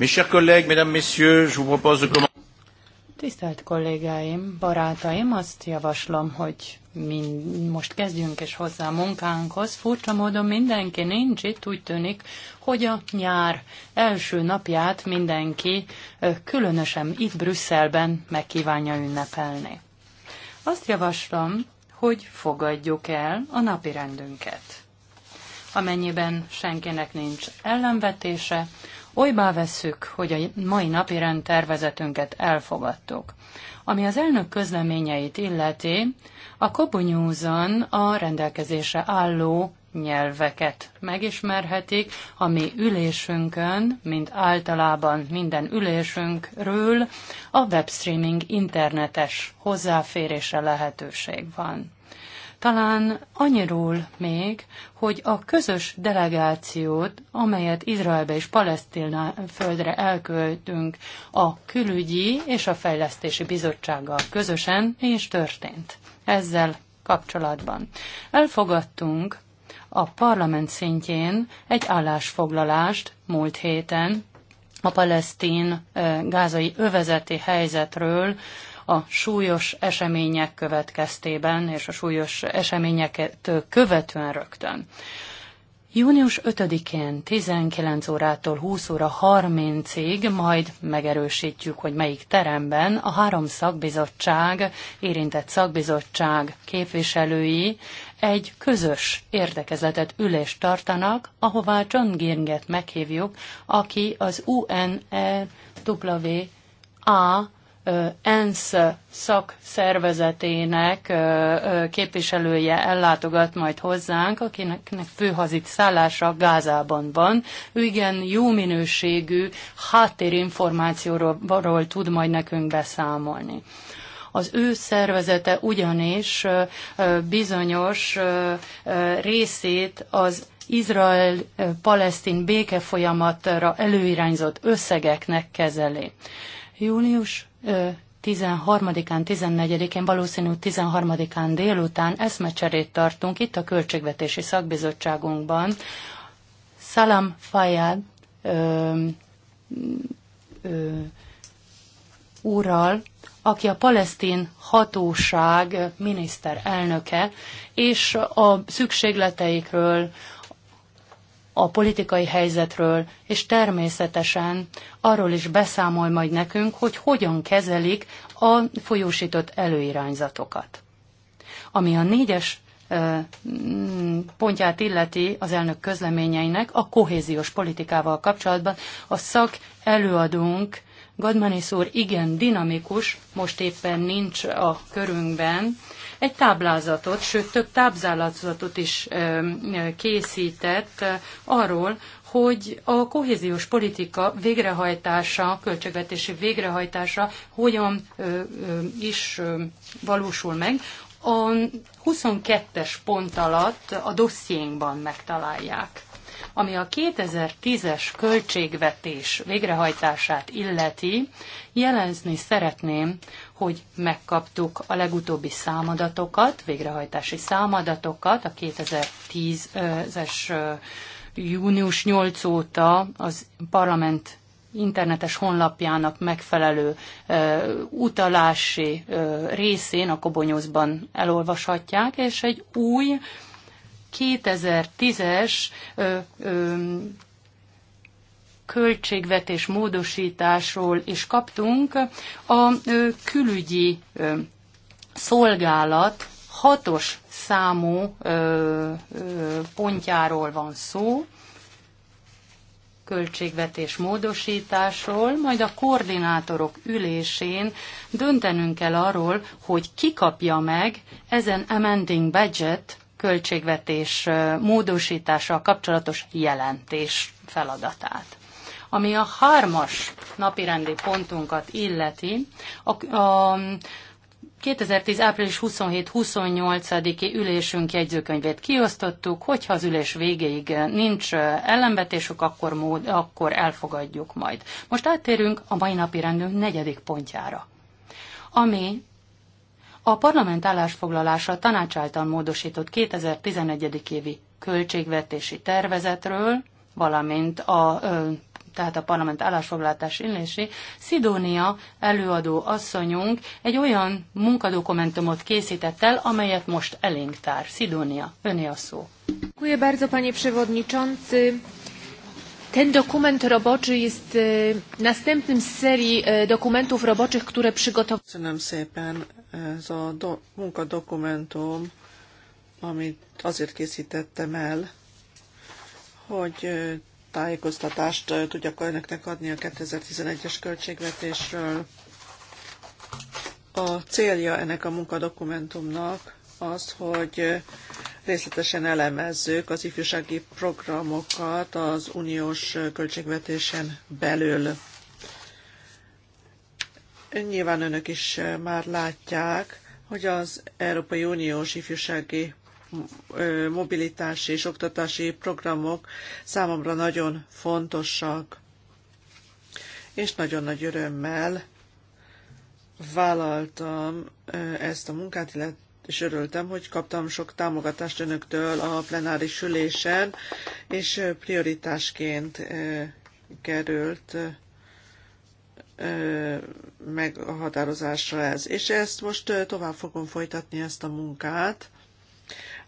Mes chers collègues, mesdames, messieurs, je vous propose de commencer. Tisztelt kollégáim, barátaim, azt javaslom, hogy mind, most kezdjünk és hozzá a munkánkhoz. Furcsa módon mindenki nincs itt, úgy tűnik, hogy a nyár első napját mindenki különösen itt Brüsszelben megkívánja ünnepelni. Azt javaslom, hogy fogadjuk el a napi rendünket. Amennyiben senkinek nincs ellenvetése, olybá vesszük, hogy a mai napi rendtervezetünket elfogadtuk. Ami az elnök közleményeit illeti, a Kobu a rendelkezésre álló nyelveket megismerhetik, a mi ülésünkön, mint általában minden ülésünkről a webstreaming internetes hozzáférése lehetőség van. Talán annyiról még, hogy a közös delegációt, amelyet Izraelbe és Palesztina földre elköltünk a külügyi és a fejlesztési bizottsággal közösen, és történt ezzel kapcsolatban. Elfogadtunk a parlament szintjén egy állásfoglalást múlt héten a palesztin gázai övezeti helyzetről, a súlyos események következtében és a súlyos eseményeket követően rögtön. Június 5-én 19 órától 20 óra 30-ig majd megerősítjük, hogy melyik teremben a három szakbizottság, érintett szakbizottság képviselői egy közös érdekezletet ülést tartanak, ahová John Giringet meghívjuk, aki az UNEWA ENSZ szakszervezetének képviselője ellátogat majd hozzánk, akinek főhazit szállása Gázában van. Ő igen jó minőségű háttérinformációról tud majd nekünk beszámolni. Az ő szervezete ugyanis bizonyos részét az Izrael-Palesztin békefolyamatra előirányzott összegeknek kezeli. Június 13-án, 14-én, valószínű 13-án délután eszmecserét tartunk itt a Költségvetési Szakbizottságunkban. Salam Fayyad úrral, aki a palesztin hatóság miniszterelnöke, és a szükségleteikről, a politikai helyzetről, és természetesen arról is beszámol majd nekünk, hogy hogyan kezelik a folyósított előirányzatokat. Ami a négyes mm, pontját illeti az elnök közleményeinek a kohéziós politikával kapcsolatban. A szak előadónk Gadmanis úr igen dinamikus, most éppen nincs a körünkben, egy táblázatot, sőt több táblázatot is készített arról, hogy a kohéziós politika végrehajtása, költségvetési végrehajtása hogyan is valósul meg. A 22-es pont alatt a dossziénkban megtalálják ami a 2010-es költségvetés végrehajtását illeti, jelezni szeretném, hogy megkaptuk a legutóbbi számadatokat, végrehajtási számadatokat, a 2010-es június 8 óta az parlament internetes honlapjának megfelelő ö, utalási ö, részén a Kobonyózban elolvashatják, és egy új 2010-es költségvetés módosításról is kaptunk. A külügyi szolgálat hatos számú pontjáról van szó, költségvetés módosításról, majd a koordinátorok ülésén döntenünk kell arról, hogy ki kapja meg ezen amending budget költségvetés módosítással kapcsolatos jelentés feladatát. Ami a hármas napirendi pontunkat illeti, a, a 2010. április 27-28-i ülésünk jegyzőkönyvét kiosztottuk, hogyha az ülés végéig nincs ellenvetésük, akkor, mód, akkor elfogadjuk majd. Most áttérünk a mai napi rendünk negyedik pontjára, ami a parlament állásfoglalása tanács által módosított 2011. évi költségvetési tervezetről, valamint a tehát a parlament állásfoglalatás illési, Szidónia előadó asszonyunk egy olyan munkadokumentumot készített el, amelyet most elénk tár. Szidónia, öné a szó. Köszönöm bardzo, panie przewodniczący. Ten dokument roboczy jest e, następnym z serii e, dokumentów roboczych, które przygotowałem. Köszönöm szépen ez a do, munkadokumentum, amit azért készítettem el, hogy e, tájékoztatást tudjak önöknek adni a 2011-es költségvetésről. A célja ennek a munkadokumentumnak az, hogy részletesen elemezzük az ifjúsági programokat az uniós költségvetésen belül. Nyilván önök is már látják, hogy az Európai Uniós ifjúsági mobilitási és oktatási programok számomra nagyon fontosak, és nagyon nagy örömmel vállaltam ezt a munkát, illetve és örültem, hogy kaptam sok támogatást önöktől a plenáris ülésen, és prioritásként került meghatározásra ez. És ezt most tovább fogom folytatni, ezt a munkát.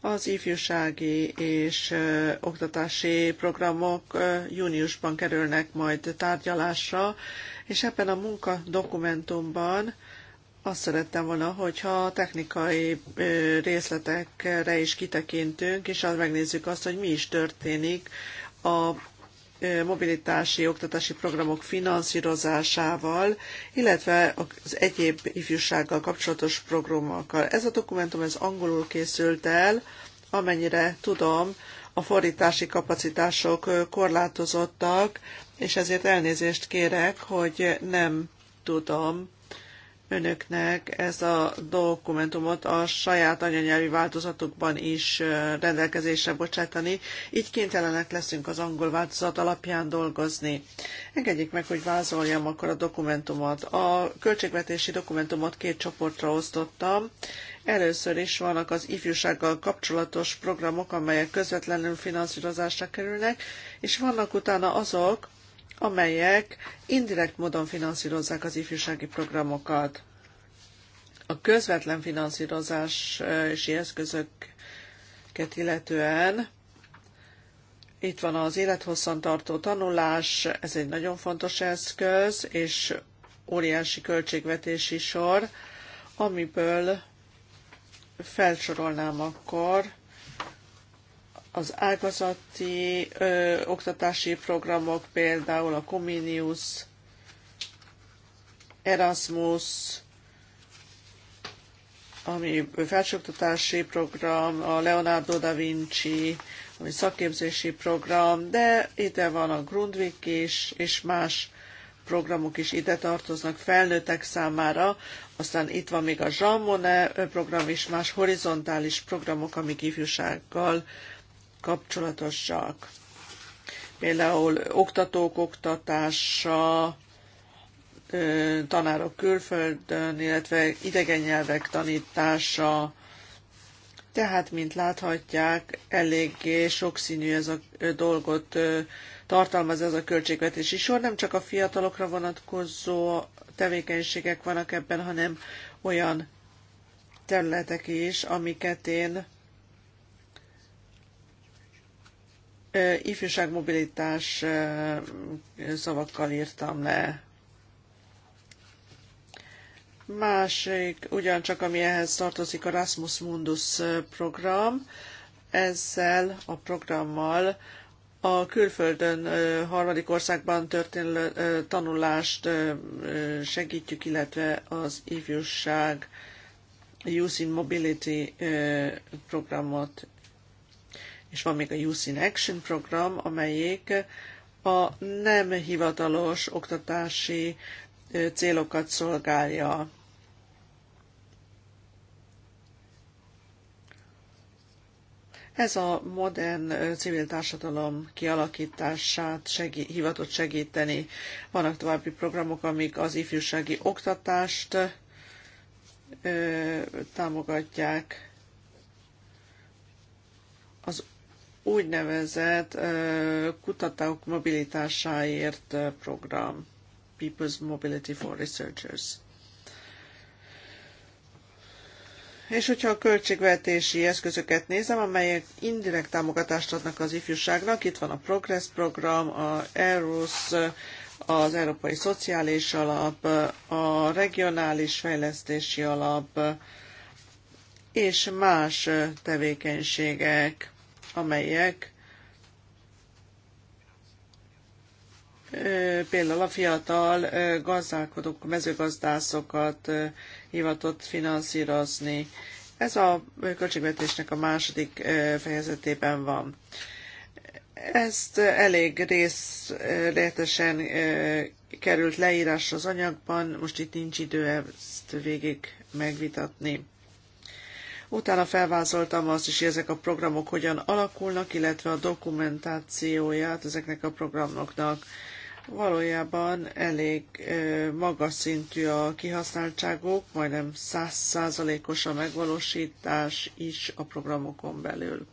Az ifjúsági és oktatási programok júniusban kerülnek majd tárgyalásra, és ebben a munka dokumentumban azt szerettem volna, hogyha a technikai részletekre is kitekintünk, és azt megnézzük azt, hogy mi is történik a mobilitási oktatási programok finanszírozásával, illetve az egyéb ifjúsággal kapcsolatos programokkal. Ez a dokumentum ez angolul készült el, amennyire tudom, a fordítási kapacitások korlátozottak, és ezért elnézést kérek, hogy nem tudom önöknek ez a dokumentumot a saját anyanyelvi változatukban is rendelkezésre bocsátani, így kénytelenek leszünk az angol változat alapján dolgozni. Engedjék meg, hogy vázoljam akkor a dokumentumot. A költségvetési dokumentumot két csoportra osztottam. Először is vannak az ifjúsággal kapcsolatos programok, amelyek közvetlenül finanszírozásra kerülnek, és vannak utána azok, amelyek indirekt módon finanszírozzák az ifjúsági programokat. A közvetlen finanszírozási eszközöket illetően itt van az élethosszantartó tanulás, ez egy nagyon fontos eszköz, és óriási költségvetési sor, amiből felsorolnám akkor az ágazati ö, oktatási programok, például a Comenius, Erasmus, ami felsőoktatási program, a Leonardo da Vinci, ami szakképzési program, de ide van a Grundvik is, és más programok is ide tartoznak felnőttek számára. Aztán itt van még a Jean Monnet program és más horizontális programok, amik ifjúsággal kapcsolatosak. Például oktatók oktatása, tanárok külföldön, illetve idegen nyelvek tanítása. Tehát, mint láthatják, eléggé sokszínű ez a dolgot tartalmaz ez a költségvetési sor. Nem csak a fiatalokra vonatkozó tevékenységek vannak ebben, hanem olyan területek is, amiket én ifjúságmobilitás szavakkal írtam le. Másik, ugyancsak ami ehhez tartozik, a Rasmus Mundus program. Ezzel a programmal a külföldön harmadik országban történő tanulást segítjük, illetve az ifjúság Youth in Mobility programot és van még a Youth in Action program, amelyik a nem hivatalos oktatási célokat szolgálja. Ez a modern civil társadalom kialakítását segí- hivatott segíteni. Vannak további programok, amik az ifjúsági oktatást ö, támogatják. úgynevezett kutatók mobilitásáért program, People's Mobility for Researchers. És hogyha a költségvetési eszközöket nézem, amelyek indirekt támogatást adnak az ifjúságnak, itt van a Progress program, a Eros, az Európai Szociális Alap, a Regionális Fejlesztési Alap és más tevékenységek amelyek például a fiatal gazdálkodók, mezőgazdászokat hivatott finanszírozni. Ez a költségvetésnek a második fejezetében van. Ezt elég részletesen került leírás az anyagban, most itt nincs idő ezt végig megvitatni. Utána felvázoltam azt is, hogy ezek a programok hogyan alakulnak, illetve a dokumentációját ezeknek a programoknak. Valójában elég magas szintű a kihasználtságok, majdnem százszázalékos a megvalósítás is a programokon belül.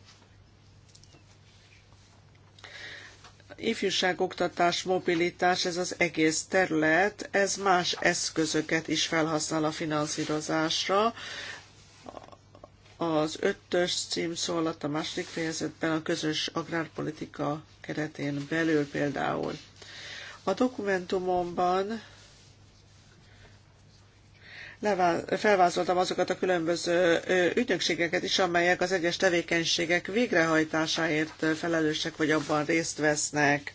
ifjúságoktatás, mobilitás, ez az egész terület, ez más eszközöket is felhasznál a finanszírozásra, az ötös cím szól a második fejezetben a közös agrárpolitika keretén belül például. A dokumentumomban felvázoltam azokat a különböző ügynökségeket is, amelyek az egyes tevékenységek végrehajtásáért felelősek vagy abban részt vesznek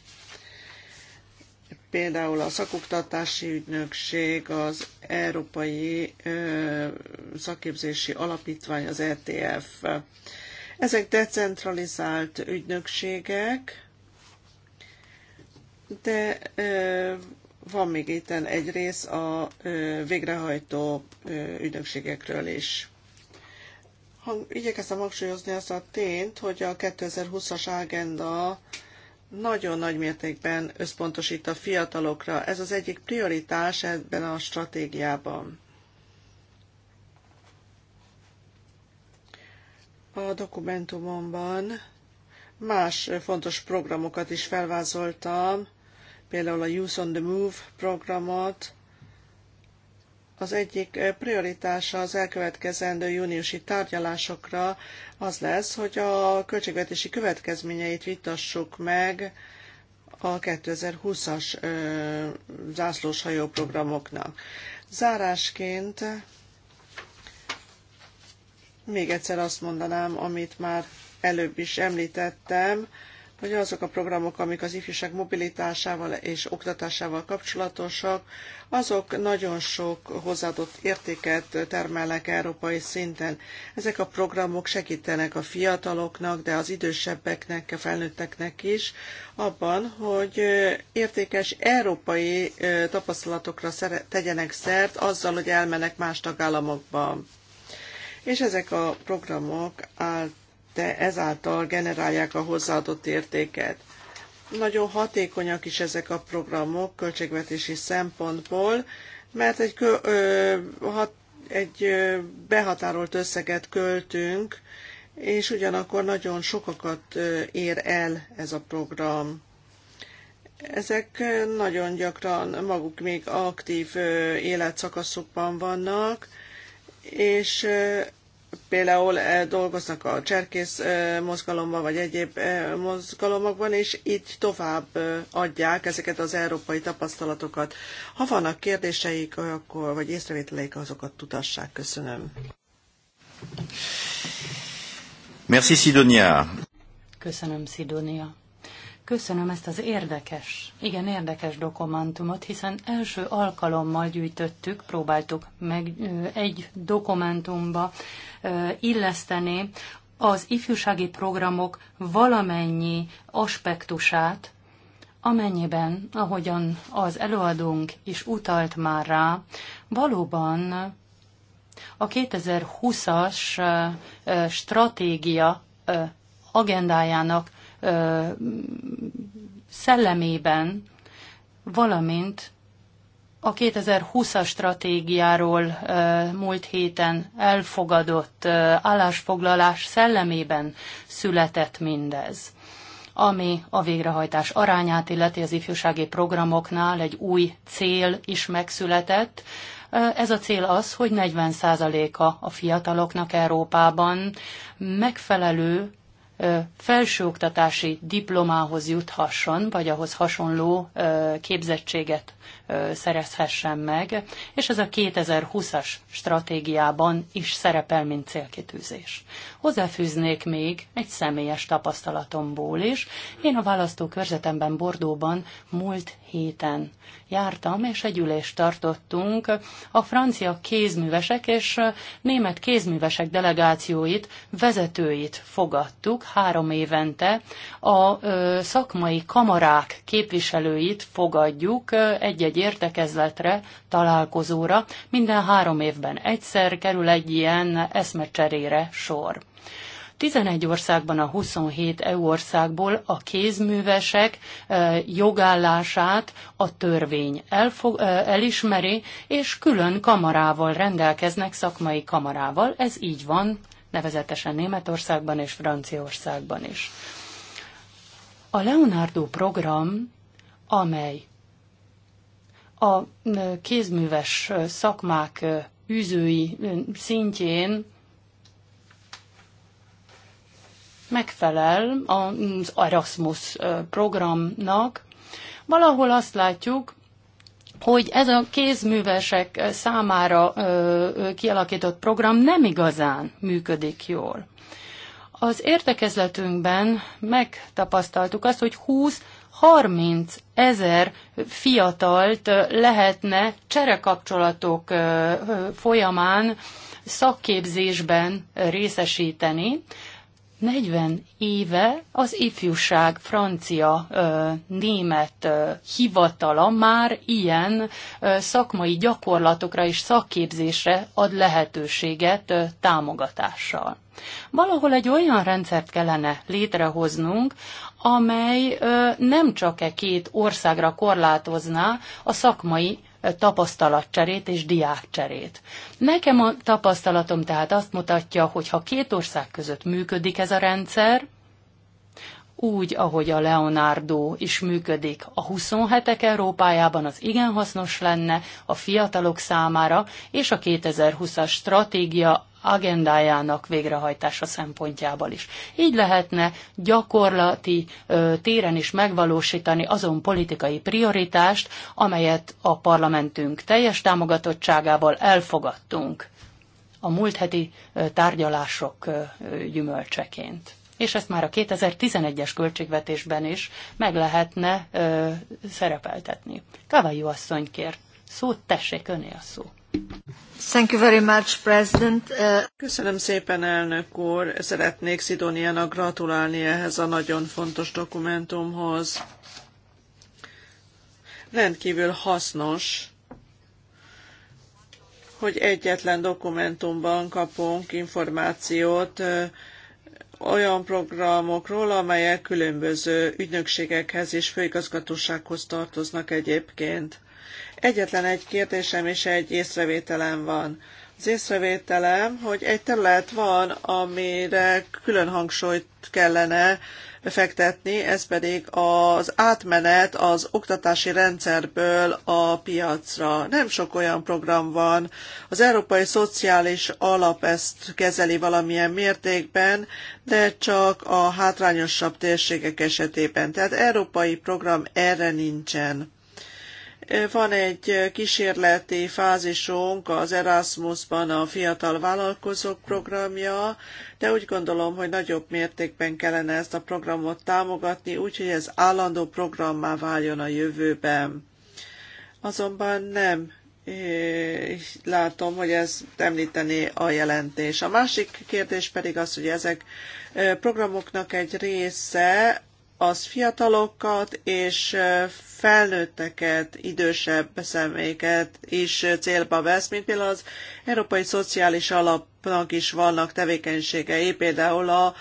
például a szakoktatási ügynökség, az Európai Szakképzési Alapítvány, az ETF. Ezek decentralizált ügynökségek, de van még itt egy rész a végrehajtó ügynökségekről is. igyekeztem hangsúlyozni azt a tényt, hogy a 2020-as ágenda nagyon nagy mértékben összpontosít a fiatalokra. Ez az egyik prioritás ebben a stratégiában. A dokumentumomban más fontos programokat is felvázoltam, például a Youth on the Move programot, az egyik eh, prioritása az elkövetkezendő júniusi tárgyalásokra az lesz, hogy a költségvetési következményeit vitassuk meg a 2020-as eh, zászlós hajóprogramoknak. Zárásként még egyszer azt mondanám, amit már előbb is említettem, hogy azok a programok, amik az ifjúság mobilitásával és oktatásával kapcsolatosak, azok nagyon sok hozzáadott értéket termelnek európai szinten. Ezek a programok segítenek a fiataloknak, de az idősebbeknek, a felnőtteknek is abban, hogy értékes európai tapasztalatokra tegyenek szert azzal, hogy elmennek más tagállamokba. És ezek a programok által de ezáltal generálják a hozzáadott értéket. Nagyon hatékonyak is ezek a programok költségvetési szempontból, mert egy, kö, ö, hat, egy ö, behatárolt összeget költünk, és ugyanakkor nagyon sokakat ér el ez a program. Ezek nagyon gyakran maguk még aktív életszakaszokban vannak, és például eh, dolgoznak a cserkész eh, mozgalomban, vagy egyéb eh, mozgalomokban, és így tovább adják ezeket az európai tapasztalatokat. Ha vannak kérdéseik, akkor, vagy észrevételeik, azokat tudassák. Köszönöm. Merci, Sidonia. Köszönöm, Sidonia. Köszönöm ezt az érdekes, igen érdekes dokumentumot, hiszen első alkalommal gyűjtöttük, próbáltuk meg egy dokumentumba illeszteni az ifjúsági programok valamennyi aspektusát, amennyiben, ahogyan az előadónk is utalt már rá, valóban a 2020-as stratégia agendájának szellemében, valamint a 2020-as stratégiáról múlt héten elfogadott állásfoglalás szellemében született mindez ami a végrehajtás arányát illeti az ifjúsági programoknál egy új cél is megszületett. Ez a cél az, hogy 40%-a a fiataloknak Európában megfelelő felsőoktatási diplomához juthasson, vagy ahhoz hasonló képzettséget szerezhessen meg, és ez a 2020-as stratégiában is szerepel, mint célkitűzés. Hozzáfűznék még egy személyes tapasztalatomból is. Én a választókörzetemben Bordóban múlt héten jártam, és egy ülést tartottunk a francia kézművesek és német kézművesek delegációit, vezetőit fogadtuk három évente. A szakmai kamarák képviselőit fogadjuk egy-egy egy értekezletre, találkozóra, minden három évben egyszer kerül egy ilyen eszmecserére sor. 11 országban a 27 EU országból a kézművesek jogállását a törvény elfog, elismeri, és külön kamarával rendelkeznek, szakmai kamarával. Ez így van, nevezetesen Németországban és Franciaországban is. A Leonardo program, amely a kézműves szakmák űzői szintjén megfelel az Erasmus programnak. Valahol azt látjuk, hogy ez a kézművesek számára kialakított program nem igazán működik jól. Az értekezletünkben megtapasztaltuk azt, hogy 20 30 ezer fiatalt lehetne cserekapcsolatok folyamán szakképzésben részesíteni. 40 éve az ifjúság francia német hivatala már ilyen szakmai gyakorlatokra és szakképzésre ad lehetőséget támogatással. Valahol egy olyan rendszert kellene létrehoznunk, amely nem csak e két országra korlátozná a szakmai tapasztalatcserét és diákcserét. Nekem a tapasztalatom tehát azt mutatja, hogy ha két ország között működik ez a rendszer, úgy, ahogy a Leonardo is működik a 27-ek Európájában, az igen hasznos lenne a fiatalok számára és a 2020-as stratégia agendájának végrehajtása szempontjából is. Így lehetne gyakorlati ö, téren is megvalósítani azon politikai prioritást, amelyet a parlamentünk teljes támogatottságával elfogadtunk a múlt heti tárgyalások gyümölcseként és ezt már a 2011-es költségvetésben is meg lehetne ö, szerepeltetni. Kavajó asszony kér, szót tessék, öné a szó. Thank you very much, President. Uh... Köszönöm szépen, elnök úr. Szeretnék Szidóniának gratulálni ehhez a nagyon fontos dokumentumhoz. Rendkívül hasznos hogy egyetlen dokumentumban kapunk információt olyan programokról, amelyek különböző ügynökségekhez és főigazgatósághoz tartoznak egyébként. Egyetlen egy kérdésem és egy észrevételem van. Az észrevételem, hogy egy terület van, amire külön hangsúlyt kellene fektetni, ez pedig az átmenet az oktatási rendszerből a piacra. Nem sok olyan program van. Az Európai Szociális Alap ezt kezeli valamilyen mértékben, de csak a hátrányosabb térségek esetében. Tehát európai program erre nincsen. Van egy kísérleti fázisunk az Erasmusban a fiatal vállalkozók programja, de úgy gondolom, hogy nagyobb mértékben kellene ezt a programot támogatni, úgyhogy ez állandó programmá váljon a jövőben. Azonban nem eh, látom, hogy ez említené a jelentés. A másik kérdés pedig az, hogy ezek eh, programoknak egy része az fiatalokat és felnőtteket, idősebb személyeket is célba vesz, mint például az Európai Szociális Alap nak is vannak tevékenységei, például a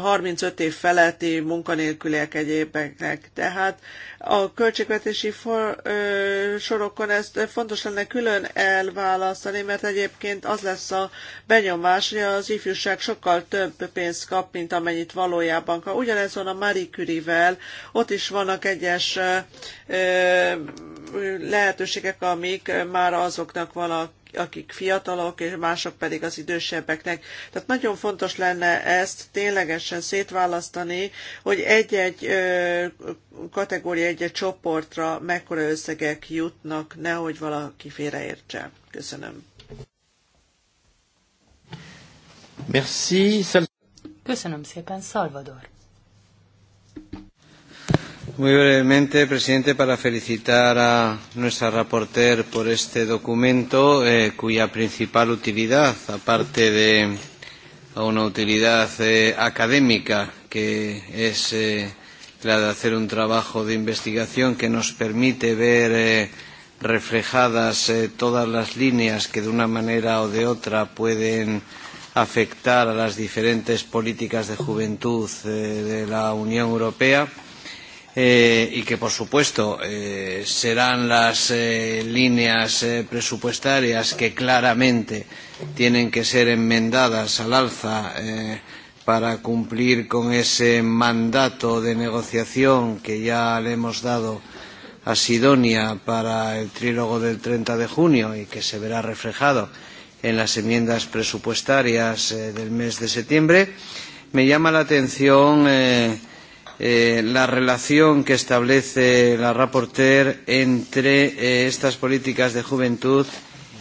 35 év feletti munkanélküliek egyébeknek. Tehát a költségvetési for, ö, sorokon ezt fontos lenne külön elválasztani, mert egyébként az lesz a benyomás, hogy az ifjúság sokkal több pénzt kap, mint amennyit valójában kap. Ugyanez van a Marie Curie-vel, ott is vannak egyes ö, lehetőségek, amik már azoknak vannak akik fiatalok, és mások pedig az idősebbeknek. Tehát nagyon fontos lenne ezt ténylegesen szétválasztani, hogy egy-egy kategória, egy-egy csoportra mekkora összegek jutnak, nehogy valaki félreértse. Köszönöm. Merci. Köszönöm szépen, Salvador. Muy brevemente, presidente, para felicitar a nuestra reporter por este documento, eh, cuya principal utilidad, aparte de una utilidad eh, académica, que es eh, la de hacer un trabajo de investigación que nos permite ver eh, reflejadas eh, todas las líneas que de una manera o de otra pueden afectar a las diferentes políticas de juventud eh, de la Unión Europea eh, y que, por supuesto, eh, serán las eh, líneas eh, presupuestarias que claramente tienen que ser enmendadas al alza eh, para cumplir con ese mandato de negociación que ya le hemos dado a Sidonia para el trílogo del 30 de junio y que se verá reflejado en las enmiendas presupuestarias eh, del mes de septiembre, me llama la atención eh, eh, la relación que establece la rapporteur entre eh, estas políticas de juventud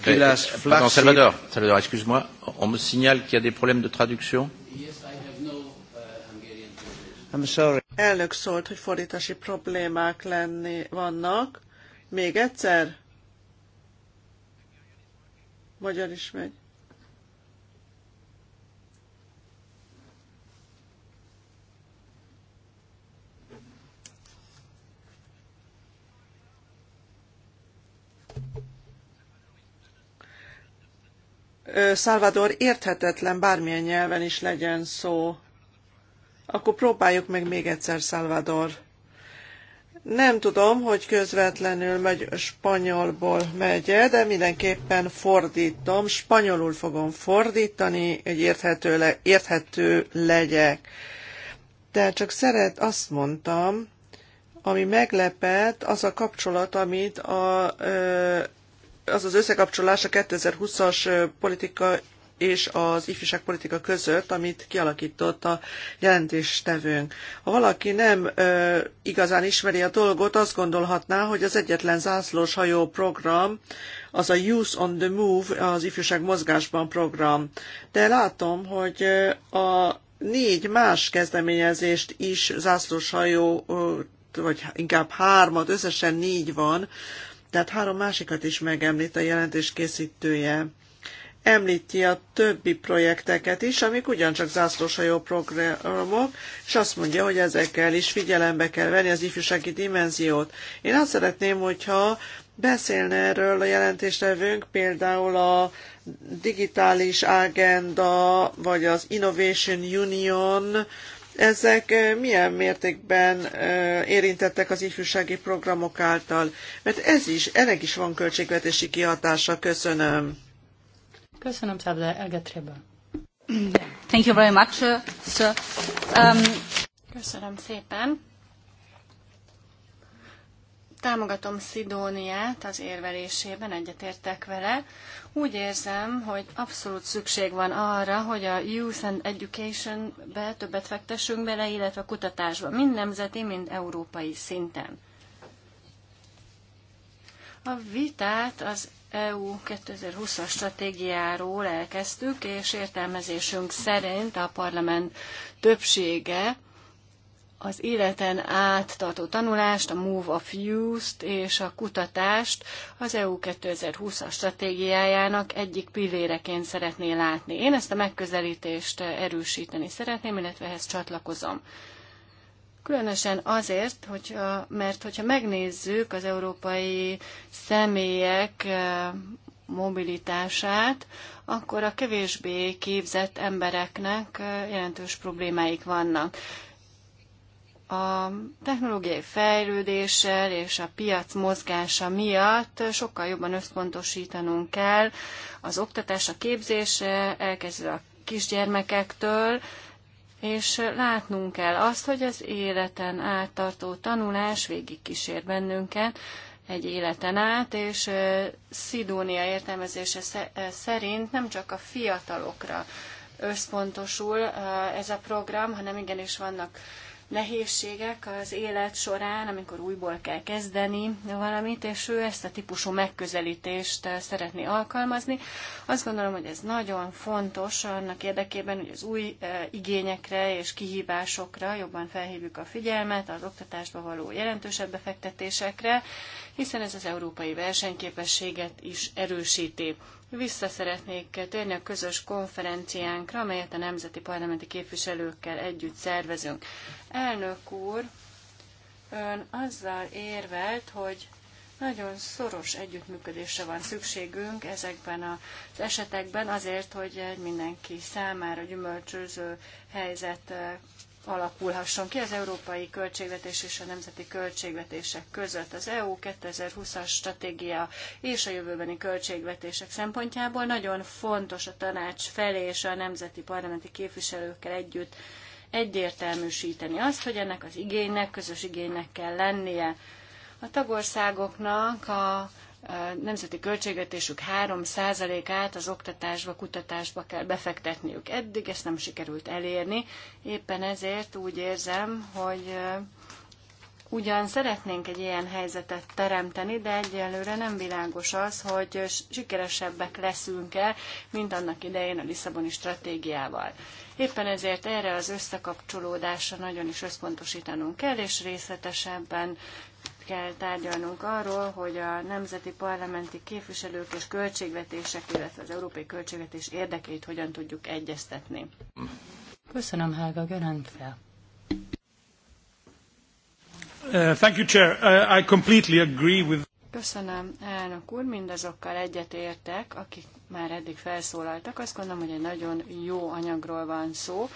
y eh, las eh, Pardon, Salvador, Salvador, excuse-moi, on me signale qu'il y a des problèmes de traduction. I'm sorry. Elnök szólt, hogy fordítási problémák lenni vannak. Még egyszer? Magyar is megy. Salvador érthetetlen bármilyen nyelven is legyen szó. Akkor próbáljuk meg még egyszer, Salvador. Nem tudom, hogy közvetlenül megy spanyolból megye, de mindenképpen fordítom. Spanyolul fogom fordítani, hogy érthető, le, érthető legyek. De csak szeret, azt mondtam, ami meglepett, az a kapcsolat, amit a ö, az az összekapcsolás a 2020-as politika és az ifjúságpolitika között, amit kialakított a jelentéstevőnk. Ha valaki nem ö, igazán ismeri a dolgot, azt gondolhatná, hogy az egyetlen zászlós hajó program az a Youth on the Move, az ifjúság mozgásban program. De látom, hogy a négy más kezdeményezést is zászlós hajó vagy inkább hármat, összesen négy van, tehát három másikat is megemlít a jelentés készítője. Említi a többi projekteket is, amik ugyancsak zászlóshajó programok, és azt mondja, hogy ezekkel is figyelembe kell venni az ifjúsági dimenziót. Én azt szeretném, hogyha beszélne erről a jelentéstevőnk, például a digitális agenda, vagy az Innovation Union, ezek milyen mértékben érintettek az ifjúsági programok által? Mert ez is, ennek is van költségvetési kihatása. Köszönöm. Köszönöm, Szable Elgetrébe. Thank you very much, sir. Um... Köszönöm szépen. Támogatom Szidóniát az érvelésében, egyetértek vele. Úgy érzem, hogy abszolút szükség van arra, hogy a Youth and Education-be többet fektessünk bele, illetve a kutatásba, mind nemzeti, mind európai szinten. A vitát az EU 2020-as stratégiáról elkezdtük, és értelmezésünk szerint a parlament többsége az életen át tartó tanulást, a Move of Youth-t és a kutatást az EU 2020-as stratégiájának egyik pilléreként szeretné látni. Én ezt a megközelítést erősíteni szeretném, illetve ehhez csatlakozom. Különösen azért, hogyha, mert hogyha megnézzük az európai személyek eh, mobilitását, akkor a kevésbé képzett embereknek eh, jelentős problémáik vannak a technológiai fejlődéssel és a piac mozgása miatt sokkal jobban összpontosítanunk kell az oktatás, a képzés elkezdve a kisgyermekektől, és látnunk kell azt, hogy az életen áttartó tanulás végig kísér bennünket, egy életen át, és Szidónia értelmezése szerint nem csak a fiatalokra összpontosul ez a program, hanem igenis vannak nehézségek az élet során, amikor újból kell kezdeni valamit, és ő ezt a típusú megközelítést szeretné alkalmazni. Azt gondolom, hogy ez nagyon fontos annak érdekében, hogy az új e, igényekre és kihívásokra jobban felhívjuk a figyelmet, az oktatásba való jelentősebb befektetésekre, hiszen ez az európai versenyképességet is erősíti. Vissza szeretnék térni a közös konferenciánkra, amelyet a nemzeti parlamenti képviselőkkel együtt szervezünk. Elnök úr, ön azzal érvelt, hogy nagyon szoros együttműködésre van szükségünk ezekben az esetekben azért, hogy egy mindenki számára gyümölcsöző helyzet alakulhasson ki az európai költségvetés és a nemzeti költségvetések között. Az EU 2020-as stratégia és a jövőbeni költségvetések szempontjából nagyon fontos a tanács felé és a nemzeti parlamenti képviselőkkel együtt egyértelműsíteni azt, hogy ennek az igénynek, közös igénynek kell lennie. A tagországoknak a nemzeti költségvetésük 3%-át az oktatásba, kutatásba kell befektetniük. Eddig ezt nem sikerült elérni, éppen ezért úgy érzem, hogy ugyan szeretnénk egy ilyen helyzetet teremteni, de egyelőre nem világos az, hogy sikeresebbek leszünk-e, mint annak idején a Lisszaboni stratégiával. Éppen ezért erre az összekapcsolódásra nagyon is összpontosítanunk kell, és részletesebben kell tárgyalnunk arról, hogy a nemzeti parlamenti képviselők és költségvetések, illetve az európai költségvetés érdekeit hogyan tudjuk egyeztetni. Köszönöm, Helga Görenfel. Uh, thank you, Chair. Uh, I completely agree with... Köszönöm, elnök úr, mindazokkal egyetértek, akik már eddig felszólaltak. Azt gondolom, hogy egy nagyon jó anyagról van szó.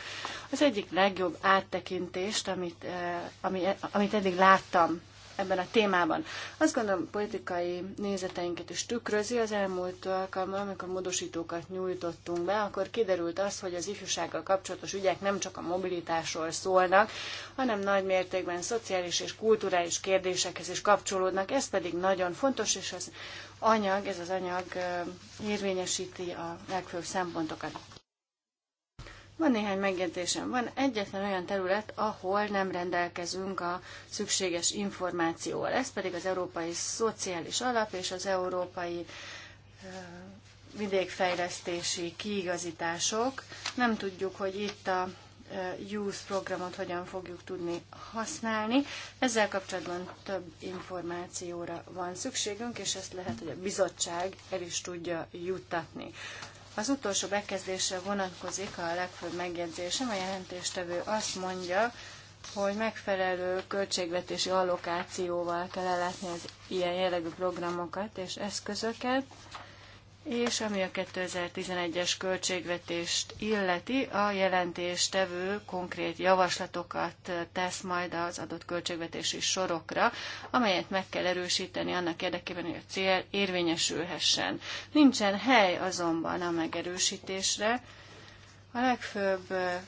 Az egyik legjobb áttekintést, amit, eh, ami, amit eddig láttam ebben a témában. Azt gondolom, politikai nézeteinket is tükrözi. Az elmúlt alkalommal, amikor módosítókat nyújtottunk be, akkor kiderült az, hogy az ifjúsággal kapcsolatos ügyek nem csak a mobilitásról szólnak, hanem nagy mértékben szociális és kulturális kérdésekhez is kapcsolódnak. Ez pedig nagyon fontos, és az anyag, ez az anyag érvényesíti a legfőbb szempontokat. Van néhány megjegyzésem. Van egyetlen olyan terület, ahol nem rendelkezünk a szükséges információval. Ez pedig az Európai Szociális Alap és az Európai vidékfejlesztési kiigazítások. Nem tudjuk, hogy itt a Youth programot hogyan fogjuk tudni használni. Ezzel kapcsolatban több információra van szükségünk, és ezt lehet, hogy a bizottság el is tudja juttatni. Az utolsó bekezdésre vonatkozik a legfőbb megjegyzésem. A jelentéstevő azt mondja, hogy megfelelő költségvetési allokációval kell ellátni az ilyen jellegű programokat és eszközöket. És ami a 2011-es költségvetést illeti, a jelentéstevő konkrét javaslatokat tesz majd az adott költségvetési sorokra, amelyet meg kell erősíteni annak érdekében, hogy a cél érvényesülhessen. Nincsen hely azonban a megerősítésre. A legfőbb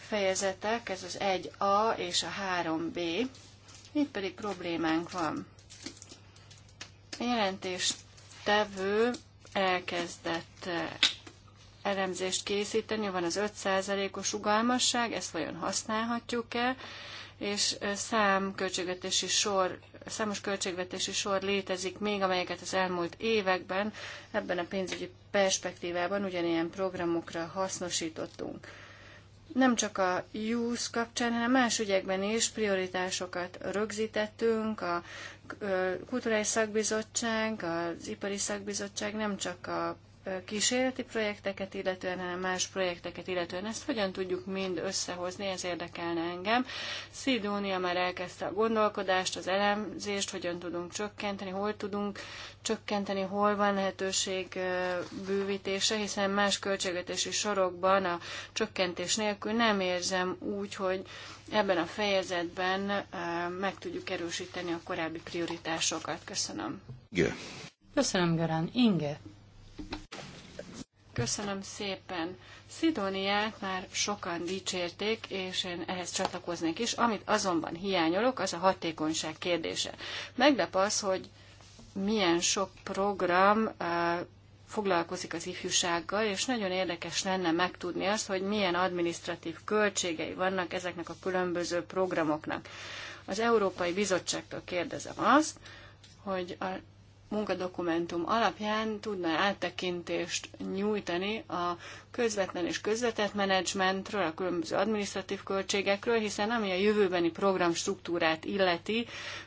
fejezetek, ez az 1A és a 3B, itt pedig problémánk van. A jelentéstevő elkezdett eh, elemzést készíteni, van az 5%-os ugalmasság, ezt vajon használhatjuk-e, és eh, szám költségvetési sor, számos költségvetési sor létezik még, amelyeket az elmúlt években ebben a pénzügyi perspektívában ugyanilyen programokra hasznosítottunk nem csak a use kapcsán, hanem más ügyekben is prioritásokat rögzítettünk, a Kulturális Szakbizottság, az Ipari Szakbizottság nem csak a kísérleti projekteket illetően, más projekteket illetően. Ezt hogyan tudjuk mind összehozni, ez érdekelne engem. Szidónia már elkezdte a gondolkodást, az elemzést, hogyan tudunk csökkenteni, hol tudunk csökkenteni, hol van lehetőség bővítése, hiszen más költségvetési sorokban a csökkentés nélkül nem érzem úgy, hogy ebben a fejezetben meg tudjuk erősíteni a korábbi prioritásokat. Köszönöm. Yeah. Köszönöm, Garán. Inge. Köszönöm szépen. Szidóniát már sokan dicsérték, és én ehhez csatlakoznék is. Amit azonban hiányolok, az a hatékonyság kérdése. Meglep az, hogy milyen sok program uh, foglalkozik az ifjúsággal, és nagyon érdekes lenne megtudni azt, hogy milyen administratív költségei vannak ezeknek a különböző programoknak. Az Európai Bizottságtól kérdezem azt, hogy a munkadokumentum alapján tudna áttekintést nyújtani a közvetlen és közvetett menedzsmentről, a különböző adminisztratív költségekről, hiszen ami a jövőbeni program struktúrát illeti,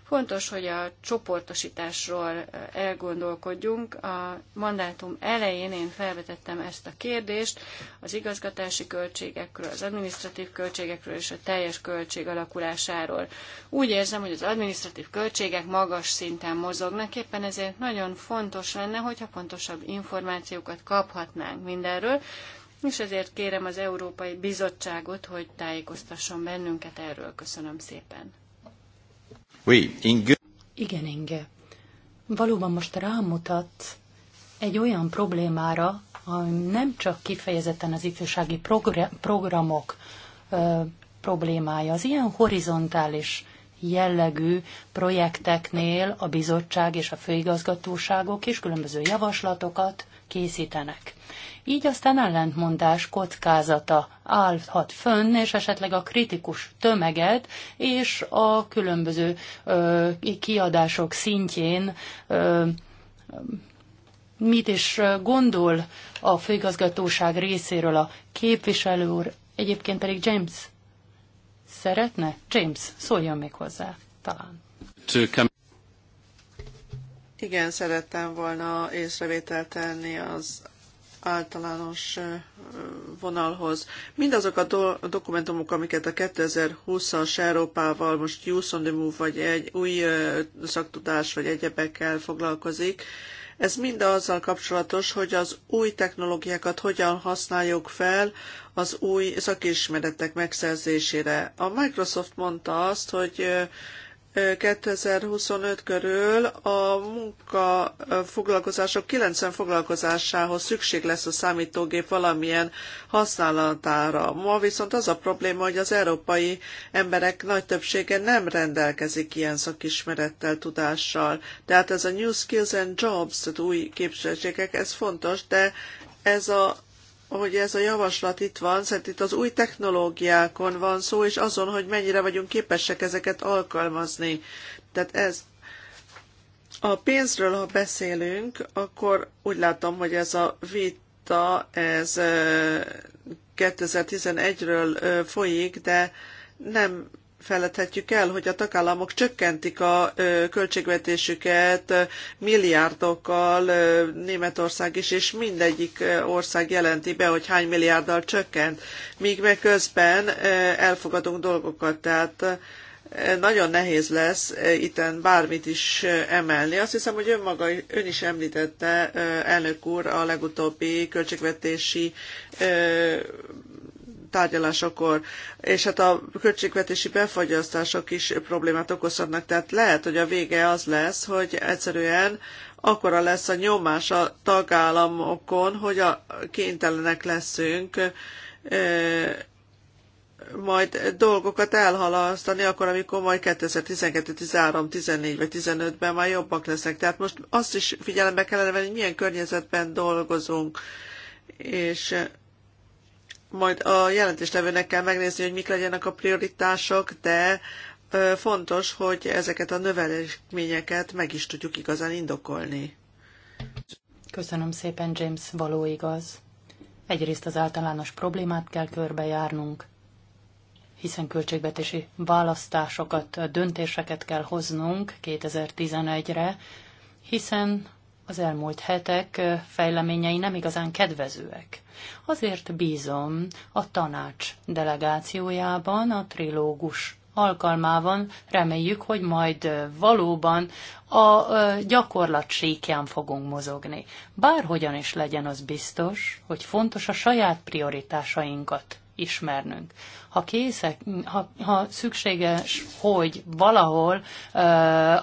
Fontos, hogy a csoportosításról eh, elgondolkodjunk. A mandátum elején én felvetettem ezt a kérdést az igazgatási költségekről, az administratív költségekről és a teljes költség alakulásáról. Úgy érzem, hogy az administratív költségek magas szinten mozognak, éppen ezért nagyon fontos lenne, hogyha pontosabb információkat kaphatnánk mindenről, és ezért kérem az Európai Bizottságot, hogy tájékoztasson bennünket erről. Köszönöm szépen. Oui, Inge. Igen, Inge. Valóban most rámutat egy olyan problémára, ami nem csak kifejezetten az ifjúsági programok ö, problémája. Az ilyen horizontális jellegű projekteknél a bizottság és a főigazgatóságok is különböző javaslatokat készítenek. Így aztán ellentmondás kockázata állhat fönn, és esetleg a kritikus tömeget és a különböző ö, kiadások szintjén ö, mit is gondol a főigazgatóság részéről a képviselő úr, egyébként pedig James szeretne? James, szóljon még hozzá, talán. Igen, szerettem volna észrevételt tenni az általános vonalhoz. Mindazok a do- dokumentumok, amiket a 2020-as Európával most Use on the Move, vagy egy új szaktudás, vagy egyebekkel foglalkozik, ez mind azzal kapcsolatos, hogy az új technológiákat hogyan használjuk fel az új szakismeretek megszerzésére. A Microsoft mondta azt, hogy 2025 körül a munkafoglalkozások 90 foglalkozásához szükség lesz a számítógép valamilyen használatára. Ma viszont az a probléma, hogy az európai emberek nagy többsége nem rendelkezik ilyen szakismerettel, tudással. Tehát ez a New Skills and Jobs, tehát új képzettségek, ez fontos, de ez a hogy ez a javaslat itt van, szerint itt az új technológiákon van szó, és azon, hogy mennyire vagyunk képesek ezeket alkalmazni. Tehát ez a pénzről, ha beszélünk, akkor úgy látom, hogy ez a vita, ez 2011-ről folyik, de nem feledhetjük el, hogy a tagállamok csökkentik a költségvetésüket milliárdokkal, Németország is, és mindegyik ország jelenti be, hogy hány milliárddal csökkent, míg meg közben elfogadunk dolgokat. Tehát nagyon nehéz lesz itten bármit is emelni. Azt hiszem, hogy ön maga, ön is említette, elnök úr, a legutóbbi költségvetési tárgyalásokor, és hát a költségvetési befagyasztások is problémát okozhatnak, tehát lehet, hogy a vége az lesz, hogy egyszerűen akkora lesz a nyomás a tagállamokon, hogy a kénytelenek leszünk majd dolgokat elhalasztani, akkor amikor majd 2012, 13, 14 vagy 15-ben már jobbak lesznek. Tehát most azt is figyelembe kellene venni, hogy milyen környezetben dolgozunk, és majd a jelentéstevőnek kell megnézni, hogy mik legyenek a prioritások, de fontos, hogy ezeket a növelésményeket meg is tudjuk igazán indokolni. Köszönöm szépen, James, való igaz. Egyrészt az általános problémát kell körbejárnunk, hiszen költségvetési választásokat, döntéseket kell hoznunk 2011-re, hiszen az elmúlt hetek fejleményei nem igazán kedvezőek. Azért bízom a tanács delegációjában, a trilógus alkalmában, reméljük, hogy majd valóban a gyakorlat síkján fogunk mozogni. Bárhogyan is legyen az biztos, hogy fontos a saját prioritásainkat ismernünk. Ha készek, ha, ha szükséges, hogy valahol ö,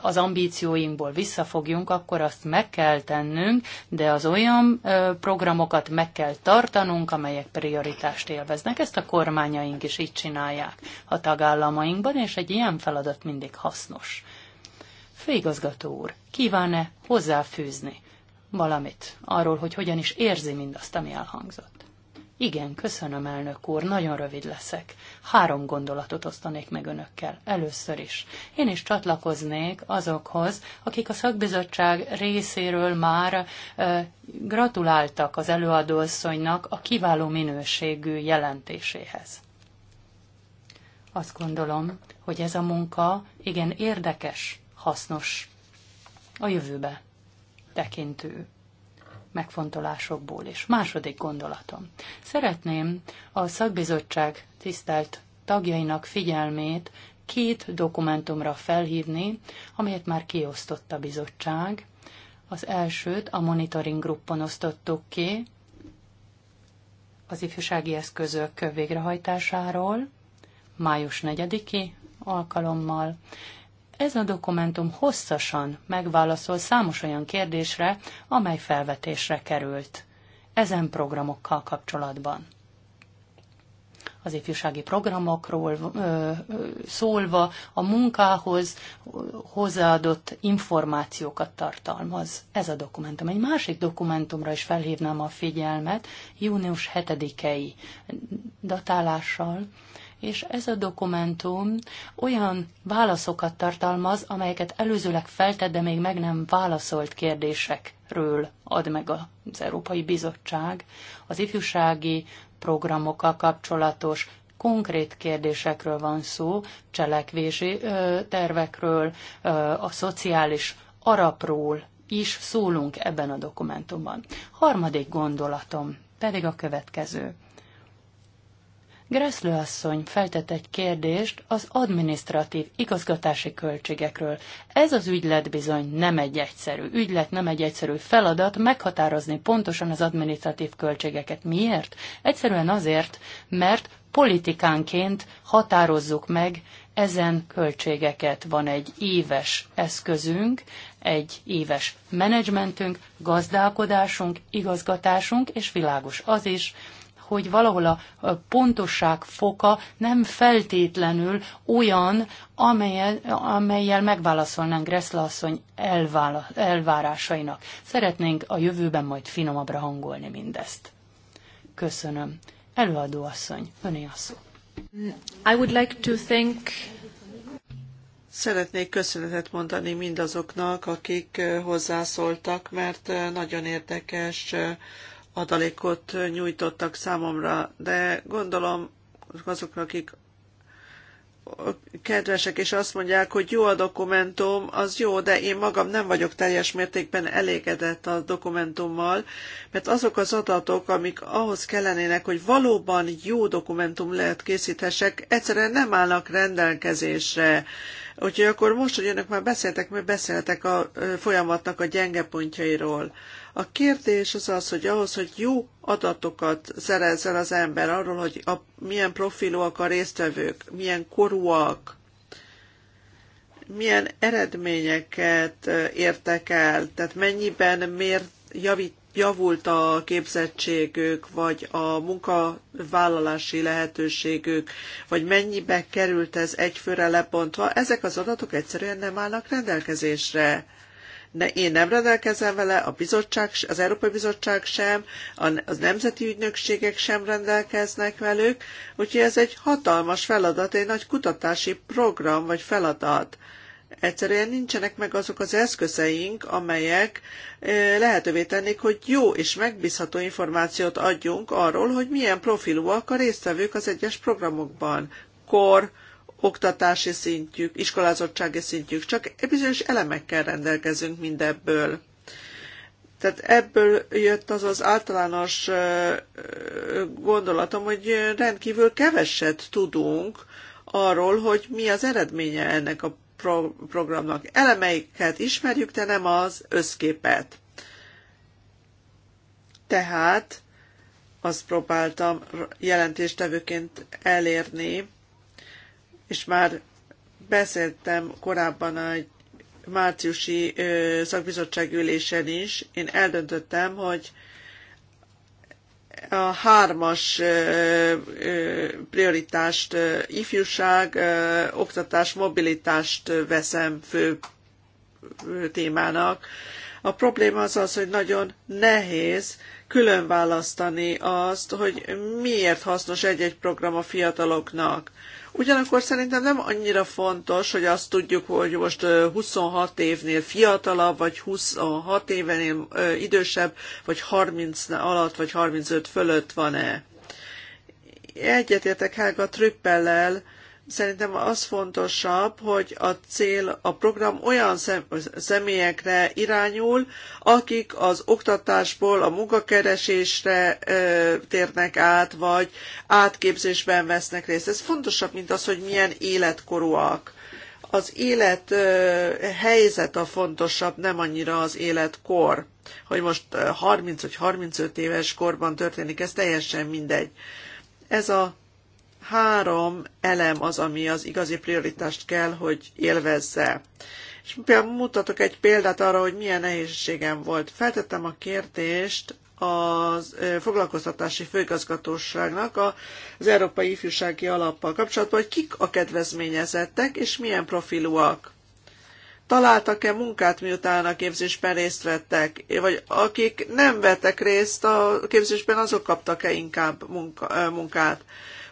az ambícióinkból visszafogjunk, akkor azt meg kell tennünk, de az olyan ö, programokat meg kell tartanunk, amelyek prioritást élveznek. Ezt a kormányaink is így csinálják a tagállamainkban, és egy ilyen feladat mindig hasznos. Főigazgató úr, kíván-e hozzáfűzni valamit arról, hogy hogyan is érzi mindazt, ami elhangzott? Igen, köszönöm, elnök úr, nagyon rövid leszek. Három gondolatot osztanék meg önökkel. Először is. Én is csatlakoznék azokhoz, akik a szakbizottság részéről már e, gratuláltak az előadóasszonynak a kiváló minőségű jelentéséhez. Azt gondolom, hogy ez a munka igen érdekes, hasznos, a jövőbe tekintő megfontolásokból is. Második gondolatom. Szeretném a szakbizottság tisztelt tagjainak figyelmét két dokumentumra felhívni, amelyet már kiosztott a bizottság. Az elsőt a monitoring gruppon osztottuk ki, az ifjúsági eszközök végrehajtásáról, május 4-i alkalommal, ez a dokumentum hosszasan megválaszol számos olyan kérdésre, amely felvetésre került ezen programokkal kapcsolatban. Az ifjúsági programokról ö, ö, szólva a munkához hozzáadott információkat tartalmaz ez a dokumentum. Egy másik dokumentumra is felhívnám a figyelmet június 7-i datálással, és ez a dokumentum olyan válaszokat tartalmaz, amelyeket előzőleg feltett, de még meg nem válaszolt kérdésekről ad meg az Európai Bizottság az ifjúsági programokkal kapcsolatos konkrét kérdésekről van szó, cselekvési tervekről, a szociális arapról is szólunk ebben a dokumentumban. Harmadik gondolatom pedig a következő. Greszlő asszony feltett egy kérdést az administratív igazgatási költségekről. Ez az ügylet bizony nem egy egyszerű ügylet, nem egy egyszerű feladat meghatározni pontosan az administratív költségeket. Miért? Egyszerűen azért, mert politikánként határozzuk meg ezen költségeket. Van egy éves eszközünk, egy éves menedzsmentünk, gazdálkodásunk, igazgatásunk, és világos az is, hogy valahol a pontosság foka nem feltétlenül olyan, amelyel, amelyel megválaszolnánk Greszla asszony elvála, elvárásainak. Szeretnénk a jövőben majd finomabbra hangolni mindezt. Köszönöm. Előadó asszony, öné a szó. I would like to thank Szeretnék köszönetet mondani mindazoknak, akik eh, hozzászóltak, mert eh, nagyon érdekes eh, adalékot nyújtottak számomra, de gondolom azokra, akik kedvesek, és azt mondják, hogy jó a dokumentum, az jó, de én magam nem vagyok teljes mértékben elégedett a dokumentummal, mert azok az adatok, amik ahhoz kellenének, hogy valóban jó dokumentum lehet készíthessek, egyszerűen nem állnak rendelkezésre. Úgyhogy akkor most, hogy önök már beszéltek, mert beszéltek a folyamatnak a gyenge pontjairól a kérdés az az, hogy ahhoz, hogy jó adatokat szerezzen az ember arról, hogy a, milyen profilúak a résztvevők, milyen korúak, milyen eredményeket értek el, tehát mennyiben miért javít, javult a képzettségük, vagy a munkavállalási lehetőségük, vagy mennyibe került ez egyfőre lepontva, ezek az adatok egyszerűen nem állnak rendelkezésre ne, én nem rendelkezem vele, a bizottság, az Európai Bizottság sem, a, az nemzeti ügynökségek sem rendelkeznek velük, úgyhogy ez egy hatalmas feladat, egy nagy kutatási program vagy feladat. Egyszerűen nincsenek meg azok az eszközeink, amelyek lehetővé tennék, hogy jó és megbízható információt adjunk arról, hogy milyen profilúak a résztvevők az egyes programokban. Kor, oktatási szintjük, iskolázottsági szintjük, csak bizonyos elemekkel rendelkezünk mindebből. Tehát ebből jött az az általános gondolatom, hogy rendkívül keveset tudunk arról, hogy mi az eredménye ennek a programnak. Elemeiket ismerjük, de nem az összképet. Tehát azt próbáltam jelentéstevőként elérni, és már beszéltem korábban egy márciusi ö, is, én eldöntöttem, hogy a hármas prioritást, ifjúság, oktatás, mobilitást veszem fő témának. A probléma az az, hogy nagyon nehéz különválasztani azt, hogy miért hasznos egy-egy program a fiataloknak. Ugyanakkor szerintem nem annyira fontos, hogy azt tudjuk, hogy most 26 évnél fiatalabb, vagy 26 évenél idősebb, vagy 30 alatt, vagy 35 fölött van-e. Egyetértek Helga Trüppellel, Szerintem az fontosabb, hogy a cél, a program olyan személyekre irányul, akik az oktatásból a munkakeresésre ö, térnek át, vagy átképzésben vesznek részt. Ez fontosabb, mint az, hogy milyen életkorúak. Az élet ö, helyzet a fontosabb, nem annyira az életkor. Hogy most 30 vagy 35 éves korban történik, ez teljesen mindegy. Ez a három elem az, ami az igazi prioritást kell, hogy élvezze. És például mutatok egy példát arra, hogy milyen nehézségem volt. Feltettem a kérdést az foglalkoztatási főigazgatóságnak az Európai Ifjúsági Alappal kapcsolatban, hogy kik a kedvezményezettek és milyen profilúak. Találtak-e munkát, miután a képzésben részt vettek? Vagy akik nem vettek részt a képzésben, azok kaptak-e inkább munka, munkát?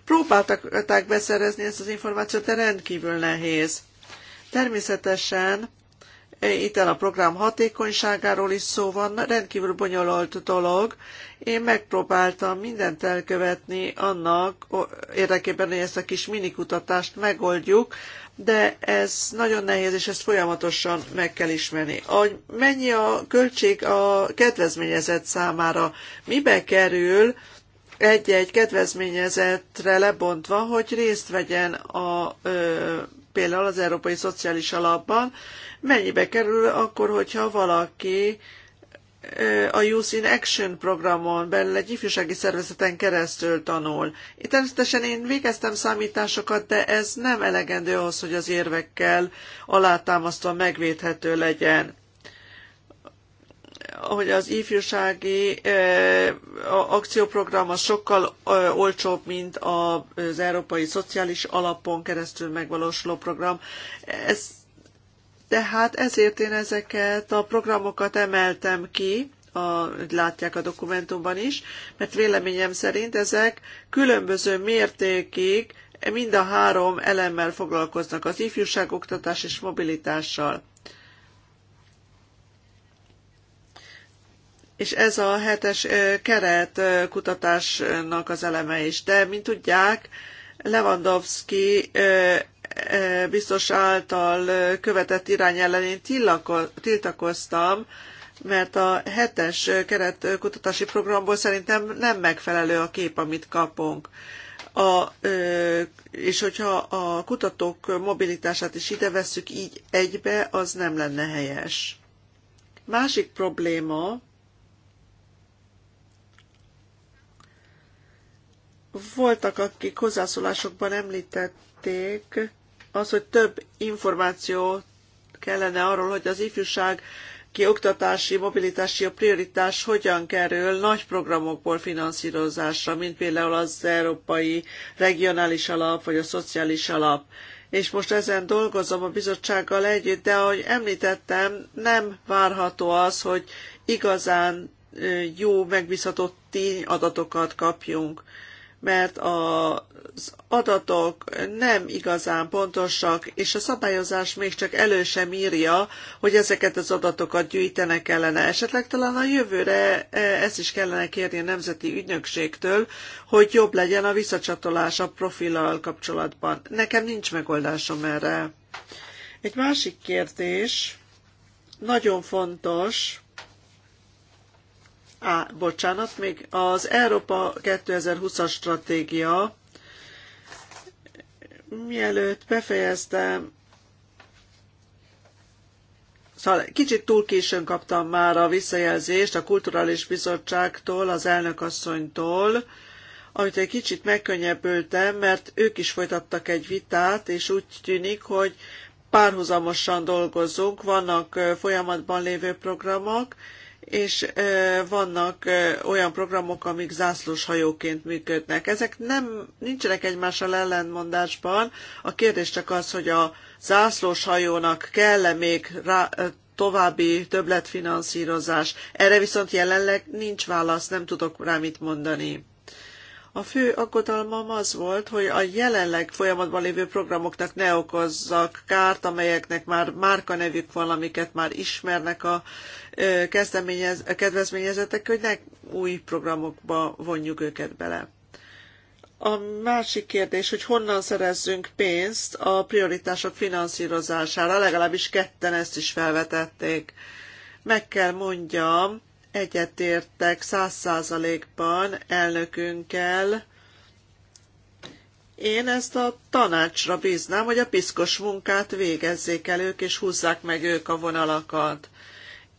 Próbáltak beszerezni ezt az információt, de rendkívül nehéz. Természetesen e, itt el a program hatékonyságáról is szó van, rendkívül bonyolult dolog. Én megpróbáltam mindent elkövetni annak érdekében, hogy ezt a kis minikutatást megoldjuk, de ez nagyon nehéz, és ezt folyamatosan meg kell ismerni. A, mennyi a költség a kedvezményezett számára? Mibe kerül? egy-egy kedvezményezetre lebontva, hogy részt vegyen a ö, például az Európai Szociális Alapban, mennyibe kerül akkor, hogyha valaki a Youth in Action programon belül egy ifjúsági szervezeten keresztül tanul. Én természetesen én végeztem számításokat, de ez nem elegendő ahhoz, hogy az érvekkel alátámasztva megvédhető legyen hogy az ifjúsági akcióprogram az sokkal olcsóbb, mint az Európai Szociális Alapon keresztül megvalósuló program. Ez, tehát ezért én ezeket a programokat emeltem ki, a, látják a dokumentumban is, mert véleményem szerint ezek különböző mértékig mind a három elemmel foglalkoznak, az ifjúságoktatás és mobilitással. és ez a hetes keret kutatásnak az eleme is. De, mint tudják, Lewandowski biztos által követett irány ellen én tiltakoztam, mert a hetes kutatási programból szerintem nem megfelelő a kép, amit kapunk. A, és hogyha a kutatók mobilitását is ide vesszük így egybe, az nem lenne helyes. Másik probléma, Voltak, akik hozzászólásokban említették az, hogy több információ kellene arról, hogy az ifjúság kioktatási oktatási, mobilitási a prioritás hogyan kerül nagy programokból finanszírozásra, mint például az Európai Regionális Alap vagy a Szociális Alap. És most ezen dolgozom a bizottsággal együtt, de ahogy említettem, nem várható az, hogy igazán jó, megbízható tényadatokat kapjunk mert az adatok nem igazán pontosak, és a szabályozás még csak elő sem írja, hogy ezeket az adatokat gyűjtenek kellene. Esetleg talán a jövőre e, ezt is kellene kérni a Nemzeti Ügynökségtől, hogy jobb legyen a visszacsatolás a profillal kapcsolatban. Nekem nincs megoldásom erre. Egy másik kérdés, nagyon fontos, Á, bocsánat, még az Európa 2020-as stratégia, mielőtt befejeztem, Szóval kicsit túl későn kaptam már a visszajelzést a Kulturális Bizottságtól, az elnökasszonytól, amit egy kicsit megkönnyebbültem, mert ők is folytattak egy vitát, és úgy tűnik, hogy párhuzamosan dolgozunk, vannak folyamatban lévő programok, és vannak olyan programok, amik zászlós hajóként működnek. Ezek nem nincsenek egymással ellentmondásban. A kérdés csak az, hogy a zászlós hajónak kell-e még rá, további többletfinanszírozás. Erre viszont jelenleg nincs válasz, nem tudok rá mit mondani. A fő aggodalmam az volt, hogy a jelenleg folyamatban lévő programoknak ne okozzak kárt, amelyeknek már márkanevük van, amiket már ismernek a, kezdeményez, a kedvezményezetek, hogy ne új programokba vonjuk őket bele. A másik kérdés, hogy honnan szerezzünk pénzt a prioritások finanszírozására, legalábbis ketten ezt is felvetették. Meg kell mondjam, egyetértek száz százalékban elnökünkkel. Én ezt a tanácsra bíznám, hogy a piszkos munkát végezzék el ők, és húzzák meg ők a vonalakat.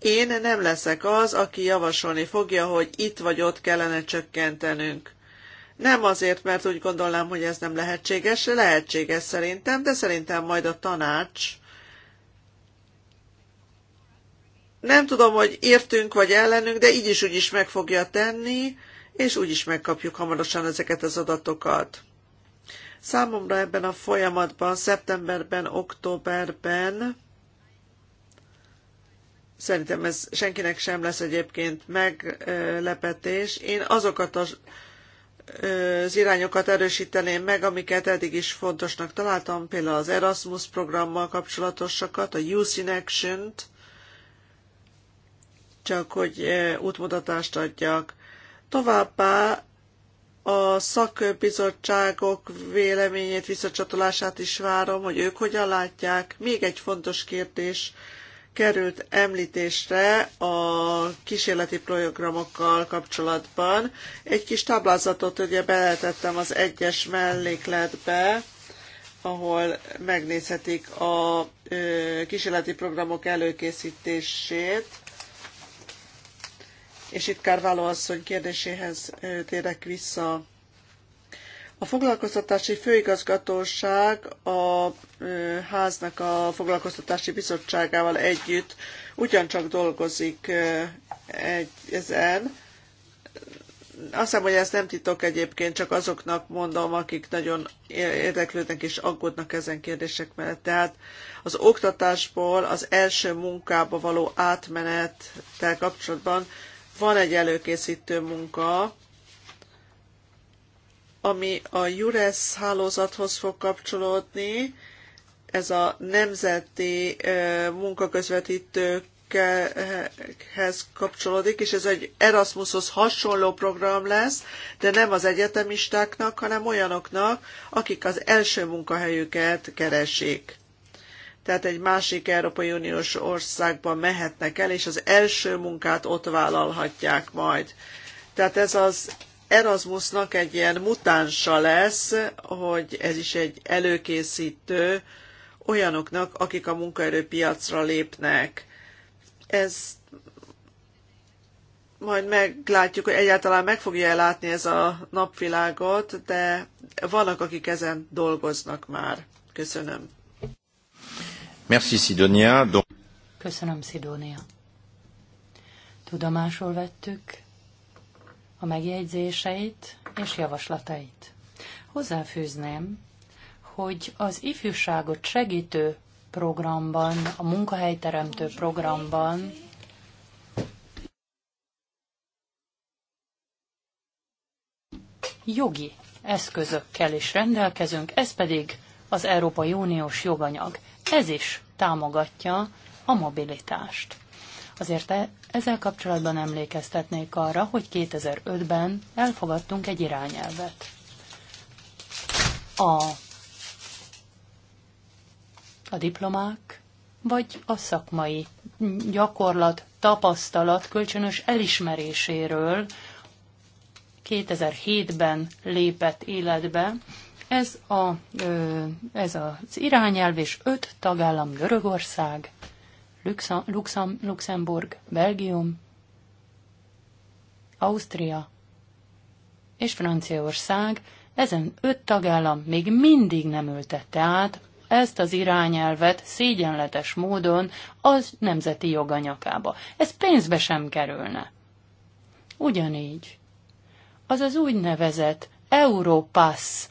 Én nem leszek az, aki javasolni fogja, hogy itt vagy ott kellene csökkentenünk. Nem azért, mert úgy gondolnám, hogy ez nem lehetséges, lehetséges szerintem, de szerintem majd a tanács nem tudom, hogy értünk vagy ellenünk, de így is úgy is meg fogja tenni, és úgy is megkapjuk hamarosan ezeket az adatokat. Számomra ebben a folyamatban, szeptemberben, októberben, szerintem ez senkinek sem lesz egyébként meglepetés, én azokat az irányokat erősíteném meg, amiket eddig is fontosnak találtam, például az Erasmus programmal kapcsolatosakat, a Youth in Action-t, csak hogy e, útmutatást adjak. Továbbá a szakbizottságok véleményét, visszacsatolását is várom, hogy ők hogyan látják. Még egy fontos kérdés került említésre a kísérleti programokkal kapcsolatban. Egy kis táblázatot ugye beletettem az egyes mellékletbe, ahol megnézhetik a kísérleti programok előkészítését és itt Kárváló asszony kérdéséhez térek vissza. A foglalkoztatási főigazgatóság a háznak a foglalkoztatási bizottságával együtt ugyancsak dolgozik egy, ezen. Azt hiszem, hogy ez nem titok egyébként, csak azoknak mondom, akik nagyon érdeklődnek és aggódnak ezen kérdések mellett. Tehát az oktatásból az első munkába való átmenettel kapcsolatban van egy előkészítő munka, ami a Jures hálózathoz fog kapcsolódni, ez a nemzeti munkaközvetítőkhez kapcsolódik, és ez egy Erasmushoz hasonló program lesz, de nem az egyetemistáknak, hanem olyanoknak, akik az első munkahelyüket keresik tehát egy másik Európai Uniós országba mehetnek el, és az első munkát ott vállalhatják majd. Tehát ez az Erasmusnak egy ilyen mutánsa lesz, hogy ez is egy előkészítő olyanoknak, akik a munkaerőpiacra lépnek. Ez majd meglátjuk, hogy egyáltalán meg fogja látni ez a napvilágot, de vannak, akik ezen dolgoznak már. Köszönöm. Merci, Sidonia. Köszönöm, Sidonia. Tudomásul vettük a megjegyzéseit és javaslatait. Hozzáfűzném, hogy az ifjúságot segítő programban, a munkahelyteremtő programban jogi eszközökkel is rendelkezünk, ez pedig az Európai Uniós joganyag ez is támogatja a mobilitást. Azért e- ezzel kapcsolatban emlékeztetnék arra, hogy 2005-ben elfogadtunk egy irányelvet. A, a diplomák vagy a szakmai gyakorlat, tapasztalat kölcsönös elismeréséről 2007-ben lépett életbe ez, a, ez az irányelv és öt tagállam Görögország, Luxem, Luxem, Luxemburg, Belgium, Ausztria és Franciaország, ezen öt tagállam még mindig nem ültette át ezt az irányelvet szégyenletes módon az nemzeti joganyakába. Ez pénzbe sem kerülne. Ugyanígy. Az az úgynevezett Europass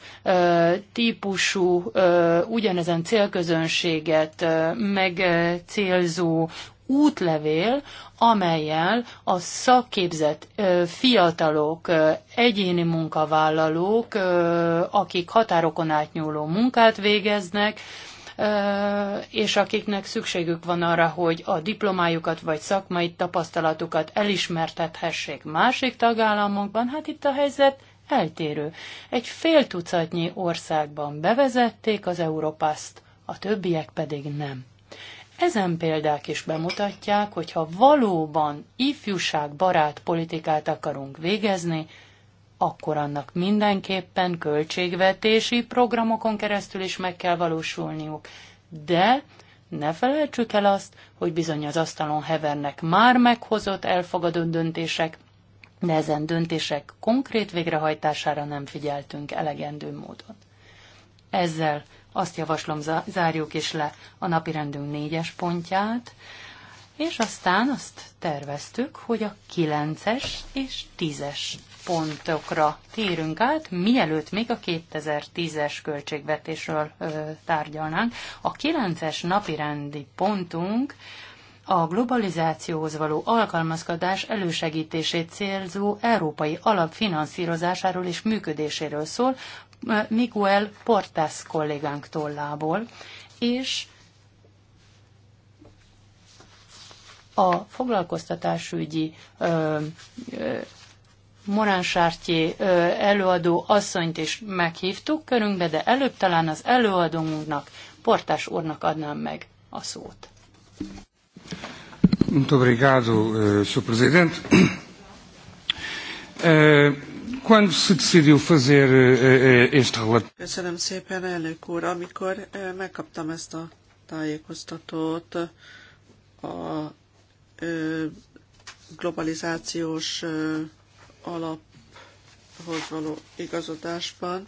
típusú ugyanezen célközönséget megcélzó útlevél, amelyel a szakképzett fiatalok, egyéni munkavállalók, akik határokon átnyúló munkát végeznek, és akiknek szükségük van arra, hogy a diplomájukat vagy szakmai tapasztalatukat elismertethessék másik tagállamokban, hát itt a helyzet eltérő. Egy fél tucatnyi országban bevezették az Európaszt, a többiek pedig nem. Ezen példák is bemutatják, hogy ha valóban barát politikát akarunk végezni, akkor annak mindenképpen költségvetési programokon keresztül is meg kell valósulniuk. De ne felejtsük el azt, hogy bizony az asztalon hevernek már meghozott elfogadott döntések, de ezen döntések konkrét végrehajtására nem figyeltünk elegendő módon. Ezzel azt javaslom, zárjuk is le a napirendünk négyes pontját, és aztán azt terveztük, hogy a kilences és tízes pontokra térünk át, mielőtt még a 2010-es költségvetésről ö, tárgyalnánk. A kilences napirendi pontunk a globalizációhoz való alkalmazkodás elősegítését célzó európai alapfinanszírozásáról és működéséről szól eh, Miguel Portas kollégánk tollából, és a foglalkoztatásügyi ö, ö, Morán Sártyé előadó asszonyt is meghívtuk körünkbe, de előbb talán az előadónknak, Portás úrnak adnám meg a szót. Muito obrigado, eh, Sr. Presidente. Eh, quando se decidiu fazer eh, este relatório... Köszönöm szépen, elnök úr. Amikor megkaptam ezt a tájékoztatót a globalizációs alaphoz való igazodásban,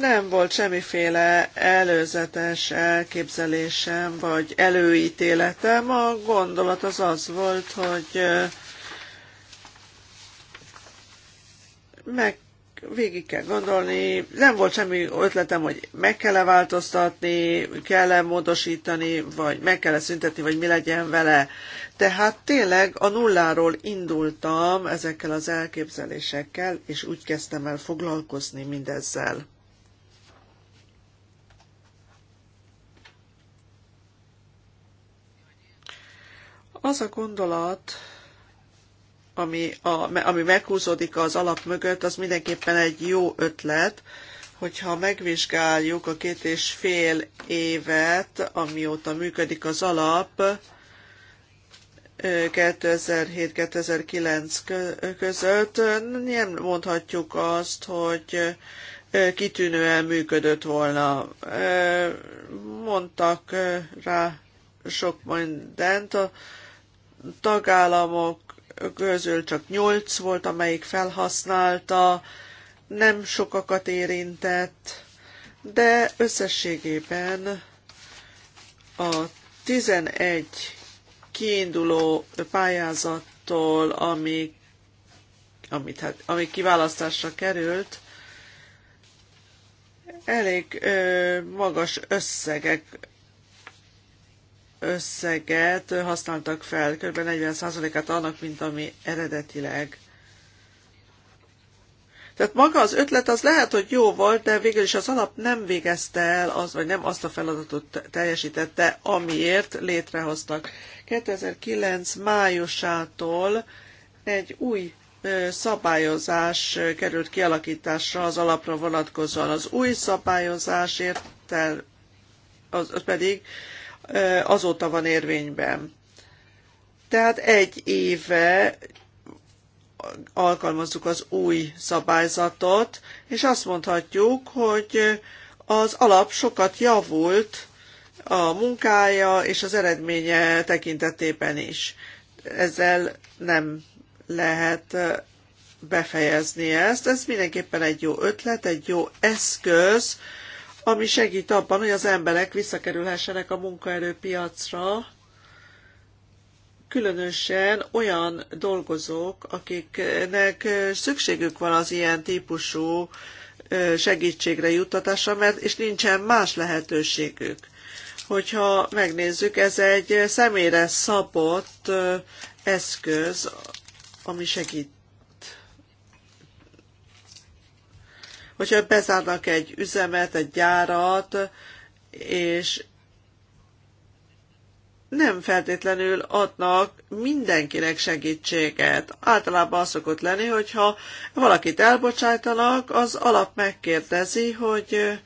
Nem volt semmiféle előzetes elképzelésem, vagy előítéletem. A gondolat az az volt, hogy meg végig kell gondolni. Nem volt semmi ötletem, hogy meg kell-e változtatni, kell-e módosítani, vagy meg kell-e szüntetni, vagy mi legyen vele. Tehát tényleg a nulláról indultam ezekkel az elképzelésekkel, és úgy kezdtem el foglalkozni mindezzel. Az a gondolat, ami, a, ami meghúzódik az alap mögött, az mindenképpen egy jó ötlet, hogyha megvizsgáljuk a két és fél évet, amióta működik az alap, 2007-2009 között, nem mondhatjuk azt, hogy kitűnően működött volna. Mondtak rá sok mindent, tagállamok közül csak nyolc volt, amelyik felhasználta, nem sokakat érintett, de összességében a 11 kiinduló pályázattól, ami, amit, hát, ami kiválasztásra került, elég ö, magas összegek összeget használtak fel, kb. 40%-át annak, mint ami eredetileg. Tehát maga az ötlet az lehet, hogy jó volt, de végül is az alap nem végezte el, az, vagy nem azt a feladatot teljesítette, amiért létrehoztak. 2009 májusától egy új szabályozás került kialakításra az alapra vonatkozóan. Az új szabályozás értel, az, az pedig azóta van érvényben. Tehát egy éve alkalmazzuk az új szabályzatot, és azt mondhatjuk, hogy az alap sokat javult a munkája és az eredménye tekintetében is. Ezzel nem lehet befejezni ezt. Ez mindenképpen egy jó ötlet, egy jó eszköz ami segít abban, hogy az emberek visszakerülhessenek a munkaerőpiacra, különösen olyan dolgozók, akiknek szükségük van az ilyen típusú segítségre juttatásra, mert és nincsen más lehetőségük. Hogyha megnézzük, ez egy személyre szabott eszköz, ami segít Hogyha bezárnak egy üzemet, egy gyárat, és nem feltétlenül adnak mindenkinek segítséget. Általában az szokott lenni, hogyha valakit elbocsájtanak, az alap megkérdezi, hogy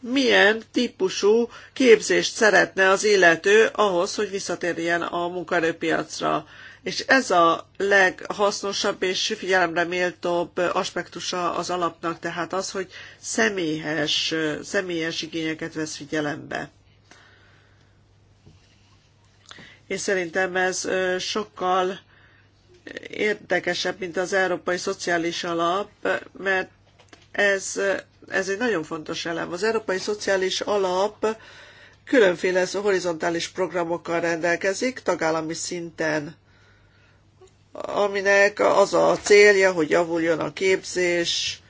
milyen típusú képzést szeretne az illető ahhoz, hogy visszatérjen a munkaerőpiacra és ez a leghasznosabb és figyelemre méltóbb aspektusa az alapnak, tehát az, hogy személyes, személyes igényeket vesz figyelembe. És szerintem ez sokkal érdekesebb, mint az Európai Szociális Alap, mert ez, ez egy nagyon fontos elem. Az Európai Szociális Alap különféle horizontális programokkal rendelkezik tagállami szinten aminek az a célja, hogy javuljon a képzés,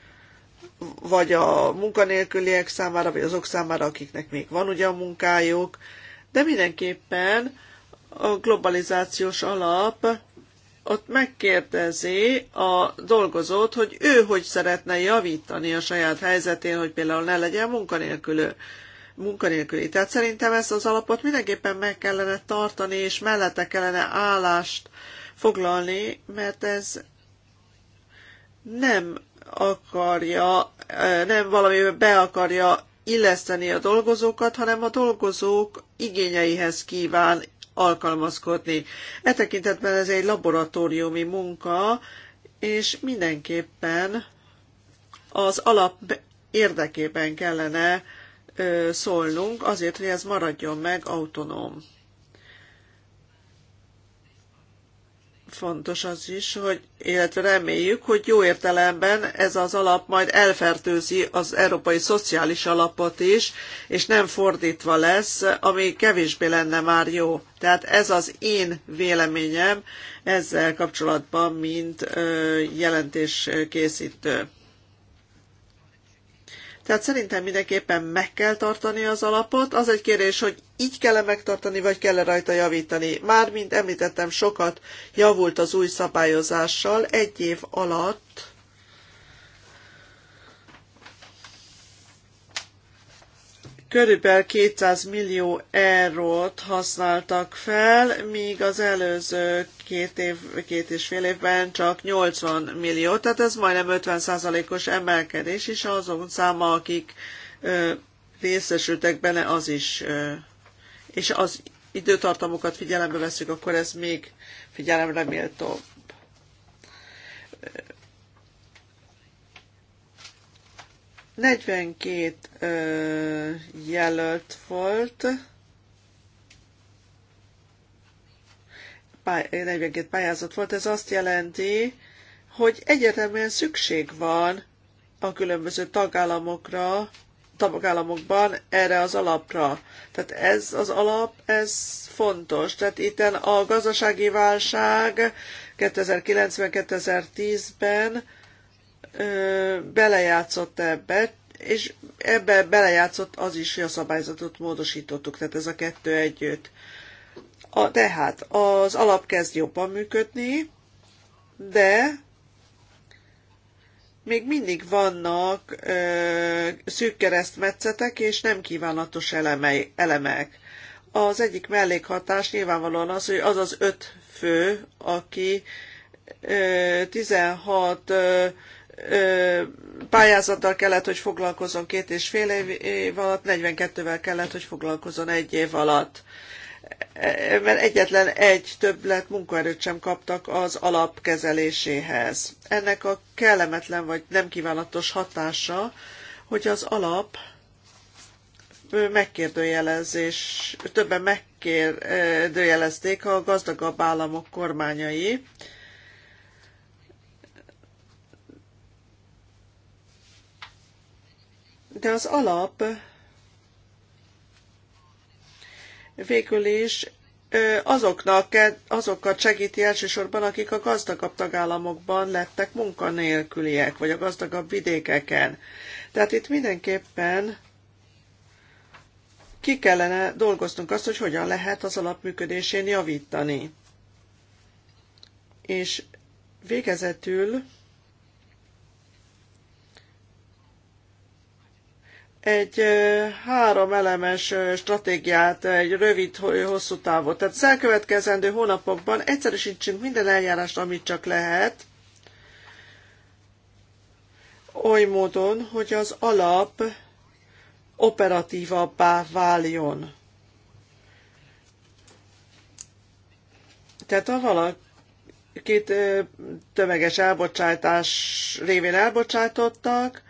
vagy a munkanélküliek számára, vagy azok számára, akiknek még van ugye a munkájuk, de mindenképpen a globalizációs alap ott megkérdezi a dolgozót, hogy ő hogy szeretne javítani a saját helyzetén, hogy például ne legyen munkanélkülő. munkanélküli. Tehát szerintem ezt az alapot mindenképpen meg kellene tartani, és mellette kellene állást foglalni, mert ez nem akarja, nem valami be akarja illeszteni a dolgozókat, hanem a dolgozók igényeihez kíván alkalmazkodni. E tekintetben ez egy laboratóriumi munka, és mindenképpen az alap érdekében kellene szólnunk azért, hogy ez maradjon meg autonóm. fontos az is, hogy, illetve reméljük, hogy jó értelemben ez az alap majd elfertőzi az európai szociális alapot is, és nem fordítva lesz, ami kevésbé lenne már jó. Tehát ez az én véleményem ezzel kapcsolatban, mint jelentéskészítő. Tehát szerintem mindenképpen meg kell tartani az alapot. Az egy kérdés, hogy így kell-e megtartani, vagy kell-e rajta javítani. Már, mint említettem, sokat javult az új szabályozással. Egy év alatt körülbelül 200 millió eurót használtak fel, míg az előző két, év, két és fél évben csak 80 millió, tehát ez majdnem 50%-os emelkedés, és azon száma, akik ö, részesültek benne, az is, ö, és az időtartamokat figyelembe veszük, akkor ez még figyelemre méltóbb 42 ö, jelölt volt, 42 pályázat volt, ez azt jelenti, hogy egyetemben szükség van a különböző tagállamokra, tagállamokban erre az alapra. Tehát ez az alap, ez fontos. Tehát itten a gazdasági válság 2009-2010-ben ö, belejátszott ebbe, és ebbe belejátszott az is, hogy a szabályzatot módosítottuk, tehát ez a kettő együtt. A, tehát az alap kezd jobban működni, de még mindig vannak ö, szűk keresztmetszetek és nem kívánatos elemei, elemek. Az egyik mellékhatás nyilvánvalóan az, hogy az az öt fő, aki ö, 16 ö, pályázattal kellett, hogy foglalkozzon két és fél év alatt, 42-vel kellett, hogy foglalkozzon egy év alatt e, mert egyetlen egy többlet munkaerőt sem kaptak az alapkezeléséhez. Ennek a kellemetlen vagy nem kívánatos hatása, hogy az alap megkérdőjelezés, többen megkérdőjelezték a gazdagabb államok kormányai, de az alap végül is azoknak, azokat segíti elsősorban, akik a gazdagabb tagállamokban lettek munkanélküliek, vagy a gazdagabb vidékeken. Tehát itt mindenképpen ki kellene dolgoznunk azt, hogy hogyan lehet az alapműködésén javítani. És végezetül egy három elemes stratégiát, egy rövid, hosszú távot. Tehát az elkövetkezendő hónapokban egyszerűsítsünk minden eljárást, amit csak lehet, oly módon, hogy az alap operatívabbá váljon. Tehát ha valakit tömeges elbocsátás révén elbocsátottak,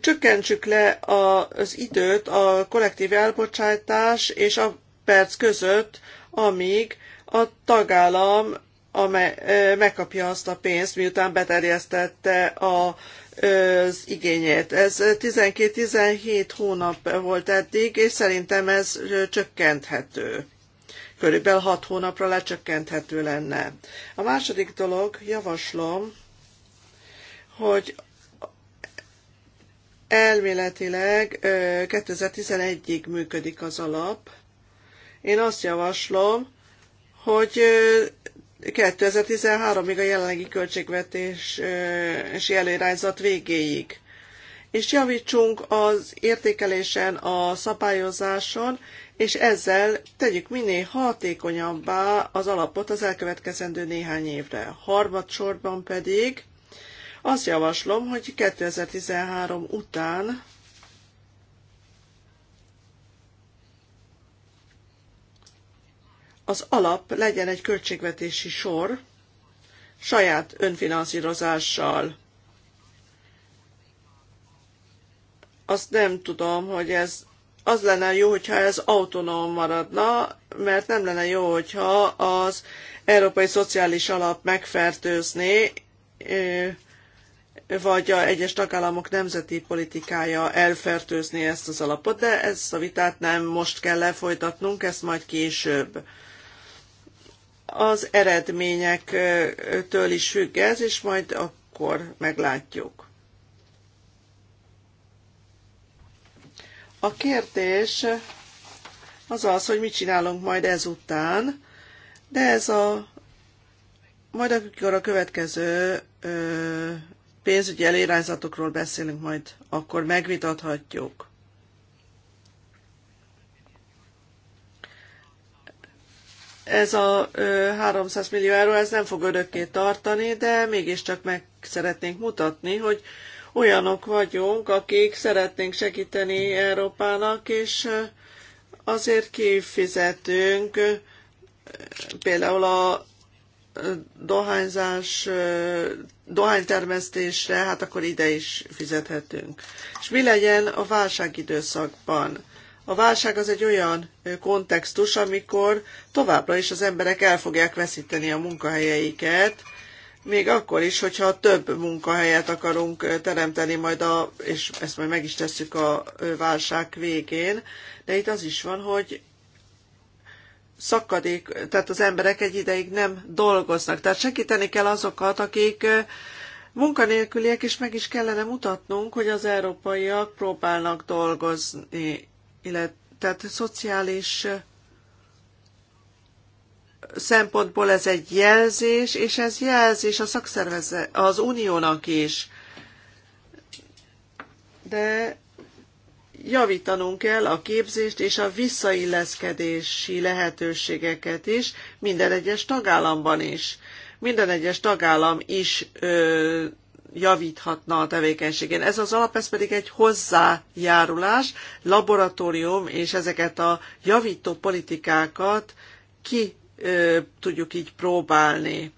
csökkentsük le a, az időt a kollektív elbocsátás és a perc között, amíg a tagállam amely, megkapja azt a pénzt, miután beterjesztette a, az igényét. Ez 12-17 hónap volt eddig, és szerintem ez csökkenthető. Körülbelül 6 hónapra lecsökkenthető lenne. A második dolog, javaslom, hogy Elméletileg 2011-ig működik az alap. Én azt javaslom, hogy 2013-ig a jelenlegi költségvetési előirányzat végéig. És javítsunk az értékelésen, a szabályozáson, és ezzel tegyük minél hatékonyabbá az alapot az elkövetkezendő néhány évre. Harmadsorban pedig azt javaslom, hogy 2013 után az alap legyen egy költségvetési sor saját önfinanszírozással. Azt nem tudom, hogy ez az lenne jó, hogyha ez autonóm maradna, mert nem lenne jó, hogyha az Európai Szociális Alap megfertőzné, vagy a egyes tagállamok nemzeti politikája elfertőzni ezt az alapot, de ezt a vitát nem most kell lefolytatnunk, ezt majd később. Az eredményektől is függ ez, és majd akkor meglátjuk. A kérdés az az, hogy mit csinálunk majd ezután, de ez a majd akkor a következő pénzügyi elirányzatokról beszélünk, majd akkor megvitathatjuk. Ez a 300 millió euró, ez nem fog örökké tartani, de mégiscsak meg szeretnénk mutatni, hogy olyanok vagyunk, akik szeretnénk segíteni Európának, és azért kifizetünk például a dohányzás, dohánytermesztésre, hát akkor ide is fizethetünk. És mi legyen a válság időszakban? A válság az egy olyan kontextus, amikor továbbra is az emberek el fogják veszíteni a munkahelyeiket, még akkor is, hogyha több munkahelyet akarunk teremteni majd, a, és ezt majd meg is tesszük a válság végén, de itt az is van, hogy szakadék, tehát az emberek egy ideig nem dolgoznak. Tehát segíteni kell azokat, akik munkanélküliek, és meg is kellene mutatnunk, hogy az európaiak próbálnak dolgozni, illetve tehát szociális szempontból ez egy jelzés, és ez jelzés a szakszervezet, az uniónak is. De javítanunk kell a képzést és a visszailleszkedési lehetőségeket is minden egyes tagállamban is. Minden egyes tagállam is ö, javíthatna a tevékenységén. Ez az alap, ez pedig egy hozzájárulás, laboratórium, és ezeket a javító politikákat ki ö, tudjuk így próbálni.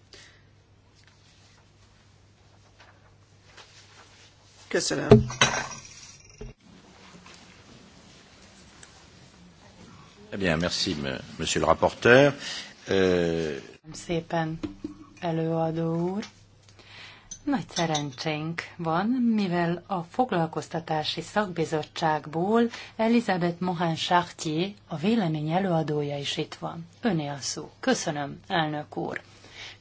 Köszönöm. Eh bien, merci, monsieur le rapporteur. Euh... Szépen, előadó úr. Nagy szerencsénk van, mivel a foglalkoztatási szakbizottságból Elizabeth Mohan Chartier, a vélemény előadója is itt van. Öné a szó. Köszönöm, elnök úr.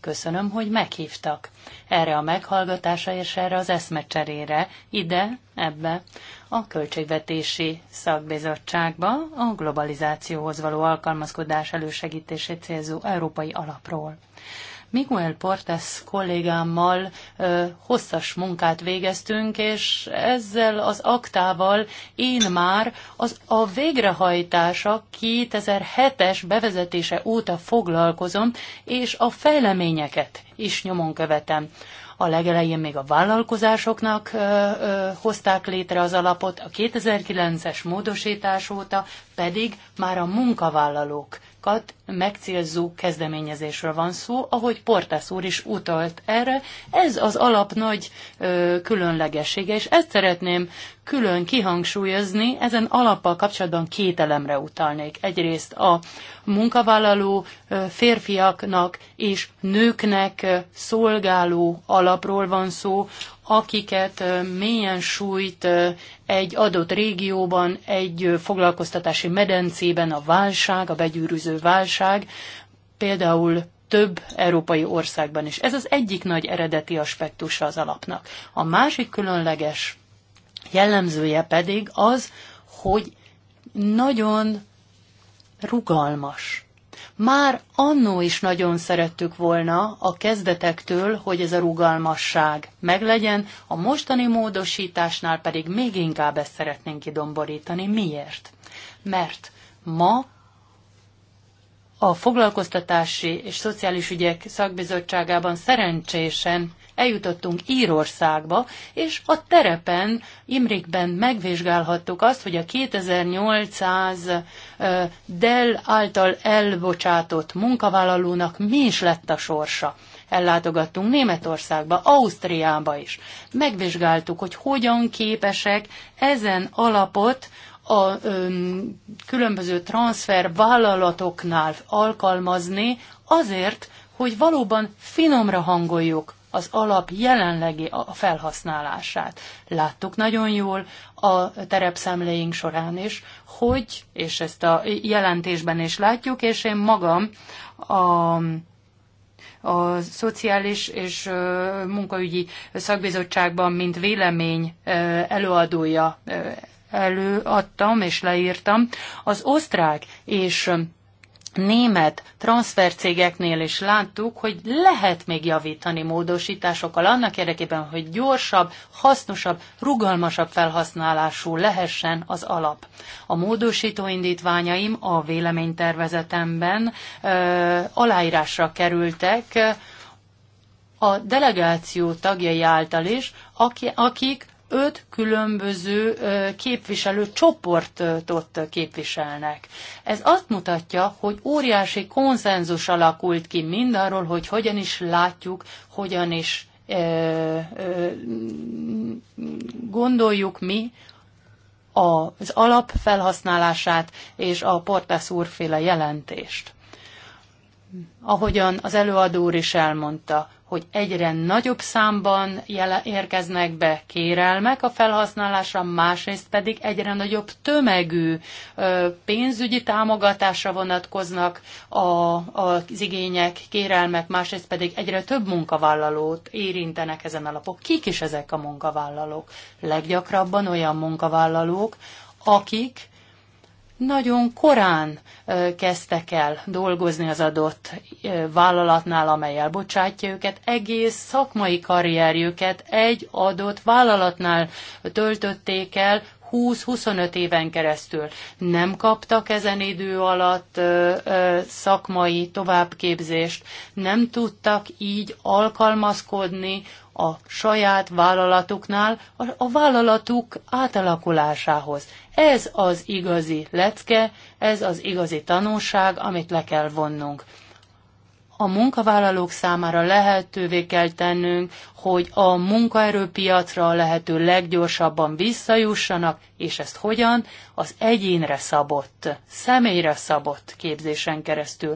Köszönöm, hogy meghívtak erre a meghallgatásra és erre az eszmecserére, ide, ebbe, a Költségvetési Szakbizottságba a globalizációhoz való alkalmazkodás elősegítését célzó európai alapról. Miguel Portes kollégámmal ö, hosszas munkát végeztünk, és ezzel az aktával én már az a végrehajtása 2007-es bevezetése óta foglalkozom, és a fejleményeket is nyomon követem a legelején még a vállalkozásoknak ö, ö, hozták létre az alapot, a 2009-es módosítás óta pedig már a munkavállalók kat megcélzó kezdeményezésről van szó, ahogy Portász úr is utalt erre. Ez az alap nagy ö, különlegessége, és ezt szeretném külön kihangsúlyozni, ezen alappal kapcsolatban két elemre utalnék. Egyrészt a munkavállaló férfiaknak és nőknek szolgáló alapról van szó, akiket mélyen sújt egy adott régióban, egy foglalkoztatási medencében a válság, a begyűrűző válság, például több európai országban is. Ez az egyik nagy eredeti aspektusa az alapnak. A másik különleges jellemzője pedig az, hogy nagyon rugalmas már annó is nagyon szerettük volna a kezdetektől, hogy ez a rugalmasság meglegyen, a mostani módosításnál pedig még inkább ezt szeretnénk kidomborítani. Miért? Mert ma a foglalkoztatási és szociális ügyek szakbizottságában szerencsésen eljutottunk Írországba, és a terepen, Imrikben megvizsgálhattuk azt, hogy a 2800 Dell által elbocsátott munkavállalónak mi is lett a sorsa. Ellátogattunk Németországba, Ausztriába is. Megvizsgáltuk, hogy hogyan képesek ezen alapot a ö, különböző transfer vállalatoknál alkalmazni azért, hogy valóban finomra hangoljuk az alap jelenlegi felhasználását. Láttuk nagyon jól a terepszemléink során is, hogy, és ezt a jelentésben is látjuk, és én magam a a Szociális és Munkaügyi Szakbizottságban, mint vélemény előadója előadtam és leírtam. Az osztrák és német transfercégeknél is láttuk, hogy lehet még javítani módosításokkal annak érdekében, hogy gyorsabb, hasznosabb, rugalmasabb felhasználású lehessen az alap. A módosító indítványaim a véleménytervezetemben ö, aláírásra kerültek, a delegáció tagjai által is, akik öt különböző képviselő csoportot képviselnek. Ez azt mutatja, hogy óriási konszenzus alakult ki mindarról, hogy hogyan is látjuk, hogyan is gondoljuk mi az alap felhasználását és a Portas jelentést ahogyan az előadó úr is elmondta, hogy egyre nagyobb számban érkeznek be kérelmek a felhasználásra, másrészt pedig egyre nagyobb tömegű pénzügyi támogatásra vonatkoznak a, az igények, kérelmek, másrészt pedig egyre több munkavállalót érintenek ezen alapok. Kik is ezek a munkavállalók? Leggyakrabban olyan munkavállalók, akik nagyon korán kezdtek el dolgozni az adott vállalatnál, amely elbocsátja őket, egész szakmai karrierjüket egy adott vállalatnál töltötték el, 20-25 éven keresztül nem kaptak ezen idő alatt ö, ö, szakmai továbbképzést, nem tudtak így alkalmazkodni a saját vállalatuknál, a, a vállalatuk átalakulásához. Ez az igazi lecke, ez az igazi tanulság, amit le kell vonnunk. A munkavállalók számára lehetővé kell tennünk, hogy a munkaerőpiacra a lehető leggyorsabban visszajussanak, és ezt hogyan? Az egyénre szabott, személyre szabott képzésen keresztül.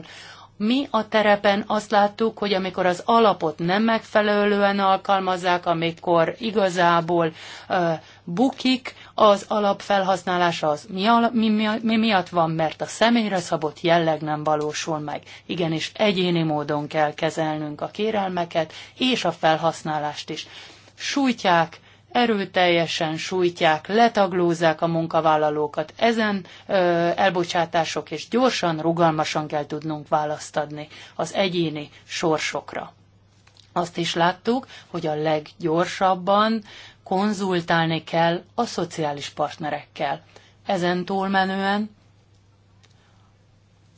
Mi a terepen azt láttuk, hogy amikor az alapot nem megfelelően alkalmazzák, amikor igazából ö, bukik, az alapfelhasználása az mi, al- mi, mi, mi miatt van, mert a személyre szabott jelleg nem valósul meg. Igenis egyéni módon kell kezelnünk a kérelmeket és a felhasználást is. Sújtják erőteljesen sújtják, letaglózzák a munkavállalókat. Ezen ö, elbocsátások és gyorsan, rugalmasan kell tudnunk választ adni az egyéni sorsokra. Azt is láttuk, hogy a leggyorsabban konzultálni kell a szociális partnerekkel. Ezen túlmenően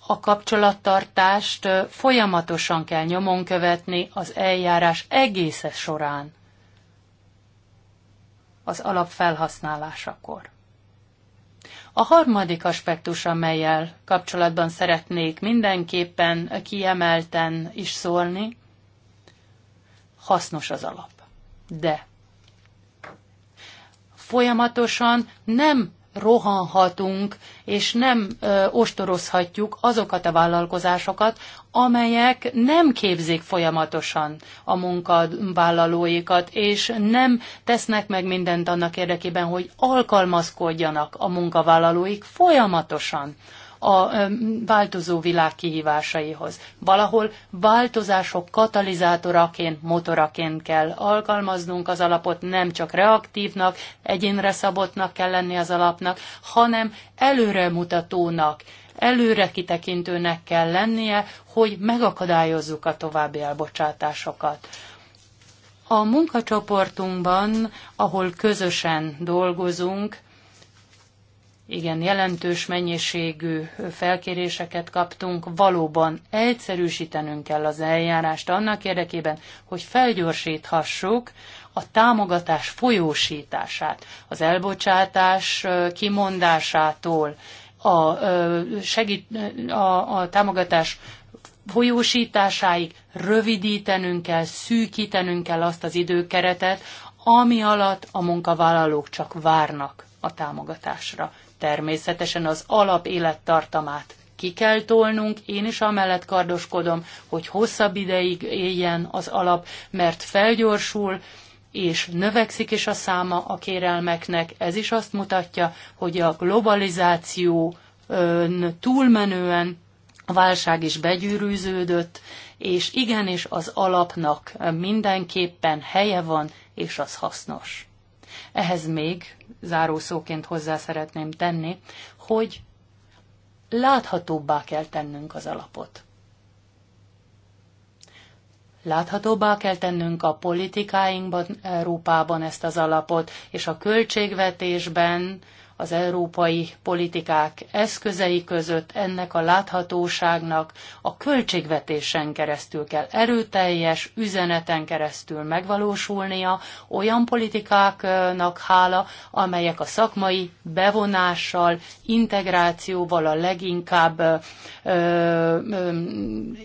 a kapcsolattartást folyamatosan kell nyomon követni az eljárás egészes során az alap felhasználásakor. A harmadik aspektus, amelyel kapcsolatban szeretnék mindenképpen kiemelten is szólni, hasznos az alap. De folyamatosan nem rohanhatunk, és nem ö, ostorozhatjuk azokat a vállalkozásokat, amelyek nem képzik folyamatosan a munkavállalóikat, és nem tesznek meg mindent annak érdekében, hogy alkalmazkodjanak a munkavállalóik folyamatosan a változó világ kihívásaihoz. Valahol változások katalizátoraként, motoraként kell alkalmaznunk az alapot, nem csak reaktívnak, egyénre szabottnak kell lenni az alapnak, hanem előremutatónak, előre kitekintőnek kell lennie, hogy megakadályozzuk a további elbocsátásokat. A munkacsoportunkban, ahol közösen dolgozunk, igen jelentős mennyiségű felkéréseket kaptunk, valóban egyszerűsítenünk kell az eljárást annak érdekében, hogy felgyorsíthassuk a támogatás folyósítását, az elbocsátás kimondásától, a, segít, a, a támogatás folyósításáig rövidítenünk kell, szűkítenünk kell azt az időkeretet, ami alatt a munkavállalók csak várnak a támogatásra természetesen az alap élettartamát ki kell tolnunk, én is amellett kardoskodom, hogy hosszabb ideig éljen az alap, mert felgyorsul, és növekszik is a száma a kérelmeknek. Ez is azt mutatja, hogy a globalizáció túlmenően a válság is begyűrűződött, és igenis az alapnak mindenképpen helye van, és az hasznos. Ehhez még zárószóként hozzá szeretném tenni, hogy láthatóbbá kell tennünk az alapot. Láthatóbbá kell tennünk a politikáinkban, Európában ezt az alapot, és a költségvetésben, az európai politikák eszközei között ennek a láthatóságnak a költségvetésen keresztül kell erőteljes üzeneten keresztül megvalósulnia, olyan politikáknak hála, amelyek a szakmai bevonással, integrációval a leginkább ö, ö,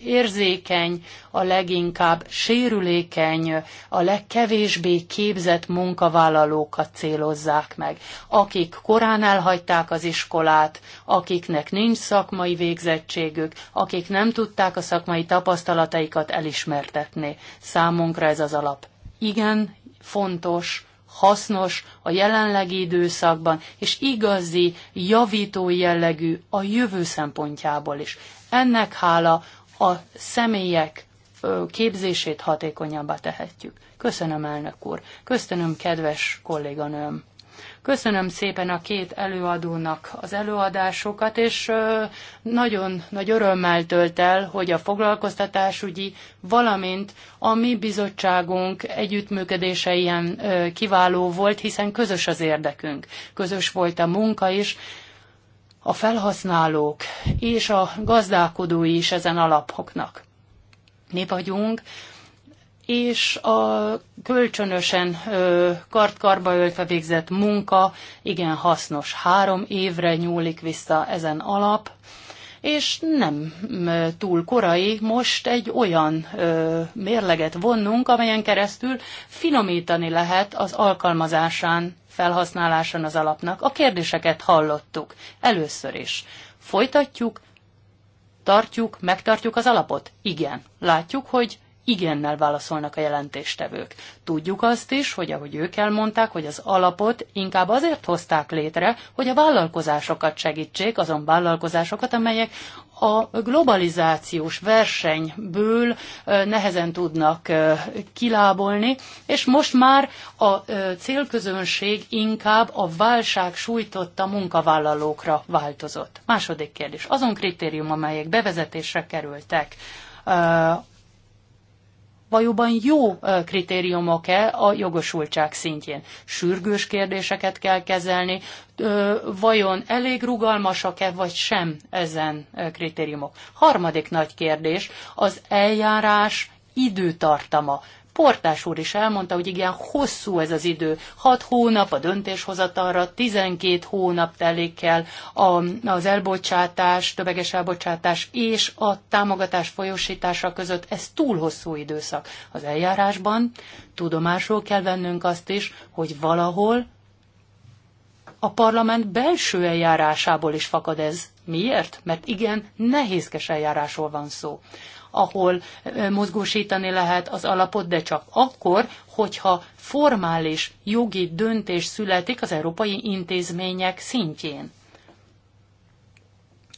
érzékeny, a leginkább sérülékeny, a legkevésbé képzett munkavállalókat célozzák meg, akik kor korán elhagyták az iskolát, akiknek nincs szakmai végzettségük, akik nem tudták a szakmai tapasztalataikat elismertetni. Számunkra ez az alap. Igen, fontos, hasznos a jelenlegi időszakban, és igazi, javító jellegű a jövő szempontjából is. Ennek hála a személyek képzését hatékonyabbá tehetjük. Köszönöm, elnök úr. Köszönöm, kedves kolléganőm. Köszönöm szépen a két előadónak az előadásokat, és nagyon nagy örömmel tölt el, hogy a foglalkoztatásügyi, valamint a mi bizottságunk együttműködése ilyen kiváló volt, hiszen közös az érdekünk. Közös volt a munka is, a felhasználók és a gazdálkodói is ezen alapoknak. Mi vagyunk és a kölcsönösen kartkarba öltve végzett munka igen hasznos. Három évre nyúlik vissza ezen alap, és nem túl korai most egy olyan ö, mérleget vonnunk, amelyen keresztül finomítani lehet az alkalmazásán, felhasználásán az alapnak. A kérdéseket hallottuk először is. Folytatjuk, tartjuk, megtartjuk az alapot? Igen. Látjuk, hogy igennel válaszolnak a jelentéstevők. Tudjuk azt is, hogy ahogy ők elmondták, hogy az alapot inkább azért hozták létre, hogy a vállalkozásokat segítsék, azon vállalkozásokat, amelyek a globalizációs versenyből nehezen tudnak kilábolni, és most már a célközönség inkább a válság sújtotta munkavállalókra változott. Második kérdés. Azon kritérium, amelyek bevezetésre kerültek valóban jó kritériumok-e a jogosultság szintjén. Sürgős kérdéseket kell kezelni, vajon elég rugalmasak-e vagy sem ezen kritériumok. Harmadik nagy kérdés az eljárás időtartama. Portás úr is elmondta, hogy igen, hosszú ez az idő. 6 hónap a döntéshozatalra, 12 hónap telik el az elbocsátás, tömeges elbocsátás és a támogatás folyósítása között. Ez túl hosszú időszak. Az eljárásban tudomásul kell vennünk azt is, hogy valahol a parlament belső eljárásából is fakad ez. Miért? Mert igen, nehézkes eljárásról van szó ahol mozgósítani lehet az alapot, de csak akkor, hogyha formális jogi döntés születik az európai intézmények szintjén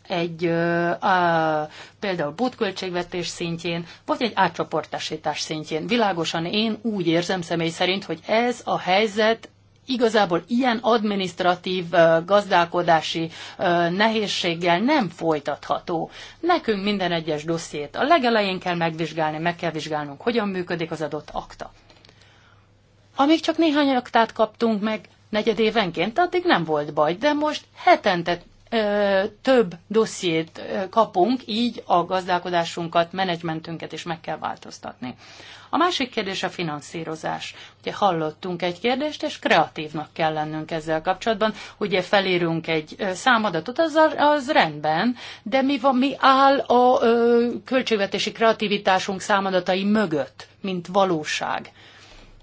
egy a, például bútköltségvetés szintjén, vagy egy átcsoportosítás szintjén. Világosan én úgy érzem személy szerint, hogy ez a helyzet igazából ilyen administratív gazdálkodási nehézséggel nem folytatható. Nekünk minden egyes dossziét a legelején kell megvizsgálni, meg kell vizsgálnunk, hogyan működik az adott akta. Amíg csak néhány aktát kaptunk meg negyed évenként, addig nem volt baj, de most hetente több dossziét kapunk, így a gazdálkodásunkat, menedzsmentünket is meg kell változtatni. A másik kérdés a finanszírozás. Ugye hallottunk egy kérdést, és kreatívnak kell lennünk ezzel kapcsolatban. Ugye felírunk egy számadatot, az, az rendben, de mi, van, mi áll a ö, költségvetési kreativitásunk számadatai mögött, mint valóság?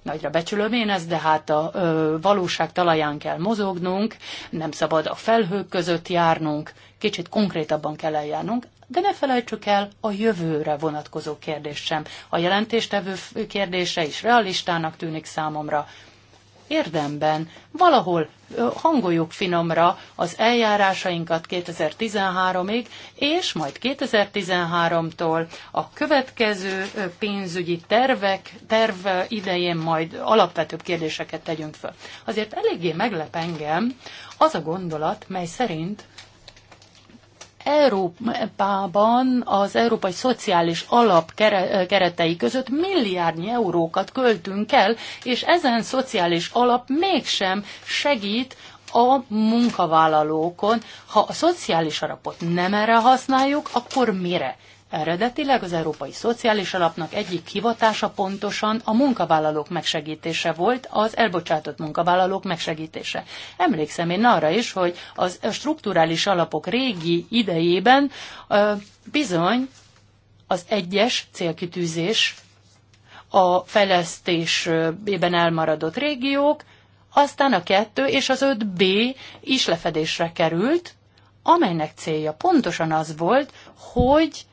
Nagyra becsülöm én ezt, de hát a ö, valóság talaján kell mozognunk, nem szabad a felhők között járnunk, kicsit konkrétabban kell eljárnunk, de ne felejtsük el a jövőre vonatkozó kérdést sem. A jelentéstevő kérdése is realistának tűnik számomra érdemben valahol hangoljuk finomra az eljárásainkat 2013-ig, és majd 2013-tól a következő pénzügyi tervek, terv idején majd alapvetőbb kérdéseket tegyünk föl. Azért eléggé meglep engem az a gondolat, mely szerint Európában az európai szociális alap keretei között milliárdnyi eurókat költünk el, és ezen szociális alap mégsem segít a munkavállalókon. Ha a szociális alapot nem erre használjuk, akkor mire? Eredetileg az Európai Szociális Alapnak egyik hivatása pontosan a munkavállalók megsegítése volt, az elbocsátott munkavállalók megsegítése. Emlékszem én arra is, hogy az strukturális alapok régi idejében bizony az egyes célkitűzés a fejlesztésében elmaradott régiók, aztán a 2 és az 5B is lefedésre került, amelynek célja pontosan az volt, hogy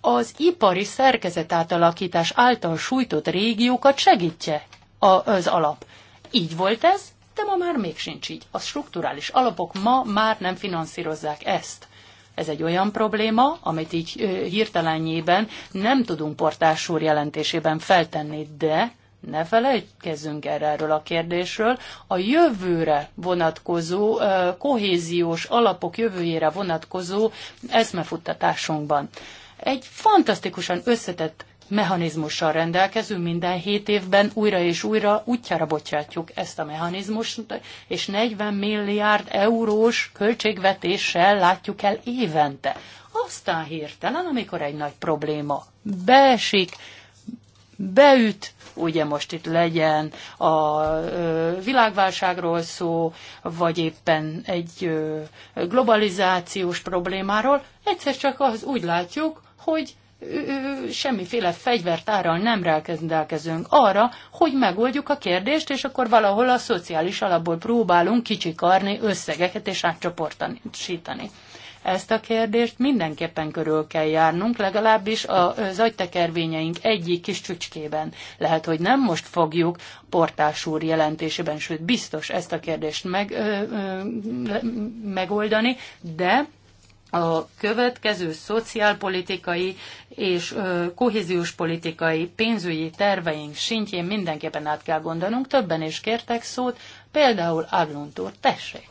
az ipari szerkezet átalakítás által sújtott régiókat segítje az alap. Így volt ez, de ma már még sincs így. A strukturális alapok ma már nem finanszírozzák ezt. Ez egy olyan probléma, amit így hirtelenjében nem tudunk portás úr jelentésében feltenni, de ne felejtkezzünk erre erről a kérdésről. A jövőre vonatkozó, kohéziós alapok jövőjére vonatkozó eszmefuttatásunkban egy fantasztikusan összetett mechanizmussal rendelkezünk, minden hét évben újra és újra útjára bocsátjuk ezt a mechanizmust, és 40 milliárd eurós költségvetéssel látjuk el évente. Aztán hirtelen, amikor egy nagy probléma beesik, beüt, ugye most itt legyen a világválságról szó, vagy éppen egy globalizációs problémáról, egyszer csak az úgy látjuk, hogy semmiféle fegyvertárral nem rendelkezünk arra, hogy megoldjuk a kérdést, és akkor valahol a szociális alapból próbálunk kicsikarni összegeket és átcsoportosítani. Ezt a kérdést mindenképpen körül kell járnunk, legalábbis az agytekervényeink egyik kis csücskében. Lehet, hogy nem most fogjuk Portás úr jelentésében, sőt biztos ezt a kérdést meg, ö, ö, megoldani, de a következő szociálpolitikai és kohéziós politikai pénzügyi terveink szintjén mindenképpen át kell gondolnunk. Többen is kértek szót, például Aglunt úr, tessék!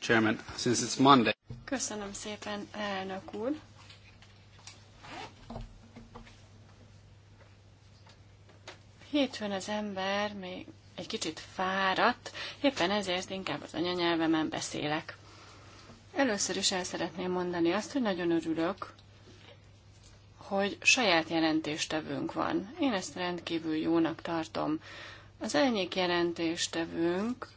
Chairman, since it's Monday. Köszönöm szépen, elnök úr! Hétfőn az ember még egy kicsit fáradt, éppen ezért inkább az anyanyelvemen beszélek. Először is el szeretném mondani azt, hogy nagyon örülök, hogy saját jelentéstevőnk van. Én ezt rendkívül jónak tartom. Az elnyék jelentéstevőnk,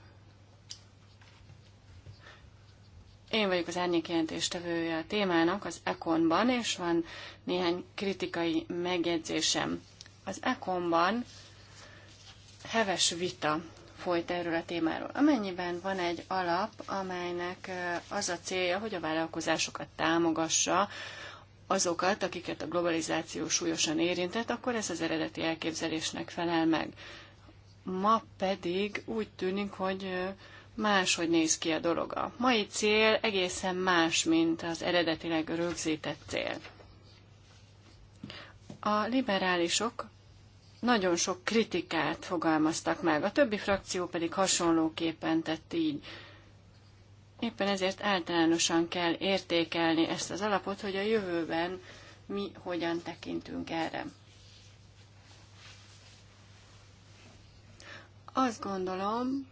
én vagyok az árnyék jelentéstevője a témának az Econban, és van néhány kritikai megjegyzésem. Az Econban heves vita folyt erről a témáról. Amennyiben van egy alap, amelynek az a célja, hogy a vállalkozásokat támogassa, azokat, akiket a globalizáció súlyosan érintett, akkor ez az eredeti elképzelésnek felel meg. Ma pedig úgy tűnik, hogy máshogy néz ki a dolog. A mai cél egészen más, mint az eredetileg rögzített cél. A liberálisok nagyon sok kritikát fogalmaztak meg, a többi frakció pedig hasonlóképpen tett így. Éppen ezért általánosan kell értékelni ezt az alapot, hogy a jövőben mi hogyan tekintünk erre. Azt gondolom,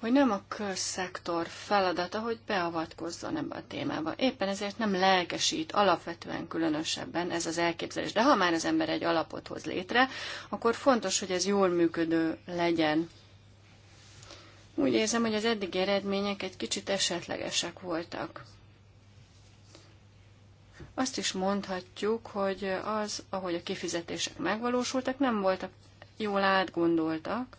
hogy nem a körszektor feladata, hogy beavatkozzon ebbe a témába. Éppen ezért nem lelkesít alapvetően különösebben ez az elképzelés. De ha már az ember egy alapot hoz létre, akkor fontos, hogy ez jól működő legyen. Úgy érzem, hogy az eddigi eredmények egy kicsit esetlegesek voltak. Azt is mondhatjuk, hogy az, ahogy a kifizetések megvalósultak, nem voltak jól átgondoltak,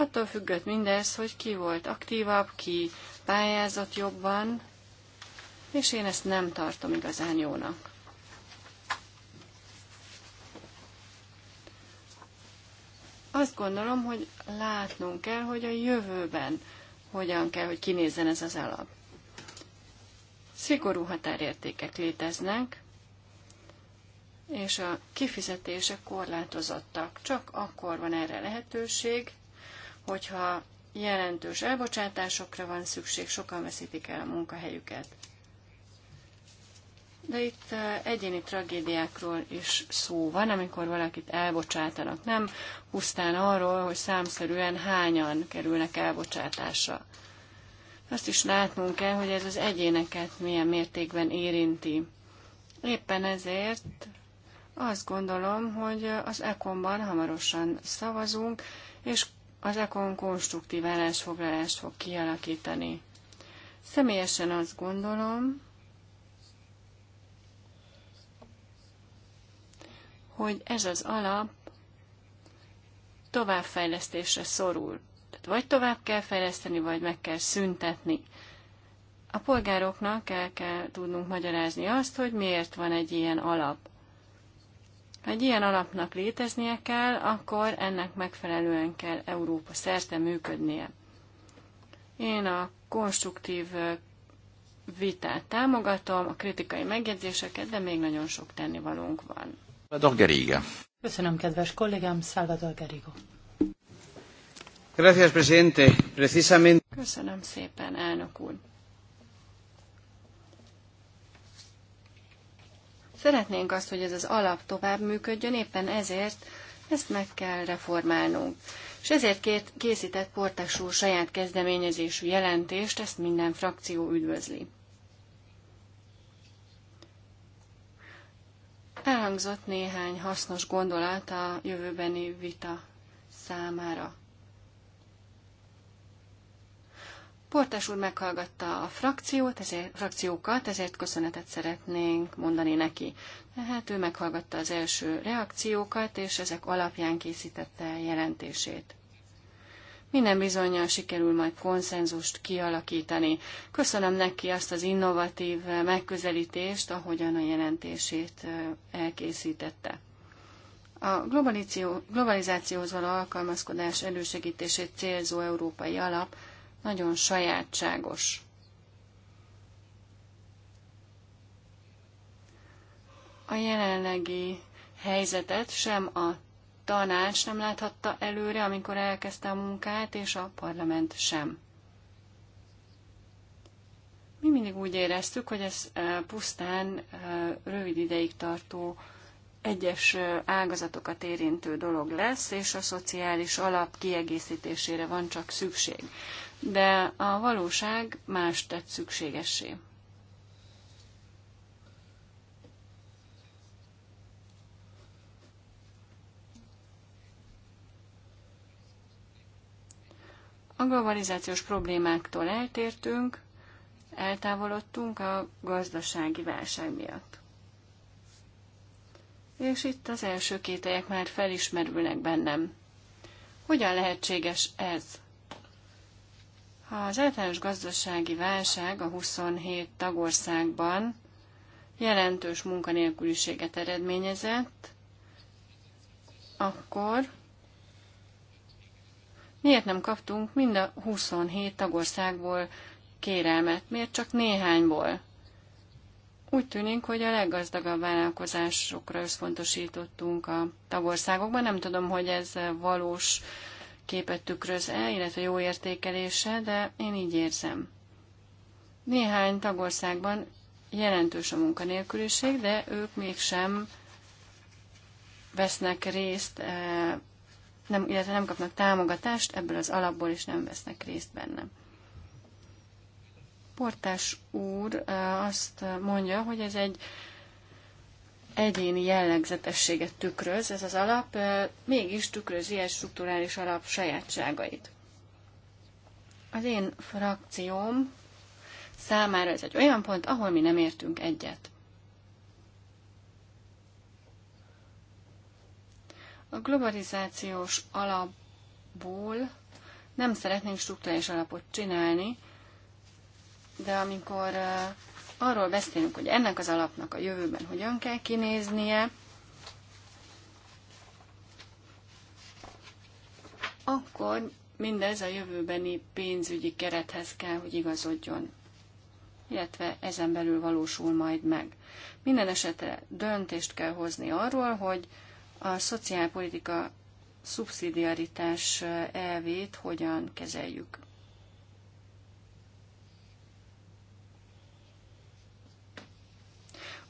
Attól függött mindez, hogy ki volt aktívabb, ki pályázott jobban, és én ezt nem tartom igazán jónak. Azt gondolom, hogy látnunk kell, hogy a jövőben hogyan kell, hogy kinézzen ez az alap. Szigorú határértékek léteznek, és a kifizetések korlátozottak. Csak akkor van erre lehetőség, hogyha jelentős elbocsátásokra van szükség, sokan veszítik el a munkahelyüket. De itt egyéni tragédiákról is szó van, amikor valakit elbocsátanak. Nem pusztán arról, hogy számszerűen hányan kerülnek elbocsátásra. Azt is látnunk kell, hogy ez az egyéneket milyen mértékben érinti. Éppen ezért azt gondolom, hogy az ekonban hamarosan szavazunk, és az ECON konstruktív állásfoglalást fog kialakítani. Személyesen azt gondolom, hogy ez az alap továbbfejlesztésre szorul. Tehát vagy tovább kell fejleszteni, vagy meg kell szüntetni. A polgároknak el kell tudnunk magyarázni azt, hogy miért van egy ilyen alap. Ha egy ilyen alapnak léteznie kell, akkor ennek megfelelően kell Európa szerte működnie. Én a konstruktív vitát támogatom, a kritikai megjegyzéseket, de még nagyon sok tennivalónk van. Salvador Köszönöm, kedves kollégám, Salvador Gerigo. Gracias, presidente. Precisamente... Köszönöm szépen, elnök úr. Szeretnénk azt, hogy ez az alap tovább működjön, éppen ezért ezt meg kell reformálnunk. És ezért két készített Portas úr saját kezdeményezésű jelentést, ezt minden frakció üdvözli. Elhangzott néhány hasznos gondolat a jövőbeni vita számára. Portás úr meghallgatta a frakciót, ezért, frakciókat, ezért köszönetet szeretnénk mondani neki. Tehát ő meghallgatta az első reakciókat, és ezek alapján készítette jelentését. Minden bizonyal sikerül majd konszenzust kialakítani. Köszönöm neki azt az innovatív megközelítést, ahogyan a jelentését elkészítette. A globalizációhoz való alkalmazkodás elősegítését célzó európai alap nagyon sajátságos. A jelenlegi helyzetet sem a tanács nem láthatta előre, amikor elkezdte a munkát, és a parlament sem. Mi mindig úgy éreztük, hogy ez pusztán rövid ideig tartó egyes ágazatokat érintő dolog lesz, és a szociális alap kiegészítésére van csak szükség de a valóság más tett szükségessé. A globalizációs problémáktól eltértünk, eltávolodtunk a gazdasági válság miatt. És itt az első kételyek már felismerülnek bennem. Hogyan lehetséges ez? Az általános gazdasági válság a 27 tagországban jelentős munkanélküliséget eredményezett, akkor miért nem kaptunk mind a 27 tagországból kérelmet, miért csak néhányból? Úgy tűnik, hogy a leggazdagabb vállalkozásokra összpontosítottunk a tagországokban. Nem tudom, hogy ez valós képet tükröz-e, illetve jó értékelése, de én így érzem. Néhány tagországban jelentős a munkanélküliség, de ők mégsem vesznek részt, eh, nem, illetve nem kapnak támogatást, ebből az alapból is nem vesznek részt benne. Portás úr eh, azt mondja, hogy ez egy egyéni jellegzetességet tükröz, ez az alap mégis tükrözi egy strukturális alap sajátságait. Az én frakcióm számára ez egy olyan pont, ahol mi nem értünk egyet. A globalizációs alapból nem szeretnénk struktúrális alapot csinálni, de amikor arról beszélünk, hogy ennek az alapnak a jövőben hogyan kell kinéznie, akkor mindez a jövőbeni pénzügyi kerethez kell, hogy igazodjon, illetve ezen belül valósul majd meg. Minden esetre döntést kell hozni arról, hogy a szociálpolitika szubszidiaritás eh, elvét hogyan kezeljük.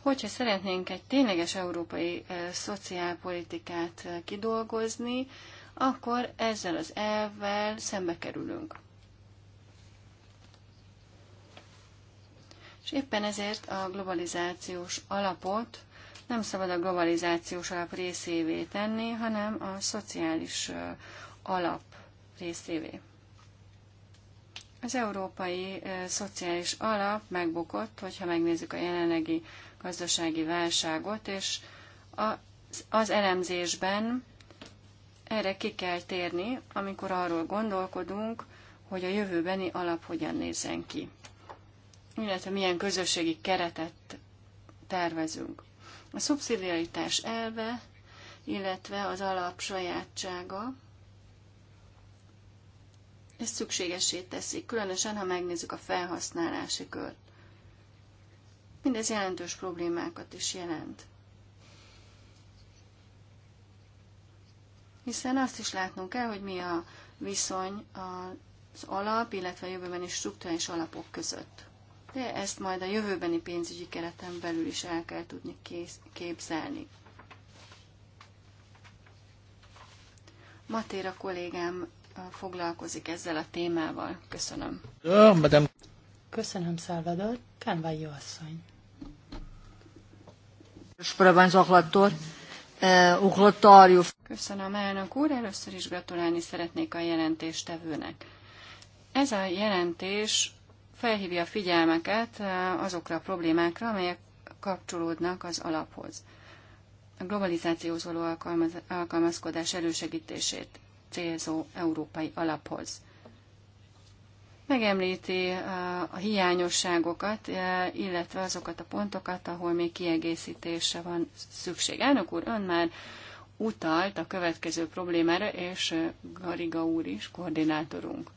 Hogyha szeretnénk egy tényleges európai szociálpolitikát kidolgozni, akkor ezzel az elvvel szembe kerülünk. És éppen ezért a globalizációs alapot nem szabad a globalizációs alap részévé tenni, hanem a szociális alap részévé. Az európai szociális alap megbukott, hogyha megnézzük a jelenlegi gazdasági válságot, és az elemzésben erre ki kell térni, amikor arról gondolkodunk, hogy a jövőbeni alap hogyan nézzen ki, illetve milyen közösségi keretet tervezünk. A szubszidiaritás elve, illetve az alap sajátsága, ez szükségesé teszi, különösen, ha megnézzük a felhasználási kört. Mindez jelentős problémákat is jelent. Hiszen azt is látnunk kell, hogy mi a viszony az alap, illetve a jövőbeni struktúrális alapok között. De ezt majd a jövőbeni pénzügyi kereten belül is el kell tudni képzelni. Matéra kollégám foglalkozik ezzel a témával. Köszönöm. Köszönöm, Salvador. Kánvályó asszony. E, Köszönöm, elnök úr. Először is gratulálni szeretnék a jelentéstevőnek. Ez a jelentés felhívja a figyelmeket e, azokra a problémákra, amelyek kapcsolódnak az alaphoz. A globalizációhoz való alkalmazkodás elősegítését célzó európai alaphoz megemlíti eh, a hiányosságokat, eh, illetve azokat a pontokat, ahol még kiegészítésre van szükség. Elnök úr, ön már utalt a következő problémára, és eh, Gariga úr is, koordinátorunk.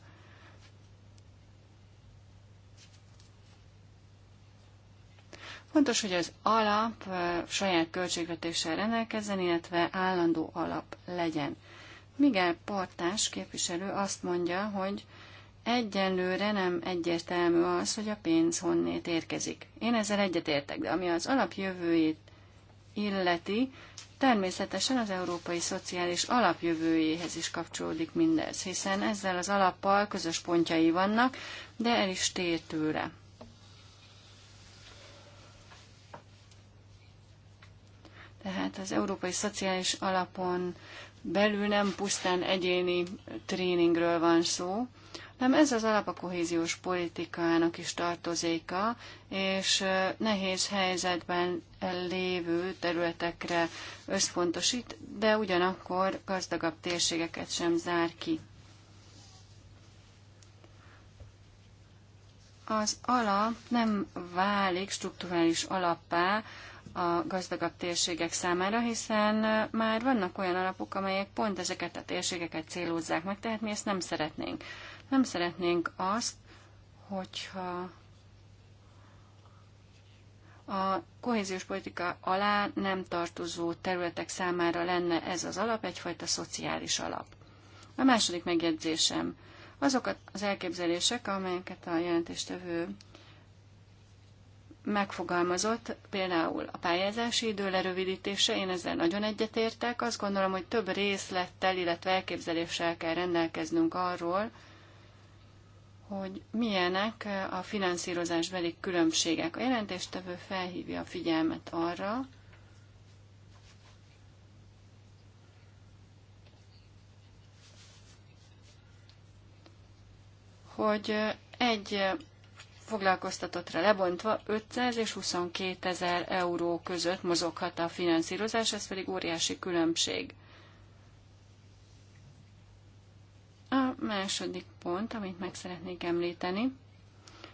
Fontos, hogy az alap saját költségvetéssel rendelkezzen, illetve állandó alap legyen. Miguel Portás képviselő azt mondja, hogy Egyenlőre nem egyértelmű az, hogy a pénz honnét érkezik. Én ezzel egyetértek, de ami az alapjövőjét illeti, természetesen az európai szociális alapjövőjéhez is kapcsolódik mindez, hiszen ezzel az alappal közös pontjai vannak, de el is tér tőle. Tehát az európai szociális alapon belül nem pusztán egyéni tréningről van szó, nem ez az alap a kohéziós politikának is tartozéka, és nehéz helyzetben lévő területekre összpontosít, de ugyanakkor gazdagabb térségeket sem zár ki. Az alap nem válik strukturális alappá, a gazdagabb térségek számára, hiszen már vannak olyan alapok, amelyek pont ezeket a térségeket célozzák meg, tehát mi ezt nem szeretnénk. Nem szeretnénk azt, hogyha a kohéziós politika alá nem tartozó területek számára lenne ez az alap, egyfajta szociális alap. A második megjegyzésem. Azok az elképzelések, amelyeket a jelentéstevő megfogalmazott, például a pályázási idő lerövidítése, én ezzel nagyon egyetértek. Azt gondolom, hogy több részlettel, illetve elképzeléssel kell rendelkeznünk arról, hogy milyenek a finanszírozásbeli különbségek. A jelentéstevő felhívja a figyelmet arra, hogy egy foglalkoztatottra lebontva 500 és 22 ezer euró között mozoghat a finanszírozás, ez pedig óriási különbség. A második pont, amit meg szeretnék említeni,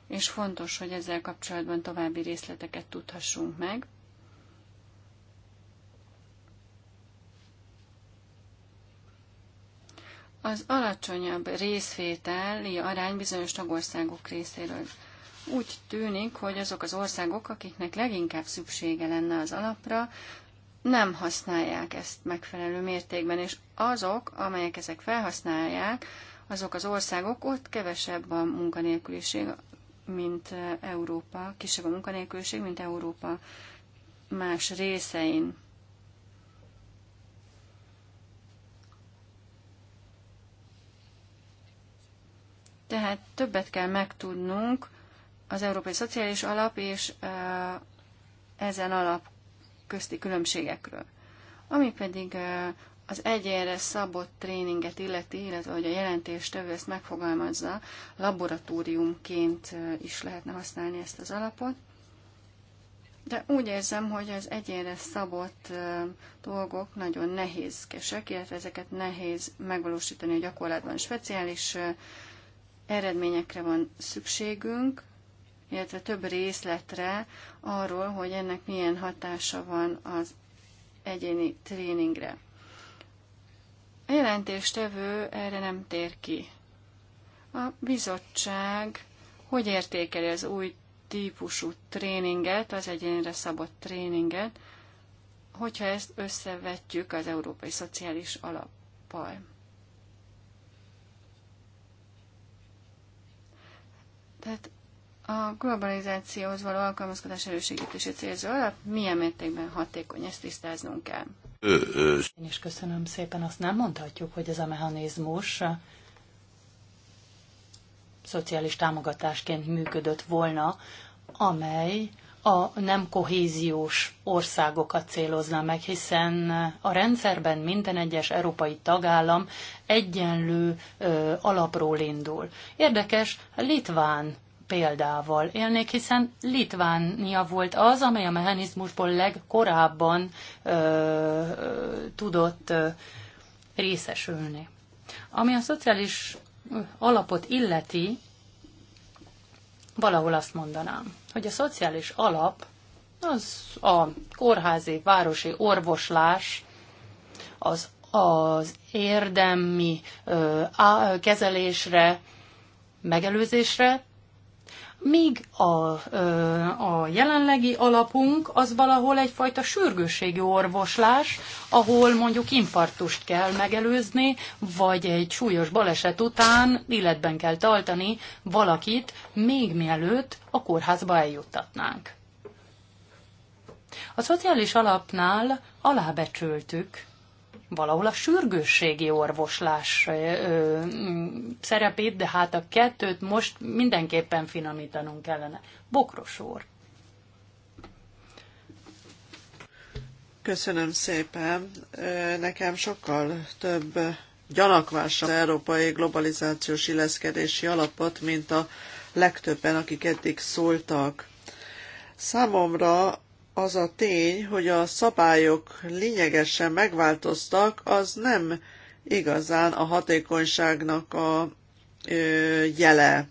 és fontos, hogy ezzel kapcsolatban további részleteket tudhassunk meg. Az alacsonyabb részvételi arány bizonyos tagországok részéről úgy tűnik, hogy azok az országok, akiknek leginkább szüksége lenne az alapra, nem használják ezt megfelelő mértékben, és azok, amelyek ezek felhasználják, azok az országok, ott kevesebb a munkanélküliség, mint eh, Európa, kisebb a munkanélküliség, mint Európa más részein. Tehát többet kell megtudnunk az Európai Szociális Alap és eh, ezen alap közti különbségekről. Ami pedig az egyénre szabott tréninget illeti, illetve hogy a jelentéstevő ezt megfogalmazza, laboratóriumként is lehetne használni ezt az alapot. De úgy érzem, hogy az egyénre szabott dolgok nagyon nehézkesek, illetve ezeket nehéz megvalósítani a gyakorlatban. Speciális eredményekre van szükségünk, illetve több részletre arról, hogy ennek milyen hatása van az egyéni tréningre. A jelentéstevő erre nem tér ki. A bizottság hogy értékeli az új típusú tréninget, az egyénre szabott tréninget, hogyha ezt összevetjük az Európai Szociális Alappal. Tehát a globalizációhoz való alkalmazkodás elősegítési célzó alap milyen mértékben hatékony, ezt tisztáznunk kell. Én is köszönöm szépen, azt nem mondhatjuk, hogy ez a mechanizmus szociális támogatásként működött volna, amely a nem kohéziós országokat célozna meg, hiszen a rendszerben minden egyes európai tagállam egyenlő ö, alapról indul. Érdekes, Litván példával élnék, hiszen Litvánia volt az, amely a mechanizmusból legkorábban ö, ö, tudott ö, részesülni. Ami a szociális alapot illeti, valahol azt mondanám, hogy a szociális alap az a kórházi, városi orvoslás, az, az érdemi ö, á, kezelésre, megelőzésre Míg a, a jelenlegi alapunk az valahol egyfajta sürgősségi orvoslás, ahol mondjuk infarktust kell megelőzni, vagy egy súlyos baleset után illetben kell tartani valakit, még mielőtt a kórházba eljuttatnánk. A szociális alapnál alábecsültük valahol a sürgősségi orvoslás szerepét, de hát a kettőt most mindenképpen finomítanunk kellene. Bokros úr. Köszönöm szépen. Nekem sokkal több gyanakvás az európai globalizációs illeszkedési alapot, mint a legtöbben, akik eddig szóltak. Számomra az a tény, hogy a szabályok lényegesen megváltoztak, az nem igazán a hatékonyságnak a jele.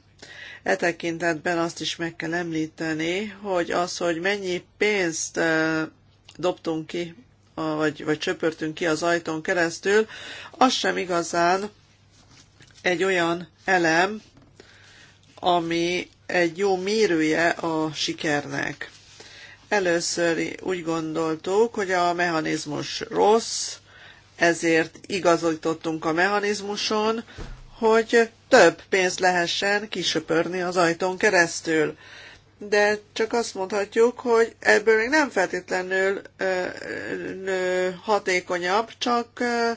E tekintetben azt is meg kell említeni, hogy az, hogy mennyi pénzt dobtunk ki, vagy, vagy csöpörtünk ki az ajtón keresztül, az sem igazán egy olyan elem, ami egy jó mérője a sikernek. Először úgy gondoltuk, hogy a mechanizmus rossz, ezért igazoltottunk a mechanizmuson, hogy több pénzt lehessen kisöpörni az ajtón keresztül. De csak azt mondhatjuk, hogy ebből még nem feltétlenül ö, ö, hatékonyabb, csak ö,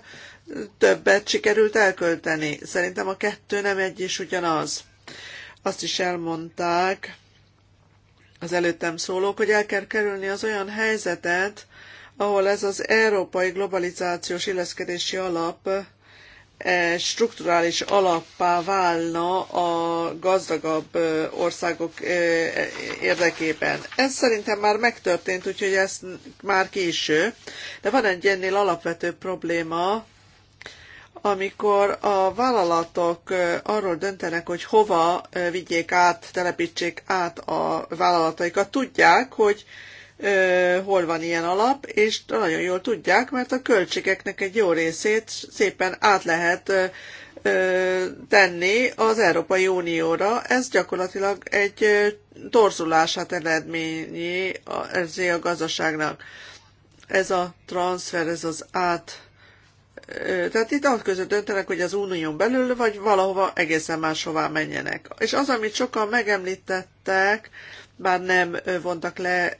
többet sikerült elkölteni. Szerintem a kettő nem egy is ugyanaz. Azt is elmondták, az előttem szólók, hogy el kell kerülni az olyan helyzetet, ahol ez az európai globalizációs illeszkedési alap eh, strukturális alappá válna a gazdagabb eh, országok eh, érdekében. Ez szerintem már megtörtént, úgyhogy ez már késő, de van egy ennél alapvető probléma, amikor a vállalatok arról döntenek, hogy hova vigyék át, telepítsék át a vállalataikat, tudják, hogy hol van ilyen alap, és nagyon jól tudják, mert a költségeknek egy jó részét szépen át lehet tenni az Európai Unióra. Ez gyakorlatilag egy torzulását eredményi a, gazdaságnak. Ez a transfer, ez az át tehát itt ahhoz között döntenek, hogy az unión belül, vagy valahova egészen máshová menjenek. És az, amit sokan megemlítettek, bár nem vontak le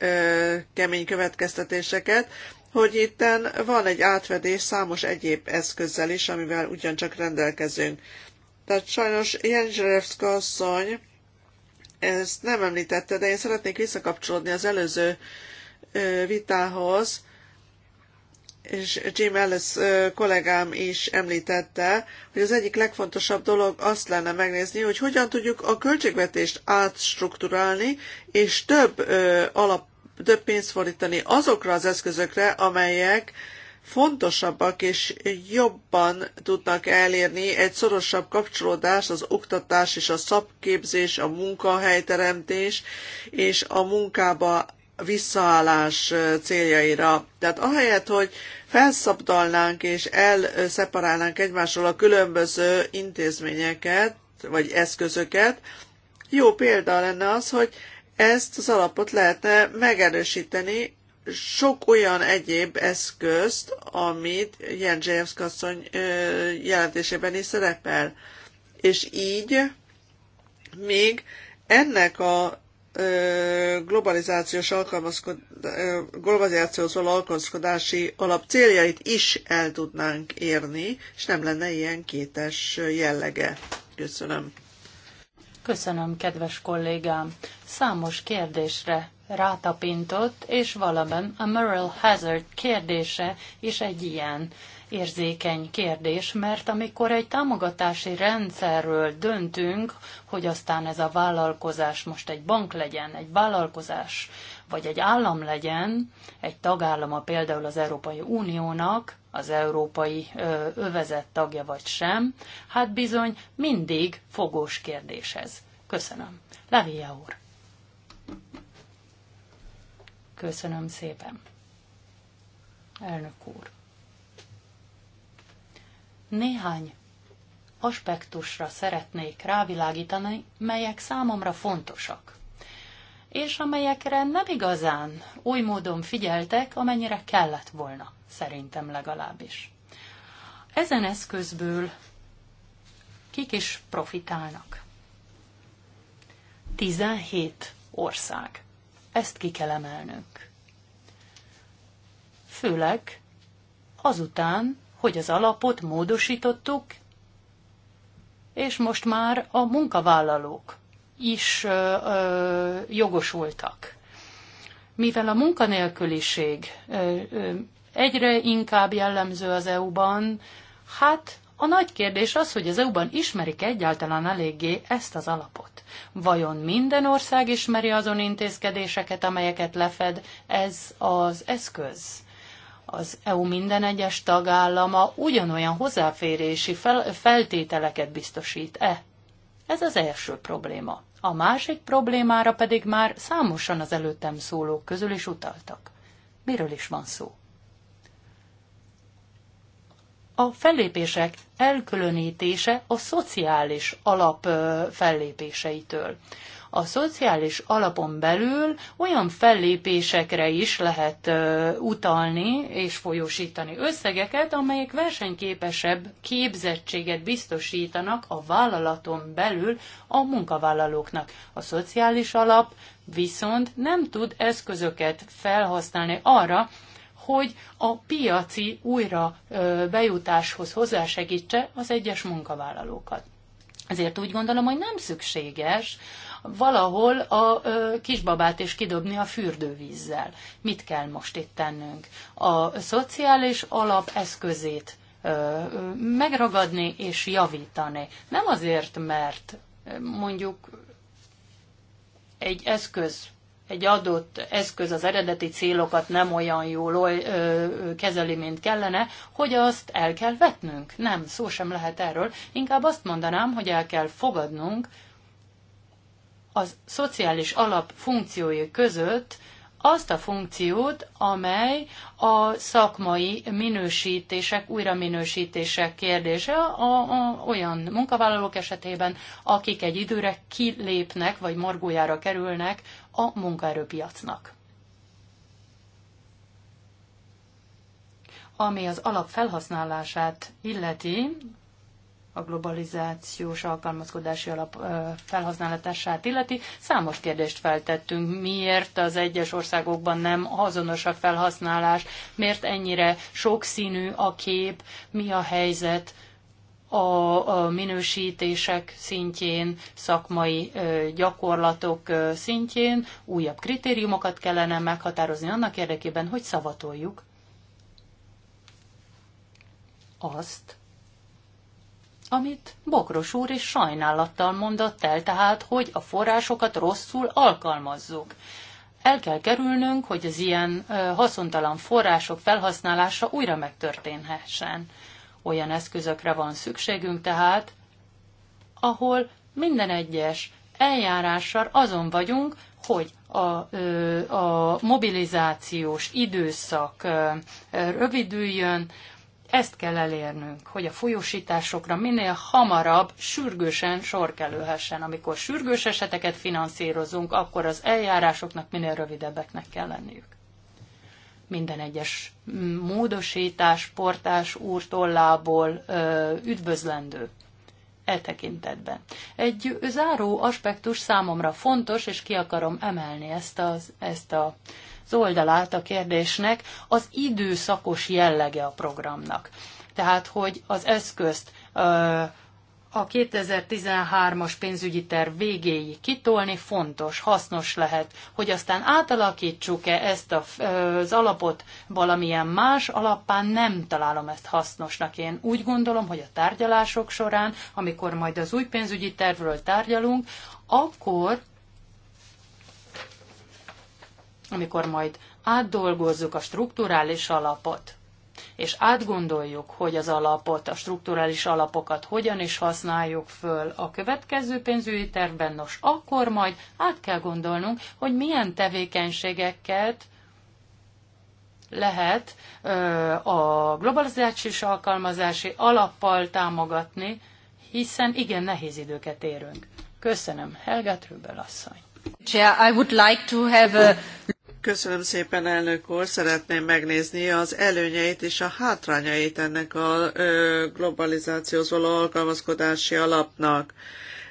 kemény következtetéseket, hogy itten van egy átvedés számos egyéb eszközzel is, amivel ugyancsak rendelkezünk. Tehát sajnos Jenzserevszka asszony ezt nem említette, de én szeretnék visszakapcsolódni az előző vitához, és Jim Ellis kollégám is említette, hogy az egyik legfontosabb dolog azt lenne megnézni, hogy hogyan tudjuk a költségvetést átstruktúrálni, és több alap, több pénzt fordítani azokra az eszközökre, amelyek fontosabbak és jobban tudnak elérni egy szorosabb kapcsolódást az oktatás és a szakképzés, a munkahelyteremtés és a munkába visszaállás céljaira. Tehát ahelyett, hogy felszabdalnánk és elszeparálnánk egymásról a különböző intézményeket, vagy eszközöket, jó példa lenne az, hogy ezt az alapot lehetne megerősíteni sok olyan egyéb eszközt, amit James kasszony jelentésében is szerepel. És így még ennek a globalizációs alkalmazkod, globalizációhoz való alkalmazkodási alap céljait is el tudnánk érni, és nem lenne ilyen kétes jellege. Köszönöm. Köszönöm, kedves kollégám. Számos kérdésre rátapintott, és valamiben a Merrill Hazard kérdése is egy ilyen érzékeny kérdés, mert amikor egy támogatási rendszerről döntünk, hogy aztán ez a vállalkozás most egy bank legyen, egy vállalkozás, vagy egy állam legyen, egy tagállama például az Európai Uniónak, az európai övezet tagja vagy sem, hát bizony mindig fogós kérdés ez. Köszönöm. Levia úr. Köszönöm szépen. Elnök úr. Néhány aspektusra szeretnék rávilágítani, melyek számomra fontosak, és amelyekre nem igazán új módon figyeltek, amennyire kellett volna, szerintem legalábbis. Ezen eszközből kik is profitálnak? 17 ország. Ezt ki kell emelnünk. Főleg azután, hogy az alapot módosítottuk, és most már a munkavállalók is ö, ö, jogosultak. Mivel a munkanélküliség ö, ö, egyre inkább jellemző az EU-ban, hát a nagy kérdés az, hogy az EU-ban ismerik egyáltalán eléggé ezt az alapot. Vajon minden ország ismeri azon intézkedéseket, amelyeket lefed ez az eszköz? az EU minden egyes tagállama ugyanolyan hozzáférési fel, feltételeket biztosít-e? Ez az első probléma. A másik problémára pedig már számosan az előttem szólók közül is utaltak. Miről is van szó? A fellépések elkülönítése a szociális alap fellépéseitől a szociális alapon belül olyan fellépésekre is lehet utalni és folyósítani összegeket, amelyek versenyképesebb képzettséget biztosítanak a vállalaton belül a munkavállalóknak. A szociális alap viszont nem tud eszközöket felhasználni arra, hogy a piaci újra bejutáshoz hozzásegítse az egyes munkavállalókat. Ezért úgy gondolom, hogy nem szükséges valahol a kisbabát is kidobni a fürdővízzel. Mit kell most itt tennünk? A szociális alap eszközét megragadni és javítani. Nem azért, mert mondjuk egy eszköz egy adott eszköz az eredeti célokat nem olyan jól ö, kezeli, mint kellene, hogy azt el kell vetnünk. Nem, szó sem lehet erről. Inkább azt mondanám, hogy el kell fogadnunk, az szociális alap funkciói között azt a funkciót, amely a szakmai minősítések, újraminősítések kérdése a, a, olyan munkavállalók esetében, akik egy időre kilépnek vagy margójára kerülnek a munkaerőpiacnak. Ami az alap felhasználását illeti, a globalizációs alkalmazkodási alap felhasználatását illeti. Számos kérdést feltettünk, miért az egyes országokban nem azonos a felhasználás, miért ennyire sokszínű a kép, mi a helyzet a, minősítések szintjén, szakmai gyakorlatok szintjén, újabb kritériumokat kellene meghatározni annak érdekében, hogy szavatoljuk azt, amit Bokros úr is sajnálattal mondott el, tehát, hogy a forrásokat rosszul alkalmazzuk. El kell kerülnünk, hogy az ilyen haszontalan források felhasználása újra megtörténhessen. Olyan eszközökre van szükségünk tehát, ahol minden egyes eljárással azon vagyunk, hogy a, a mobilizációs időszak rövidüljön, ezt kell elérnünk, hogy a folyósításokra minél hamarabb, sürgősen sor kerülhessen. Amikor sürgős eseteket finanszírozunk, akkor az eljárásoknak minél rövidebbeknek kell lenniük. Minden egyes mm, módosítás, portás úrtollából üdvözlendő e tekintetben. Egy záró aspektus számomra fontos, és ki akarom emelni ezt, az, ezt a oldalát a kérdésnek az időszakos jellege a programnak. Tehát, hogy az eszközt a 2013-as pénzügyi terv végéig kitolni fontos, hasznos lehet, hogy aztán átalakítsuk-e ezt az alapot valamilyen más alapán, nem találom ezt hasznosnak. Én úgy gondolom, hogy a tárgyalások során, amikor majd az új pénzügyi tervről tárgyalunk, akkor amikor majd átdolgozzuk a strukturális alapot, és átgondoljuk, hogy az alapot, a strukturális alapokat hogyan is használjuk föl a következő pénzügyi tervben, nos, akkor majd át kell gondolnunk, hogy milyen tevékenységeket lehet a globalizációs alkalmazási alappal támogatni, hiszen igen nehéz időket érünk. Köszönöm, Helga Trübel asszony. Chair, I would like to have a Köszönöm szépen, elnök úr. Szeretném megnézni az előnyeit és a hátrányait ennek a globalizációhoz való alkalmazkodási alapnak.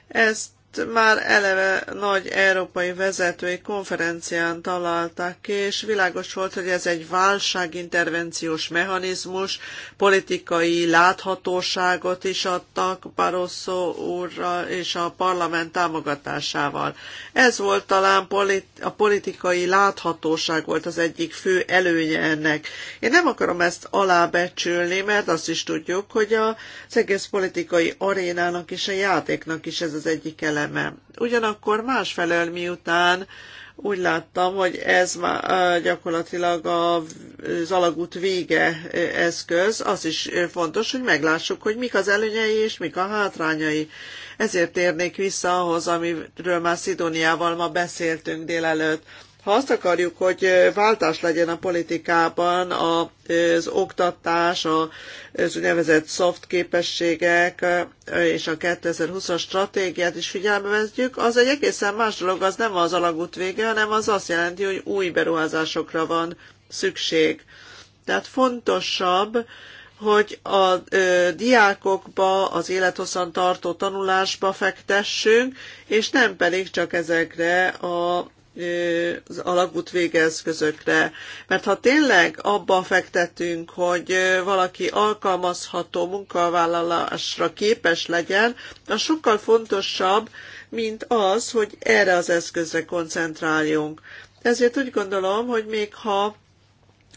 Ezt már eleve nagy európai vezetői konferencián találták ki, és világos volt, hogy ez egy válságintervenciós mechanizmus, politikai láthatóságot is adtak Barroso úrra és a parlament támogatásával. Ez volt talán politi- a politikai láthatóság volt az egyik fő előnye ennek. Én nem akarom ezt alábecsülni, mert azt is tudjuk, hogy az egész politikai arénának és a játéknak is ez az egyik eleme eleme. Ugyanakkor másfelől miután úgy láttam, hogy ez gyakorlatilag az alagút vége eszköz, az is fontos, hogy meglássuk, hogy mik az előnyei és mik a hátrányai. Ezért térnék vissza ahhoz, amiről már Szidóniával ma beszéltünk délelőtt ha azt akarjuk, hogy váltás legyen a politikában, az oktatás, az úgynevezett soft képességek és a 2020-as stratégiát is figyelmezzük, az egy egészen más dolog, az nem az alagút vége, hanem az azt jelenti, hogy új beruházásokra van szükség. Tehát fontosabb, hogy a ö, diákokba, az élethosszan tartó tanulásba fektessünk, és nem pedig csak ezekre a az alagút végeszközökre. Mert ha tényleg abba fektetünk, hogy valaki alkalmazható munkavállalásra képes legyen, az sokkal fontosabb, mint az, hogy erre az eszközre koncentráljunk. Ezért úgy gondolom, hogy még ha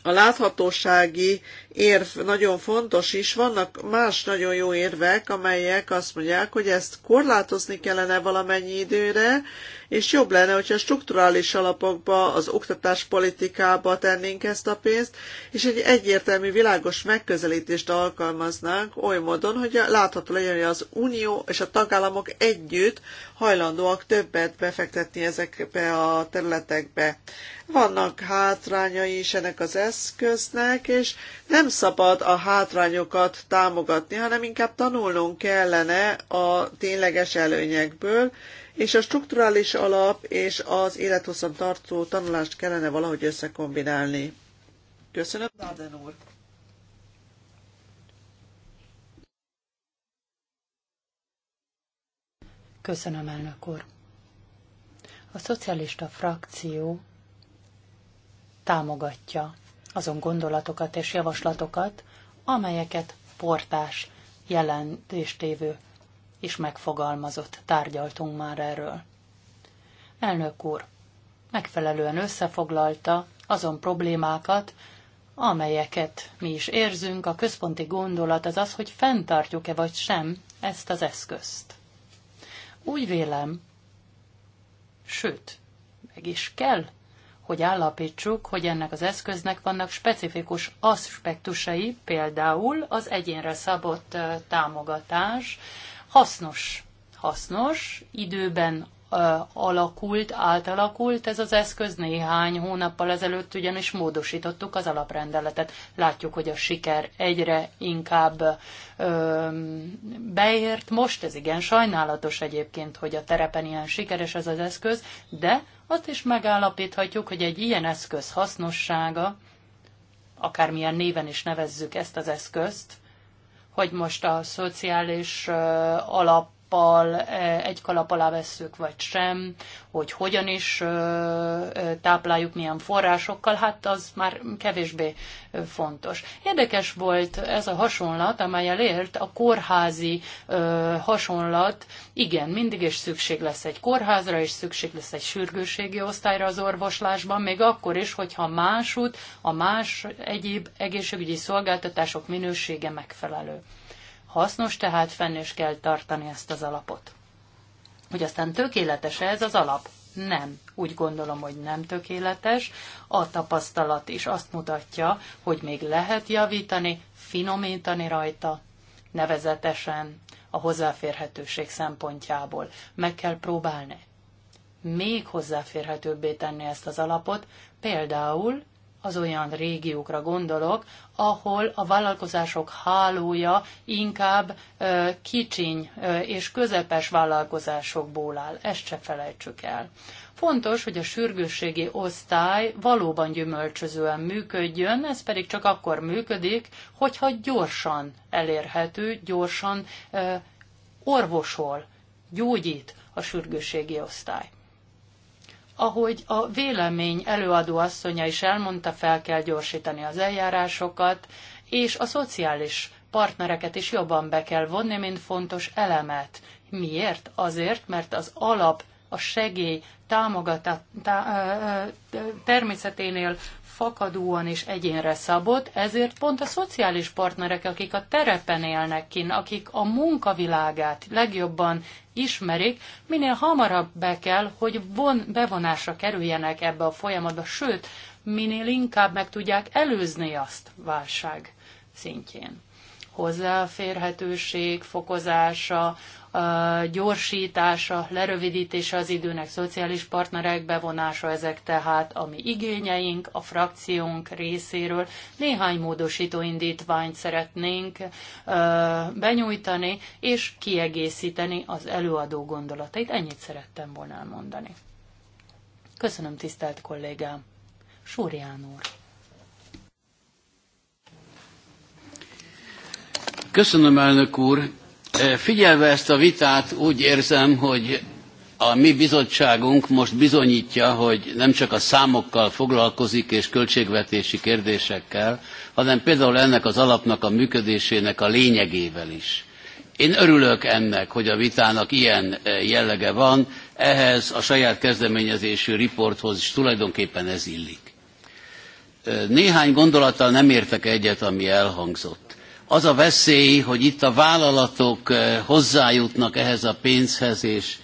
a láthatósági érv nagyon fontos is. Vannak más nagyon jó érvek, amelyek azt mondják, hogy ezt korlátozni kellene valamennyi időre, és jobb lenne, hogyha strukturális alapokba, az oktatáspolitikába tennénk ezt a pénzt, és egy egyértelmű, világos megközelítést alkalmaznánk oly módon, hogy látható legyen, hogy az Unió és a tagállamok együtt hajlandóak többet befektetni ezekbe a területekbe. Vannak hátrányai is ennek az eszköznek, és nem nem szabad a hátrányokat támogatni, hanem inkább tanulnunk kellene a tényleges előnyekből, és a strukturális alap és az élethosszan tartó tanulást kellene valahogy összekombinálni. Köszönöm, Dáden úr! Köszönöm, elnök úr! A szocialista frakció támogatja azon gondolatokat és javaslatokat, amelyeket portás jelentéstévő is megfogalmazott. Tárgyaltunk már erről. Elnök úr, megfelelően összefoglalta azon problémákat, amelyeket mi is érzünk, a központi gondolat az az, hogy fenntartjuk-e vagy sem ezt az eszközt. Úgy vélem, sőt, meg is kell hogy állapítsuk, hogy ennek az eszköznek vannak specifikus aspektusai, például az egyénre szabott támogatás hasznos, hasznos, időben alakult, átalakult ez az eszköz. Néhány hónappal ezelőtt ugyanis módosítottuk az alaprendeletet. Látjuk, hogy a siker egyre inkább ö, beért. Most ez igen sajnálatos egyébként, hogy a terepen ilyen sikeres ez az eszköz, de azt is megállapíthatjuk, hogy egy ilyen eszköz hasznossága, akármilyen néven is nevezzük ezt az eszközt, hogy most a szociális alap kalappal, e, egy kalap alá vesszük, vagy sem, hogy hogyan is tápláljuk, milyen forrásokkal, hát az már kevésbé fontos. Érdekes volt ez a hasonlat, amely elért a kórházi hasonlat. Igen, mindig is szükség lesz egy kórházra, és szükség lesz egy sürgőségi osztályra az orvoslásban, még akkor is, hogyha másút a más egyéb egészségügyi szolgáltatások minősége megfelelő hasznos, tehát fenn is kell tartani ezt az alapot. Hogy aztán tökéletes -e ez az alap? Nem. Úgy gondolom, hogy nem tökéletes. A tapasztalat is azt mutatja, hogy még lehet javítani, finomítani rajta, nevezetesen a hozzáférhetőség szempontjából. Meg kell próbálni még hozzáférhetőbbé tenni ezt az alapot, például az olyan régiókra gondolok, ahol a vállalkozások hálója inkább ö, kicsiny ö, és közepes vállalkozásokból áll. Ezt se felejtsük el. Fontos, hogy a sürgősségi osztály valóban gyümölcsözően működjön, ez pedig csak akkor működik, hogyha gyorsan elérhető, gyorsan ö, orvosol, gyógyít a sürgősségi osztály. Ahogy a vélemény előadó asszonya is elmondta, fel kell gyorsítani az eljárásokat, és a szociális partnereket is jobban be kell vonni, mint fontos elemet. Miért? Azért, mert az alap, a segély támogatá, tá, természeténél fakadóan és egyénre szabott, ezért pont a szociális partnerek, akik a terepen élnek kin, akik a munkavilágát legjobban ismerik, minél hamarabb be kell, hogy von, bevonásra kerüljenek ebbe a folyamatba, sőt, minél inkább meg tudják előzni azt válság szintjén hozzáférhetőség fokozása, gyorsítása, lerövidítése az időnek, szociális partnerek bevonása ezek tehát a mi igényeink, a frakciónk részéről. Néhány módosító indítványt szeretnénk benyújtani és kiegészíteni az előadó gondolatait. Ennyit szerettem volna elmondani. Köszönöm, tisztelt kollégám. Súrján úr. Köszönöm, elnök úr. Figyelve ezt a vitát úgy érzem, hogy a mi bizottságunk most bizonyítja, hogy nem csak a számokkal foglalkozik és költségvetési kérdésekkel, hanem például ennek az alapnak a működésének a lényegével is. Én örülök ennek, hogy a vitának ilyen jellege van, ehhez a saját kezdeményezésű riporthoz is tulajdonképpen ez illik. Néhány gondolattal nem értek egyet, ami elhangzott az a veszély, hogy itt a vállalatok eh, hozzájutnak ehhez a pénzhez, és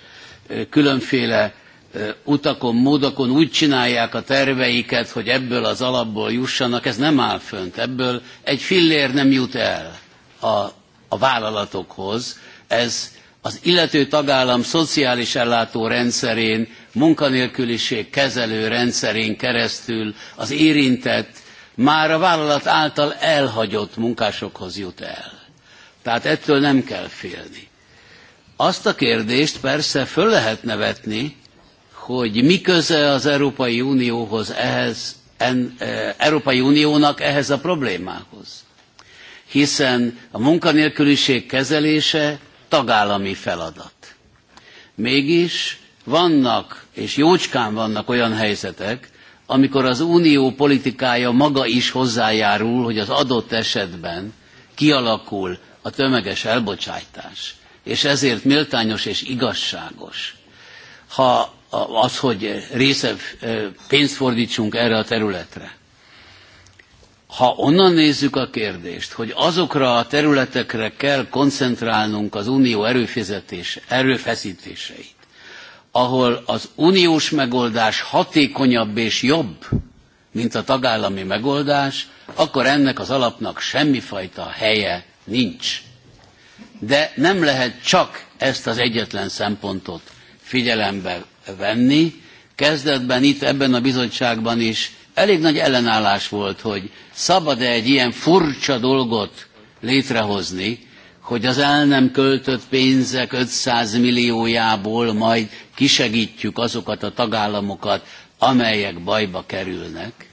eh, különféle eh, utakon, módokon úgy csinálják a terveiket, hogy ebből az alapból jussanak, ez nem áll fönt. Ebből egy fillér nem jut el a, a vállalatokhoz. Ez az illető tagállam szociális ellátó rendszerén, munkanélküliség kezelő rendszerén keresztül az érintett már a vállalat által elhagyott munkásokhoz jut el. Tehát ettől nem kell félni. Azt a kérdést persze föl lehet nevetni, hogy mi köze az Európai Unióhoz ehhez, en, e, Európai Uniónak ehhez a problémához. Hiszen a munkanélküliség kezelése tagállami feladat. Mégis vannak, és jócskán vannak olyan helyzetek, amikor az unió politikája maga is hozzájárul, hogy az adott esetben kialakul a tömeges elbocsátás, és ezért méltányos és igazságos, ha az, hogy része pénzt fordítsunk erre a területre. Ha onnan nézzük a kérdést, hogy azokra a területekre kell koncentrálnunk az unió erőfeszítéseit, ahol az uniós megoldás hatékonyabb és jobb, mint a tagállami megoldás, akkor ennek az alapnak semmifajta helye nincs. De nem lehet csak ezt az egyetlen szempontot figyelembe venni. Kezdetben itt ebben a bizottságban is elég nagy ellenállás volt, hogy szabad-e egy ilyen furcsa dolgot létrehozni, hogy az el nem költött pénzek 500 milliójából majd kisegítjük azokat a tagállamokat, amelyek bajba kerülnek.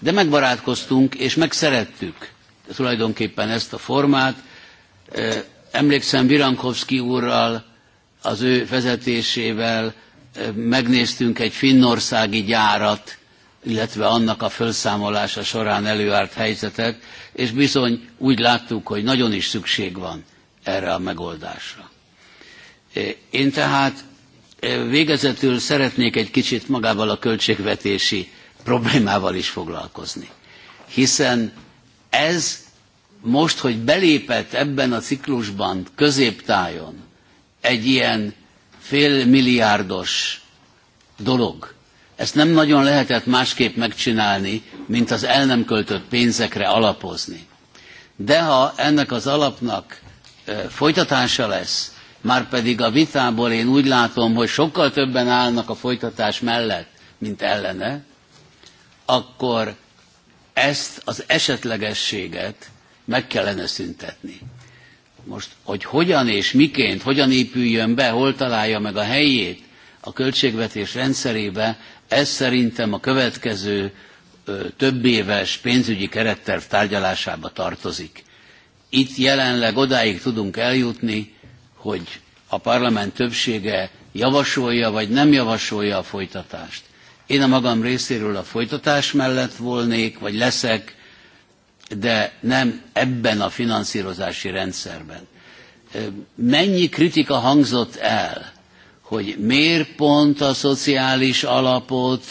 De megbarátkoztunk és megszerettük tulajdonképpen ezt a formát. Emlékszem Virankovszki úrral, az ő vezetésével megnéztünk egy finnországi gyárat, illetve annak a felszámolása során előárt helyzetet, és bizony úgy láttuk, hogy nagyon is szükség van erre a megoldásra. Én tehát végezetül szeretnék egy kicsit magával a költségvetési problémával is foglalkozni. Hiszen ez most, hogy belépett ebben a ciklusban középtájon egy ilyen félmilliárdos dolog, ezt nem nagyon lehetett másképp megcsinálni, mint az el nem költött pénzekre alapozni. De ha ennek az alapnak folytatása lesz, már pedig a vitából én úgy látom, hogy sokkal többen állnak a folytatás mellett, mint ellene, akkor ezt az esetlegességet meg kellene szüntetni. Most, hogy hogyan és miként, hogyan épüljön be, hol találja meg a helyét a költségvetés rendszerébe, ez szerintem a következő több éves pénzügyi keretterv tárgyalásába tartozik. Itt jelenleg odáig tudunk eljutni, hogy a parlament többsége javasolja vagy nem javasolja a folytatást. Én a magam részéről a folytatás mellett volnék, vagy leszek, de nem ebben a finanszírozási rendszerben. Mennyi kritika hangzott el hogy miért pont a szociális alapot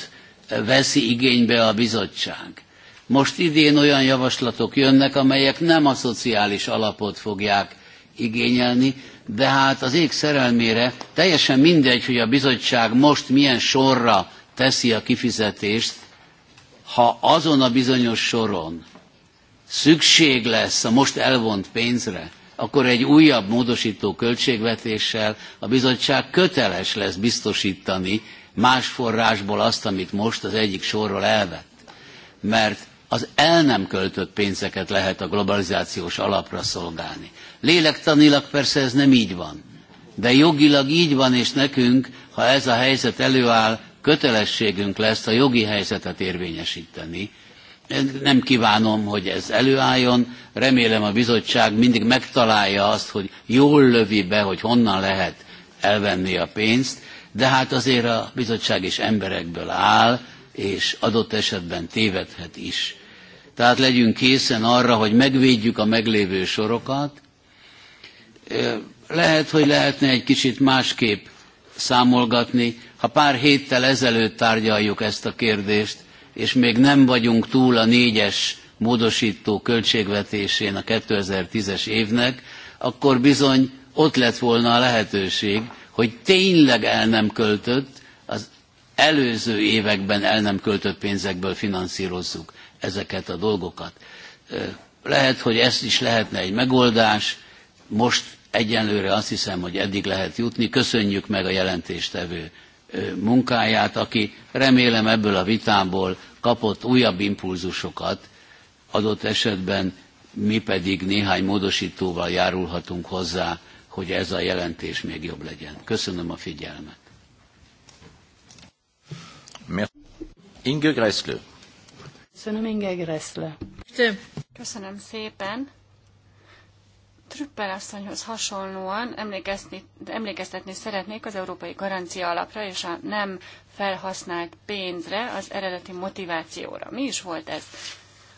eh, veszi igénybe a bizottság. Most idén olyan javaslatok jönnek, amelyek nem a szociális alapot fogják igényelni, de hát az ég szerelmére teljesen mindegy, hogy a bizottság most milyen sorra teszi a kifizetést, ha azon a bizonyos soron szükség lesz a most elvont pénzre, akkor egy újabb módosító költségvetéssel a bizottság köteles lesz biztosítani más forrásból azt, amit most az egyik sorról elvett. Mert az el nem költött pénzeket lehet a globalizációs alapra szolgálni. Lélektanilag persze ez nem így van, de jogilag így van, és nekünk, ha ez a helyzet előáll, kötelességünk lesz a jogi helyzetet érvényesíteni, nem kívánom, hogy ez előálljon. Remélem a bizottság mindig megtalálja azt, hogy jól lövi be, hogy honnan lehet elvenni a pénzt, de hát azért a bizottság is emberekből áll, és adott esetben tévedhet is. Tehát legyünk készen arra, hogy megvédjük a meglévő sorokat. Lehet, hogy lehetne egy kicsit másképp számolgatni. Ha pár héttel ezelőtt tárgyaljuk ezt a kérdést, és még nem vagyunk túl a négyes módosító költségvetésén a 2010-es évnek, akkor bizony ott lett volna a lehetőség, hogy tényleg el nem költött, az előző években el nem költött pénzekből finanszírozzuk ezeket a dolgokat. Lehet, hogy ez is lehetne egy megoldás, most egyenlőre azt hiszem, hogy eddig lehet jutni. Köszönjük meg a jelentéstevő munkáját, aki remélem ebből a vitából kapott újabb impulzusokat, adott esetben mi pedig néhány módosítóval járulhatunk hozzá, hogy ez a jelentés még jobb legyen. Köszönöm a figyelmet. Inge Gressle. Köszönöm, Inge Gressle. Köszönöm szépen. Trüppel asszonyhoz hasonlóan emlékeztetni szeretnék az Európai Garancia Alapra és a nem felhasznált pénzre, az eredeti motivációra. Mi is volt ez?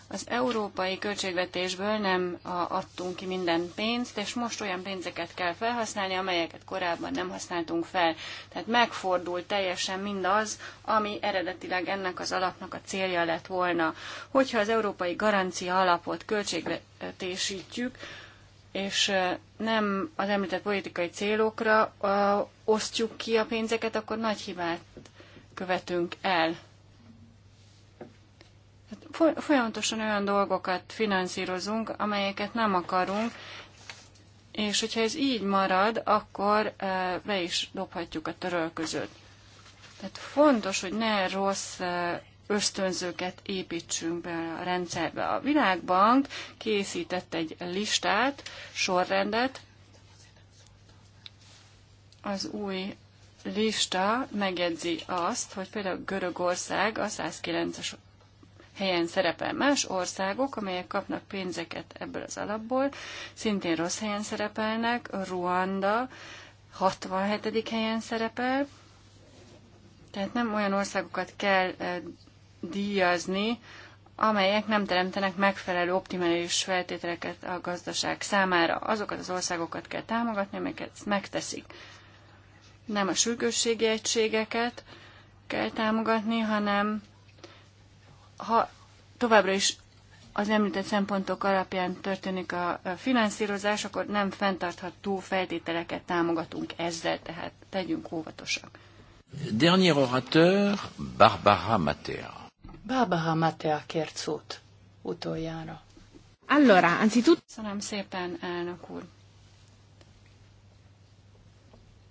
Az európai költségvetésből nem adtunk ki minden pénzt, és most olyan pénzeket kell felhasználni, amelyeket korábban nem használtunk fel. Tehát megfordult teljesen mindaz, ami eredetileg ennek az alapnak a célja lett volna. Hogyha az európai garancia alapot költségvetésítjük, és nem az említett politikai célokra osztjuk ki a pénzeket, akkor nagy hibát követünk el. Hát folyamatosan olyan dolgokat finanszírozunk, amelyeket nem akarunk, és hogyha ez így marad, akkor be is dobhatjuk a törölközőt. Tehát fontos, hogy ne rossz ösztönzőket építsünk be a rendszerbe. A Világbank készített egy listát, sorrendet. Az új lista megjegyzi azt, hogy például Görögország a 109-es helyen szerepel. Más országok, amelyek kapnak pénzeket ebből az alapból, szintén rossz helyen szerepelnek. Ruanda 67. helyen szerepel. Tehát nem olyan országokat kell eh, díjazni, amelyek nem teremtenek megfelelő optimális feltételeket a gazdaság számára. Azokat az országokat kell támogatni, amelyeket megteszik. Nem a sürgősségi egységeket kell támogatni, hanem ha továbbra is az említett szempontok alapján történik a finanszírozás, akkor nem fenntartható feltételeket támogatunk ezzel, tehát tegyünk óvatosak. Dernier orateur, Barbara Matea. Bábaha Matea kért szót utoljára. Allora, anzitutto... Köszönöm szépen, elnök úr.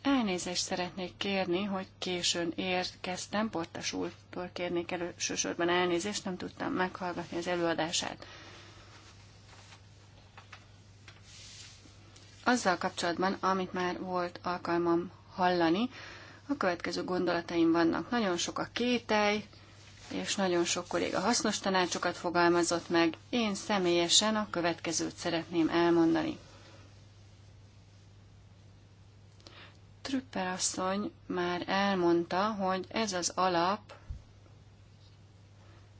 Elnézést szeretnék kérni, hogy későn érkeztem, Portas úrtól kérnék elősősorban elnézést, nem tudtam meghallgatni az előadását. Azzal kapcsolatban, amit már volt alkalmam hallani, a következő gondolataim vannak. Nagyon sok a kételj, és nagyon sok kolléga hasznos tanácsokat fogalmazott meg. Én személyesen a következőt szeretném elmondani. Trüppel asszony már elmondta, hogy ez az alap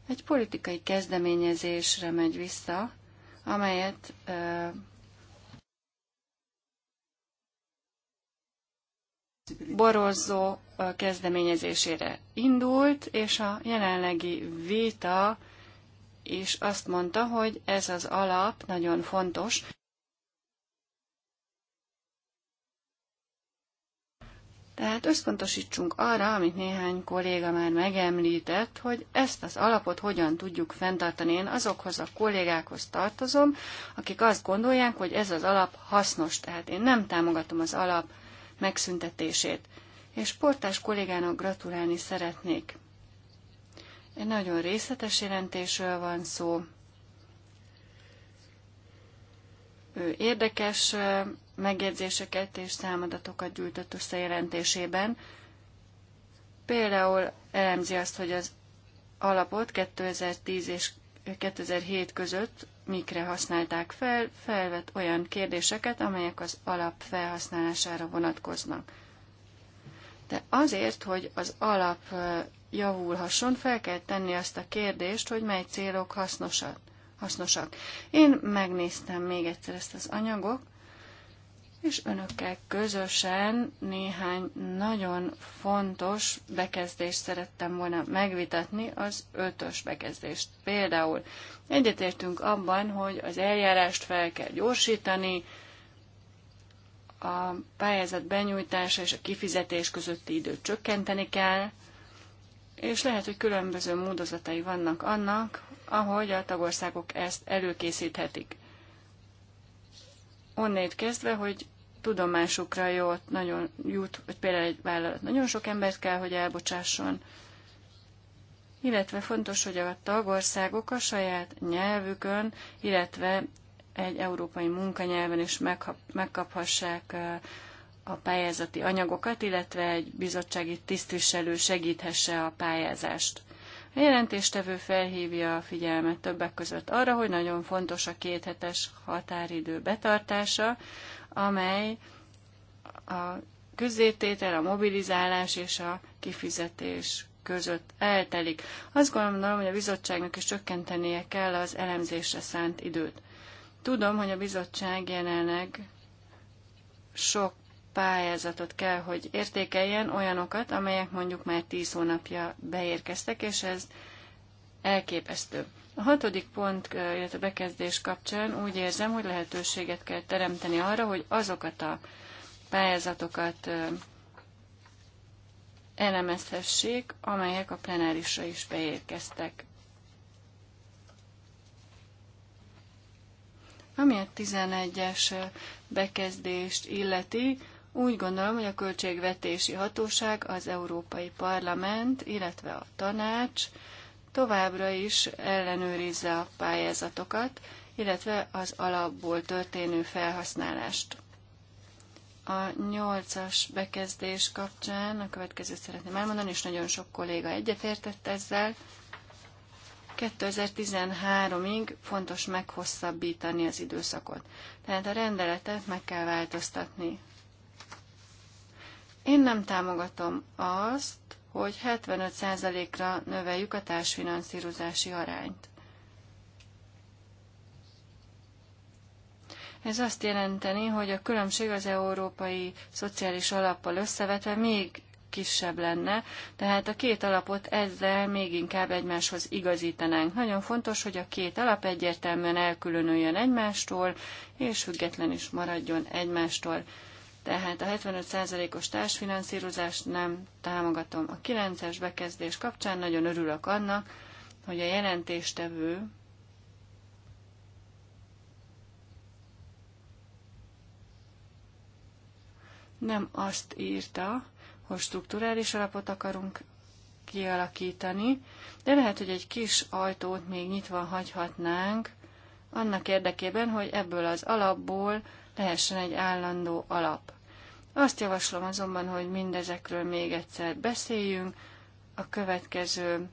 egy politikai kezdeményezésre megy vissza, amelyet Borozó kezdeményezésére indult, és a jelenlegi vita is azt mondta, hogy ez az alap nagyon fontos. Tehát összpontosítsunk arra, amit néhány kolléga már megemlített, hogy ezt az alapot hogyan tudjuk fenntartani. Én azokhoz a kollégákhoz tartozom, akik azt gondolják, hogy ez az alap hasznos. Tehát én nem támogatom az alap megszüntetését. És portás kollégának gratulálni szeretnék. Egy nagyon részletes jelentésről van szó. Ő érdekes megjegyzéseket és számadatokat gyűjtött össze jelentésében. Például elemzi azt, hogy az alapot 2010 és 2007 között mikre használták fel, felvet olyan kérdéseket, amelyek az alap felhasználására vonatkoznak. De azért, hogy az alap javulhasson, fel kell tenni azt a kérdést, hogy mely célok hasznosak. Én megnéztem még egyszer ezt az anyagot, és önökkel közösen néhány nagyon fontos bekezdést szerettem volna megvitatni, az ötös bekezdést. Például egyetértünk abban, hogy az eljárást fel kell gyorsítani, a pályázat benyújtása és a kifizetés közötti időt csökkenteni kell, és lehet, hogy különböző módozatai vannak annak, ahogy a tagországok ezt előkészíthetik. Onnét kezdve, hogy tudomásukra jót, nagyon jut, hogy például egy vállalat nagyon sok embert kell, hogy elbocsásson, illetve fontos, hogy a tagországok a saját nyelvükön, illetve egy európai munkanyelven is megkaphassák a pályázati anyagokat, illetve egy bizottsági tisztviselő segíthesse a pályázást. A jelentéstevő felhívja a figyelmet többek között arra, hogy nagyon fontos a kéthetes határidő betartása, amely a közzététel, a mobilizálás és a kifizetés között eltelik. Azt gondolom, hogy a bizottságnak is csökkentenie kell az elemzésre szánt időt. Tudom, hogy a bizottság jelenleg sok pályázatot kell, hogy értékeljen olyanokat, amelyek mondjuk már 10 hónapja beérkeztek, és ez elképesztő. A hatodik pont, illetve bekezdés kapcsán úgy érzem, hogy lehetőséget kell teremteni arra, hogy azokat a pályázatokat elemezhessék, amelyek a plenárisra is beérkeztek. Ami a 11-es bekezdést illeti, úgy gondolom, hogy a költségvetési hatóság, az Európai Parlament, illetve a tanács, továbbra is ellenőrizze a pályázatokat, illetve az alapból történő felhasználást. A nyolcas bekezdés kapcsán a következőt szeretném elmondani, és nagyon sok kolléga egyetértett ezzel. 2013-ig fontos meghosszabbítani az időszakot. Tehát a rendeletet meg kell változtatni. Én nem támogatom azt, hogy 75%-ra növeljük a társfinanszírozási arányt. Ez azt jelenteni, hogy a különbség az európai szociális alappal összevetve még kisebb lenne, tehát a két alapot ezzel még inkább egymáshoz igazítanánk. Nagyon fontos, hogy a két alap egyértelműen elkülönüljön egymástól, és független is maradjon egymástól. Tehát a 75%-os társfinanszírozást nem támogatom. A 9-es bekezdés kapcsán nagyon örülök annak, hogy a jelentéstevő nem azt írta, hogy strukturális alapot akarunk kialakítani, de lehet, hogy egy kis ajtót még nyitva hagyhatnánk, annak érdekében, hogy ebből az alapból lehessen egy állandó alap. Azt javaslom azonban, hogy mindezekről még egyszer beszéljünk. A következő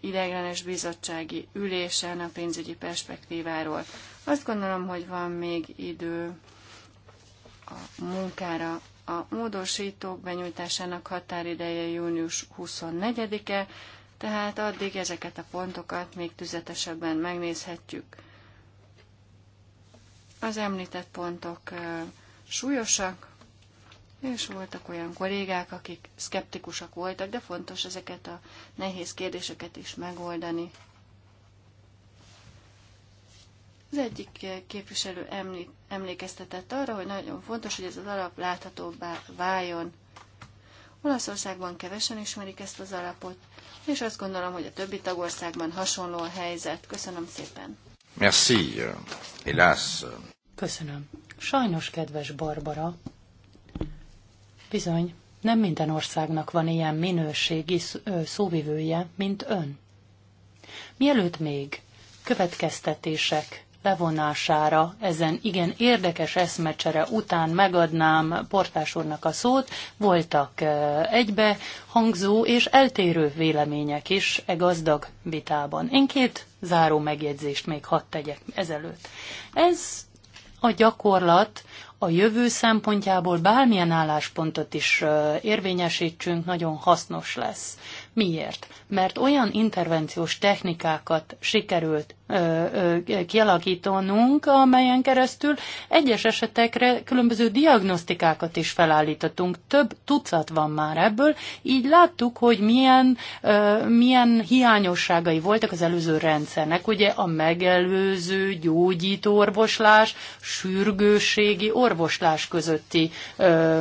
ideiglenes bizottsági ülésen a pénzügyi perspektíváról. Azt gondolom, hogy van még idő a munkára. A módosítók benyújtásának határideje június 24-e, tehát addig ezeket a pontokat még tüzetesebben megnézhetjük. Az említett pontok súlyosak, és voltak olyan kollégák, akik szkeptikusak voltak, de fontos ezeket a nehéz kérdéseket is megoldani. Az egyik képviselő emlékeztetett arra, hogy nagyon fontos, hogy ez az alap láthatóbbá váljon. Olaszországban kevesen ismerik ezt az alapot, és azt gondolom, hogy a többi tagországban hasonló a helyzet. Köszönöm szépen. Merci, hélas. Köszönöm. Sajnos, kedves Barbara, Bizony, nem minden országnak van ilyen minőségi szóvivője, mint ön. Mielőtt még következtetések levonására ezen igen érdekes eszmecsere után megadnám Portás úrnak a szót, voltak egybe hangzó és eltérő vélemények is e gazdag vitában. Én két záró megjegyzést még hadd tegyek ezelőtt. Ez a gyakorlat a jövő szempontjából bármilyen álláspontot is érvényesítsünk, nagyon hasznos lesz. Miért? Mert olyan intervenciós technikákat sikerült ö, ö, kialakítanunk, amelyen keresztül egyes esetekre különböző diagnosztikákat is felállítottunk. Több tucat van már ebből, így láttuk, hogy milyen, ö, milyen hiányosságai voltak az előző rendszernek. Ugye a megelőző gyógyító orvoslás, sürgőségi orvoslás közötti ö,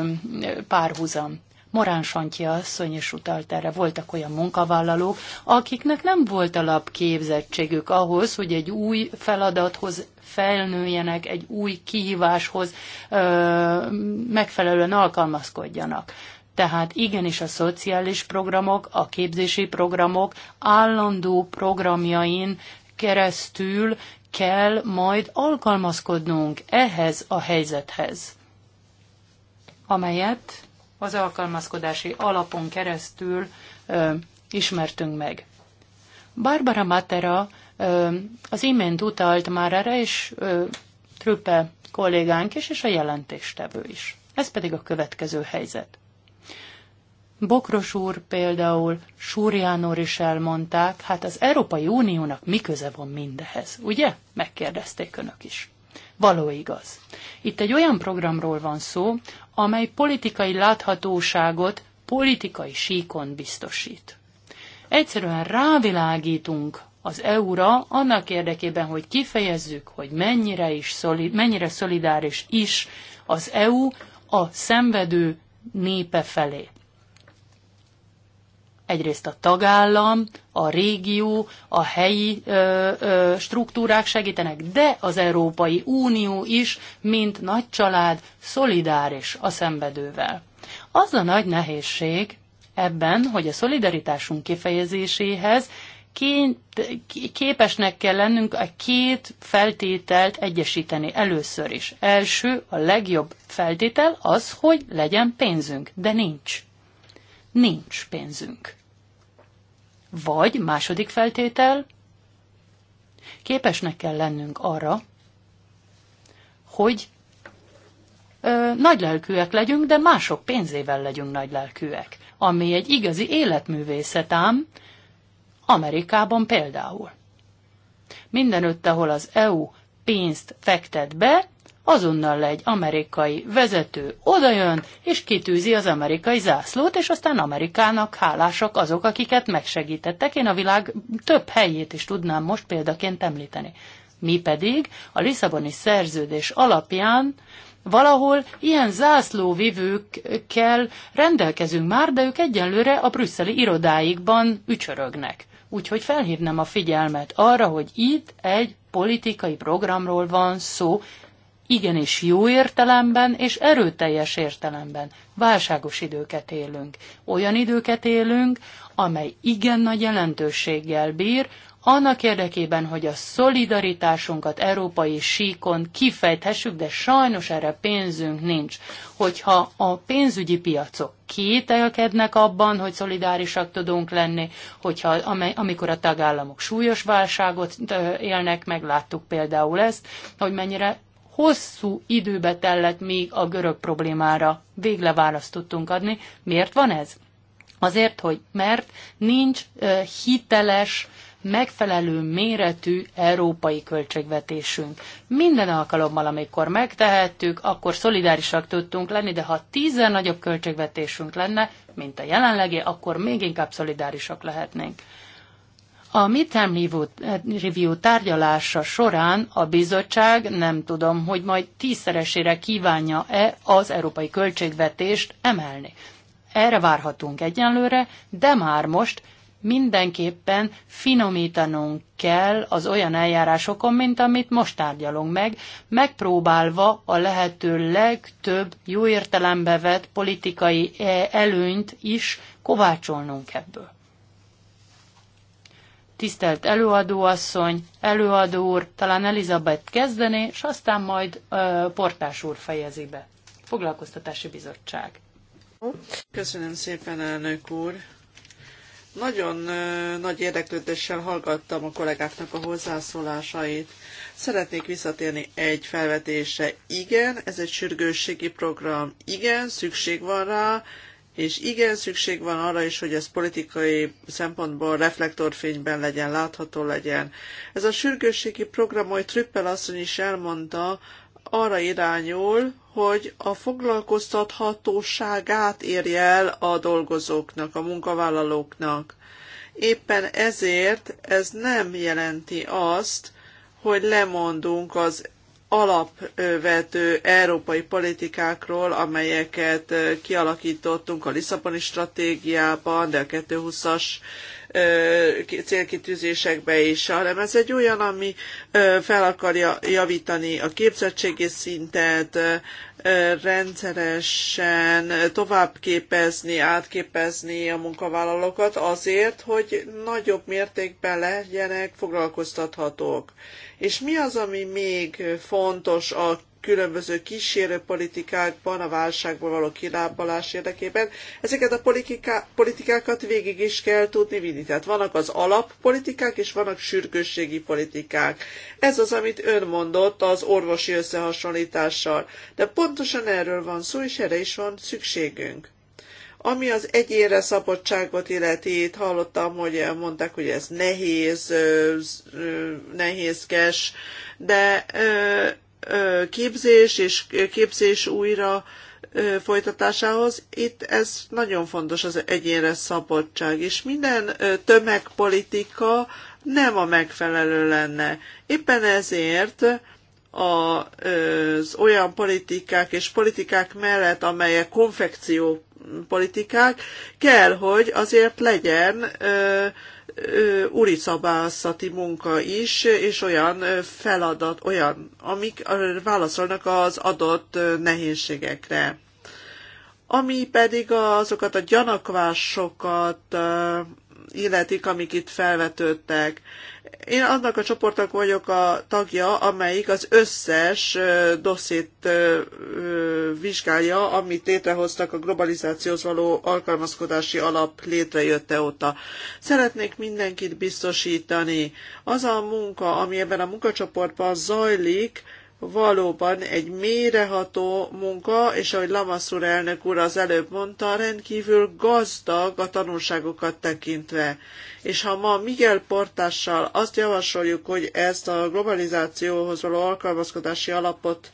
párhuzam. Morán Santi asszony is utalt erre. Voltak olyan munkavállalók, akiknek nem volt alapképzettségük ahhoz, hogy egy új feladathoz felnőjenek, egy új kihíváshoz ö, megfelelően alkalmazkodjanak. Tehát igenis a szociális programok, a képzési programok állandó programjain keresztül kell majd alkalmazkodnunk ehhez a helyzethez, amelyet az alkalmazkodási alapon keresztül ö, ismertünk meg. Barbara Matera ö, az imént utalt már erre, és ö, Trüppe kollégánk is, és a jelentéstevő is. Ez pedig a következő helyzet. Bokros úr például, Súrjánor is elmondták, hát az Európai Uniónak mi köze van mindehez, ugye? Megkérdezték önök is. Való igaz. Itt egy olyan programról van szó, amely politikai láthatóságot politikai síkon biztosít. Egyszerűen rávilágítunk az EU-ra annak érdekében, hogy kifejezzük, hogy mennyire, is szolid, mennyire szolidáris is az EU a szenvedő népe felé egyrészt a tagállam, a régió, a helyi ö, ö, struktúrák segítenek, de az Európai Unió is, mint nagy család, szolidáris a szenvedővel. Az a nagy nehézség ebben, hogy a szolidaritásunk kifejezéséhez Ként, képesnek kell lennünk a két feltételt egyesíteni először is. Első, a legjobb feltétel az, hogy legyen pénzünk, de nincs. Nincs pénzünk. Vagy második feltétel, képesnek kell lennünk arra, hogy ö, nagylelkűek legyünk, de mások pénzével legyünk nagylelkűek, ami egy igazi életművészet ám, Amerikában például. Mindenütt, ahol az EU pénzt fektet be, azonnal egy amerikai vezető odajön, és kitűzi az amerikai zászlót, és aztán Amerikának hálások azok, akiket megsegítettek. Én a világ több helyét is tudnám most példaként említeni. Mi pedig a Lisszaboni szerződés alapján Valahol ilyen zászlóvivőkkel rendelkezünk már, de ők egyenlőre a brüsszeli irodáikban ücsörögnek. Úgyhogy felhívnám a figyelmet arra, hogy itt egy politikai programról van szó, igenis jó értelemben és erőteljes értelemben válságos időket élünk. Olyan időket élünk, amely igen nagy jelentőséggel bír, annak érdekében, hogy a szolidaritásunkat európai síkon kifejthessük, de sajnos erre pénzünk nincs. Hogyha a pénzügyi piacok kételkednek abban, hogy szolidárisak tudunk lenni, hogyha amikor a tagállamok súlyos válságot élnek, megláttuk például ezt, hogy mennyire hosszú időbe tellett, még a görög problémára végle választ tudtunk adni. Miért van ez? Azért, hogy mert nincs hiteles, megfelelő méretű európai költségvetésünk. Minden alkalommal, amikor megtehettük, akkor szolidárisak tudtunk lenni, de ha tízzel nagyobb költségvetésünk lenne, mint a jelenlegi, akkor még inkább szolidárisak lehetnénk. A midterm review, tárgyalása során a bizottság nem tudom, hogy majd tízszeresére kívánja-e az európai költségvetést emelni. Erre várhatunk egyenlőre, de már most mindenképpen finomítanunk kell az olyan eljárásokon, mint amit most tárgyalunk meg, megpróbálva a lehető legtöbb jó értelembe vett politikai eh, előnyt is kovácsolnunk ebből tisztelt előadóasszony, előadó úr, talán Elizabeth kezdené, és aztán majd uh, Portás úr fejezi be. Foglalkoztatási Bizottság. Köszönöm szépen, elnök úr. Nagyon ö, nagy érdeklődéssel hallgattam a kollégáknak a hozzászólásait. Szeretnék visszatérni egy felvetésre. Igen, ez egy sürgősségi program. Igen, szükség van rá, és igen, szükség van arra is, hogy ez politikai szempontból reflektorfényben legyen, látható legyen. Ez a sürgősségi program, hogy Trüppel asszony is elmondta, arra irányul, hogy a foglalkoztathatóságát érje el a dolgozóknak, a munkavállalóknak. Éppen ezért ez nem jelenti azt, hogy lemondunk az alapvető európai politikákról, amelyeket kialakítottunk a Lisszaboni stratégiában, de a 2020-as célkitűzésekbe is, hanem ez egy olyan, ami fel akarja javítani a képzettségi szintet, rendszeresen továbbképezni, átképezni a munkavállalókat azért, hogy nagyobb mértékben legyenek foglalkoztathatók. És mi az, ami még fontos a különböző kísérő politikákban, a válságból való kilábalás érdekében. Ezeket a politiká, politikákat végig is kell tudni vinni. Tehát vannak az alappolitikák, és vannak sürgősségi politikák. Ez az, amit ön mondott az orvosi összehasonlítással. De pontosan erről van szó, és erre is van szükségünk. Ami az egyénre szabadságot illeti, itt hallottam, hogy mondták, hogy ez nehéz, nehézkes, de képzés és képzés újra folytatásához. Itt ez nagyon fontos az egyénre szabadság, és minden tömegpolitika nem a megfelelő lenne. Éppen ezért az olyan politikák és politikák mellett, amelyek konfekció politikák, kell, hogy azért legyen úricabászati munka is, és olyan feladat, olyan, amik válaszolnak az adott nehézségekre. Ami pedig azokat a gyanakvásokat illetik, amik itt felvetődtek. Én annak a csoportnak vagyok a tagja, amelyik az összes dosszét vizsgálja, amit létrehoztak a globalizációhoz való alkalmazkodási alap létrejötte óta. Szeretnék mindenkit biztosítani. Az a munka, ami ebben a munkacsoportban zajlik, valóban egy méreható munka, és ahogy Lamaszur elnök úr az előbb mondta, rendkívül gazdag a tanulságokat tekintve. És ha ma Miguel Portással azt javasoljuk, hogy ezt a globalizációhoz való alkalmazkodási alapot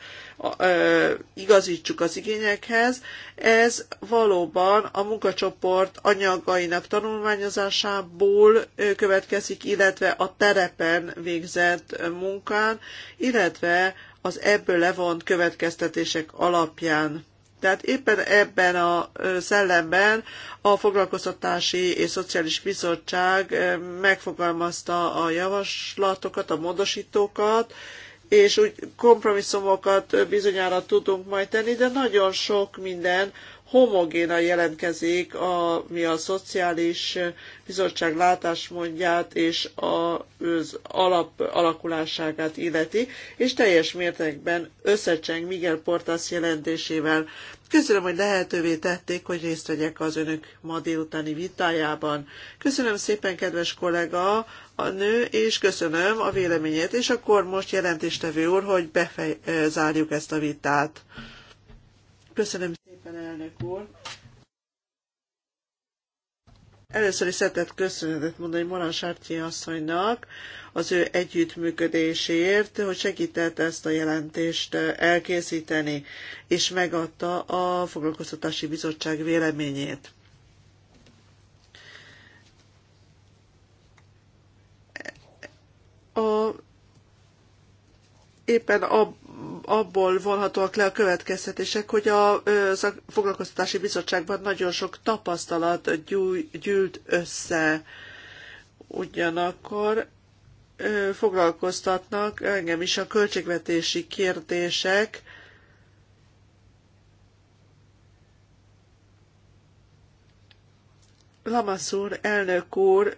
ö, igazítsuk az igényekhez, ez valóban a munkacsoport anyagainak tanulmányozásából következik, illetve a terepen végzett munkán, illetve az ebből levont következtetések alapján. Tehát éppen ebben a szellemben a Foglalkoztatási és Szociális Bizottság megfogalmazta a javaslatokat, a módosítókat, és úgy kompromisszumokat bizonyára tudunk majd tenni, de nagyon sok minden homogéna jelentkezik, ami a Szociális Bizottság látásmódját és az alap alakulásságát illeti, és teljes mértékben összecseng Miguel Portas jelentésével. Köszönöm, hogy lehetővé tették, hogy részt vegyek az önök ma délutáni vitájában. Köszönöm szépen, kedves kollega, a nő, és köszönöm a véleményét, és akkor most jelentéstevő úr, hogy befej, eh, ezt a vitát. Köszönöm szépen, elnök úr. Először is szeretett köszönetet mondani Morán Sárti asszonynak az ő együttműködésért, hogy segített ezt a jelentést elkészíteni, és megadta a Foglalkoztatási Bizottság véleményét. A éppen ab, abból vonhatóak le a következtetések, hogy a foglalkoztatási bizottságban nagyon sok tapasztalat gyűlt össze. Ugyanakkor foglalkoztatnak engem is a költségvetési kérdések, Lamassur elnök úr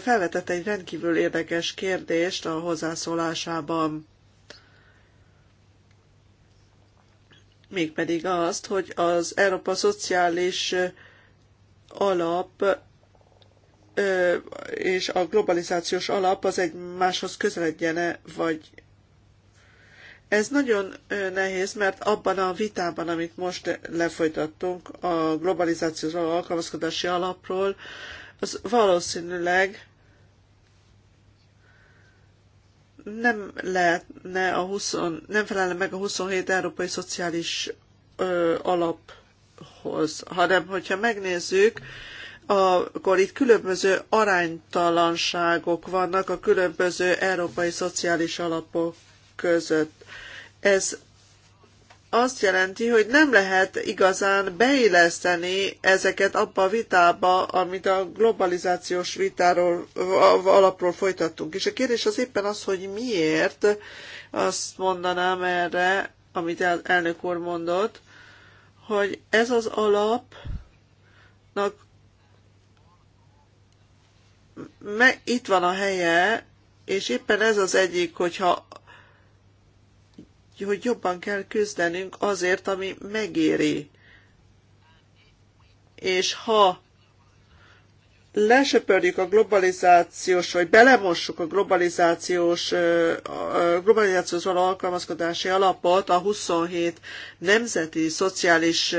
felvetett egy rendkívül érdekes kérdést a hozzászólásában. mégpedig azt, hogy az Európa Szociális Alap és a globalizációs alap az egymáshoz közeledjene, vagy ez nagyon nehéz, mert abban a vitában, amit most lefolytattunk a globalizációs alkalmazkodási alapról, az valószínűleg nem lehetne a 20, nem felelne meg a 27 európai szociális ö, alaphoz, hanem hogyha megnézzük, akkor itt különböző aránytalanságok vannak a különböző európai szociális alapok között. Ez azt jelenti, hogy nem lehet igazán beilleszteni ezeket abba a vitába, amit a globalizációs vitáról alapról folytattunk. És a kérdés az éppen az, hogy miért azt mondanám erre, amit elnök úr mondott, hogy ez az alapnak me, itt van a helye, és éppen ez az egyik, hogyha hogy jobban kell küzdenünk azért, ami megéri. És ha lesöpörjük a globalizációs, vagy belemossuk a globalizációs, a globalizációs való alkalmazkodási alapot a 27 nemzeti szociális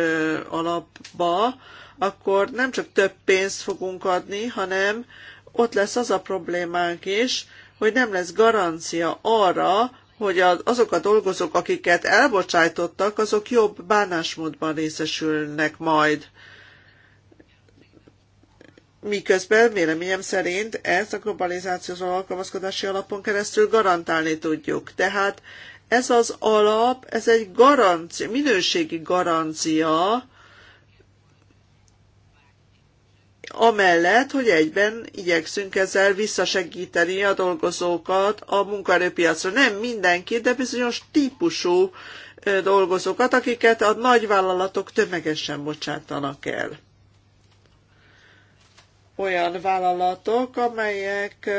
alapba, akkor nem csak több pénzt fogunk adni, hanem ott lesz az a problémánk is, hogy nem lesz garancia arra, hogy azok a dolgozók, akiket elbocsájtottak, azok jobb bánásmódban részesülnek majd. Miközben véleményem szerint ezt a globalizációs alkalmazkodási alapon keresztül garantálni tudjuk. Tehát ez az alap, ez egy garancia, minőségi garancia, amellett, hogy egyben igyekszünk ezzel visszasegíteni a dolgozókat a munkaerőpiacra. Nem mindenki, de bizonyos típusú dolgozókat, akiket a nagyvállalatok tömegesen bocsátanak el. Olyan vállalatok, amelyek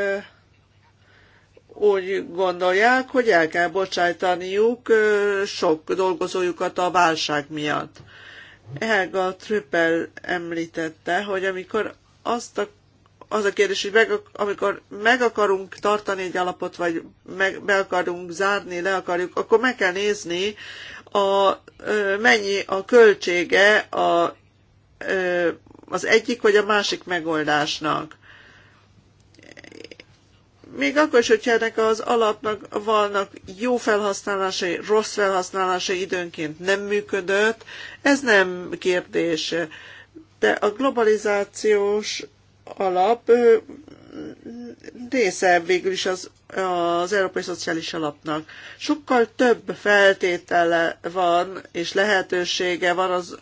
úgy gondolják, hogy el kell bocsájtaniuk sok dolgozójukat a válság miatt. Helga Trüppel említette, hogy amikor azt a az a kérdés, hogy meg, amikor meg akarunk tartani egy alapot, vagy meg, be akarunk zárni, le akarjuk, akkor meg kell nézni, a, mennyi a költsége a, az egyik vagy a másik megoldásnak még akkor is, hogyha ennek az alapnak vannak jó felhasználásai, rossz felhasználásai időnként nem működött, ez nem kérdés. De a globalizációs alap része végül is az, az Európai Szociális Alapnak. Sokkal több feltétele van és lehetősége van az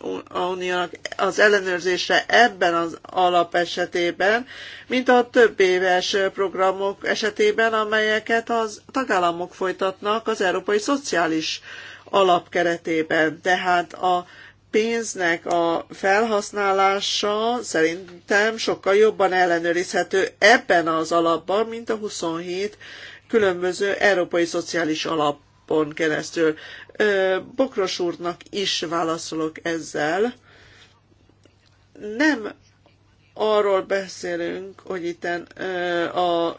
uniónak az ellenőrzésre ebben az alap esetében, mint a több éves programok esetében, amelyeket az tagállamok folytatnak az Európai Szociális Alap keretében. Tehát a pénznek a felhasználása szerintem sokkal jobban ellenőrizhető ebben az alapban, mint a 27 különböző európai szociális alapon keresztül. Bokros úrnak is válaszolok ezzel. Nem arról beszélünk, hogy itten a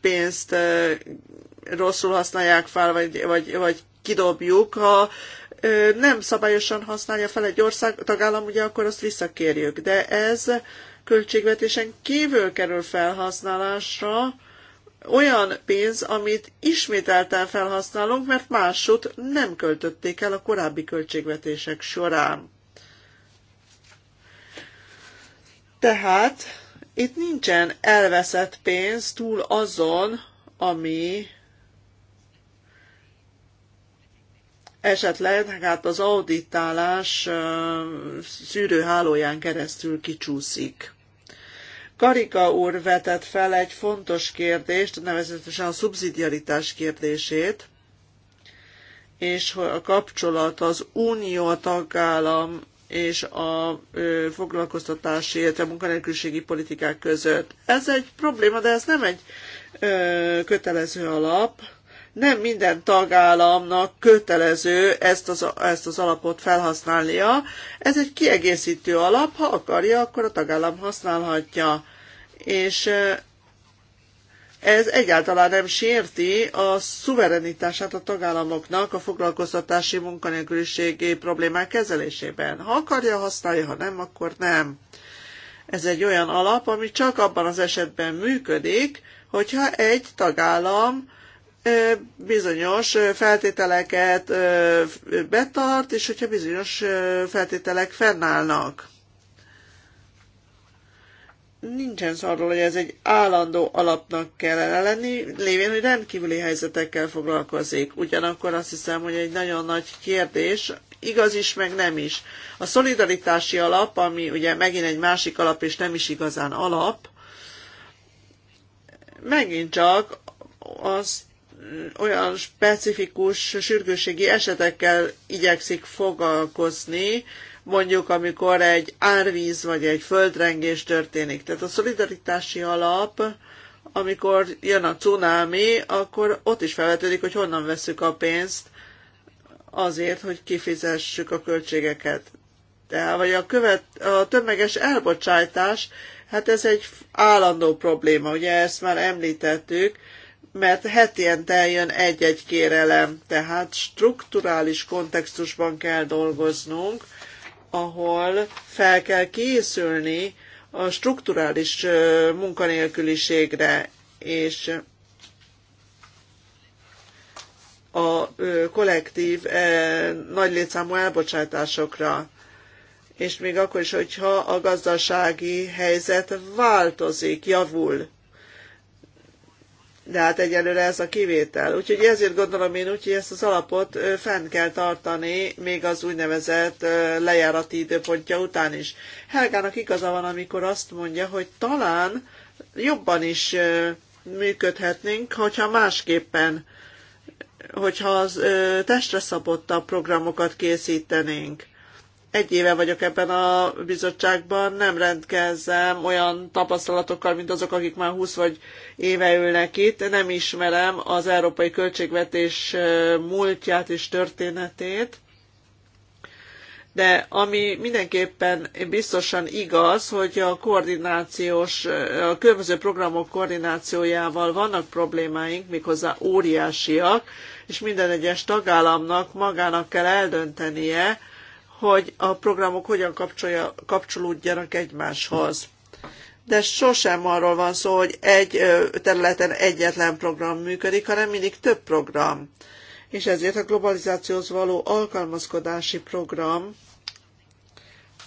pénzt rosszul használják fel, vagy, vagy, vagy kidobjuk. Ha nem szabályosan használja fel egy ország, tagállam, ugye akkor azt visszakérjük. De ez költségvetésen kívül kerül felhasználásra olyan pénz, amit ismételten felhasználunk, mert másút nem költötték el a korábbi költségvetések során. Tehát itt nincsen elveszett pénz túl azon, ami esetleg hát az auditálás szűrőhálóján keresztül kicsúszik. Karika úr vetett fel egy fontos kérdést, nevezetesen a szubszidiaritás kérdését, és a kapcsolat az unió tagállam és a foglalkoztatási, illetve munkanélküliségi politikák között. Ez egy probléma, de ez nem egy ö, kötelező alap nem minden tagállamnak kötelező ezt az, ezt az alapot felhasználnia. Ez egy kiegészítő alap, ha akarja, akkor a tagállam használhatja. És ez egyáltalán nem sérti a szuverenitását a tagállamoknak a foglalkoztatási munkanélküliségi problémák kezelésében. Ha akarja, használja, ha nem, akkor nem. Ez egy olyan alap, ami csak abban az esetben működik, hogyha egy tagállam bizonyos feltételeket betart, és hogyha bizonyos feltételek fennállnak. Nincsen szó arról, hogy ez egy állandó alapnak kellene lenni, lévén, hogy rendkívüli helyzetekkel foglalkozik. Ugyanakkor azt hiszem, hogy egy nagyon nagy kérdés, igaz is, meg nem is. A szolidaritási alap, ami ugye megint egy másik alap, és nem is igazán alap, megint csak azt olyan specifikus sürgőségi esetekkel igyekszik foglalkozni, mondjuk amikor egy árvíz vagy egy földrengés történik. Tehát a szolidaritási alap, amikor jön a cunámi, akkor ott is felvetődik, hogy honnan veszük a pénzt azért, hogy kifizessük a költségeket. De, vagy a, követ, a tömeges elbocsátás, hát ez egy állandó probléma, ugye ezt már említettük, mert hetiente jön egy-egy kérelem, tehát strukturális kontextusban kell dolgoznunk, ahol fel kell készülni a strukturális munkanélküliségre, és a kollektív nagy létszámú elbocsátásokra. És még akkor is, hogyha a gazdasági helyzet változik, javul de hát egyelőre ez a kivétel. Úgyhogy ezért gondolom én úgy, hogy ezt az alapot fenn kell tartani még az úgynevezett lejárati időpontja után is. Helgának igaza van, amikor azt mondja, hogy talán jobban is működhetnénk, hogyha másképpen, hogyha az testre szabottabb programokat készítenénk egy éve vagyok ebben a bizottságban, nem rendkezzem olyan tapasztalatokkal, mint azok, akik már 20 vagy éve ülnek itt. Nem ismerem az európai költségvetés múltját és történetét. De ami mindenképpen biztosan igaz, hogy a koordinációs, a különböző programok koordinációjával vannak problémáink, méghozzá óriásiak, és minden egyes tagállamnak magának kell eldöntenie, hogy a programok hogyan kapcsolja, kapcsolódjanak egymáshoz. De sosem arról van szó, hogy egy területen egyetlen program működik, hanem mindig több program. És ezért a globalizációhoz való alkalmazkodási program,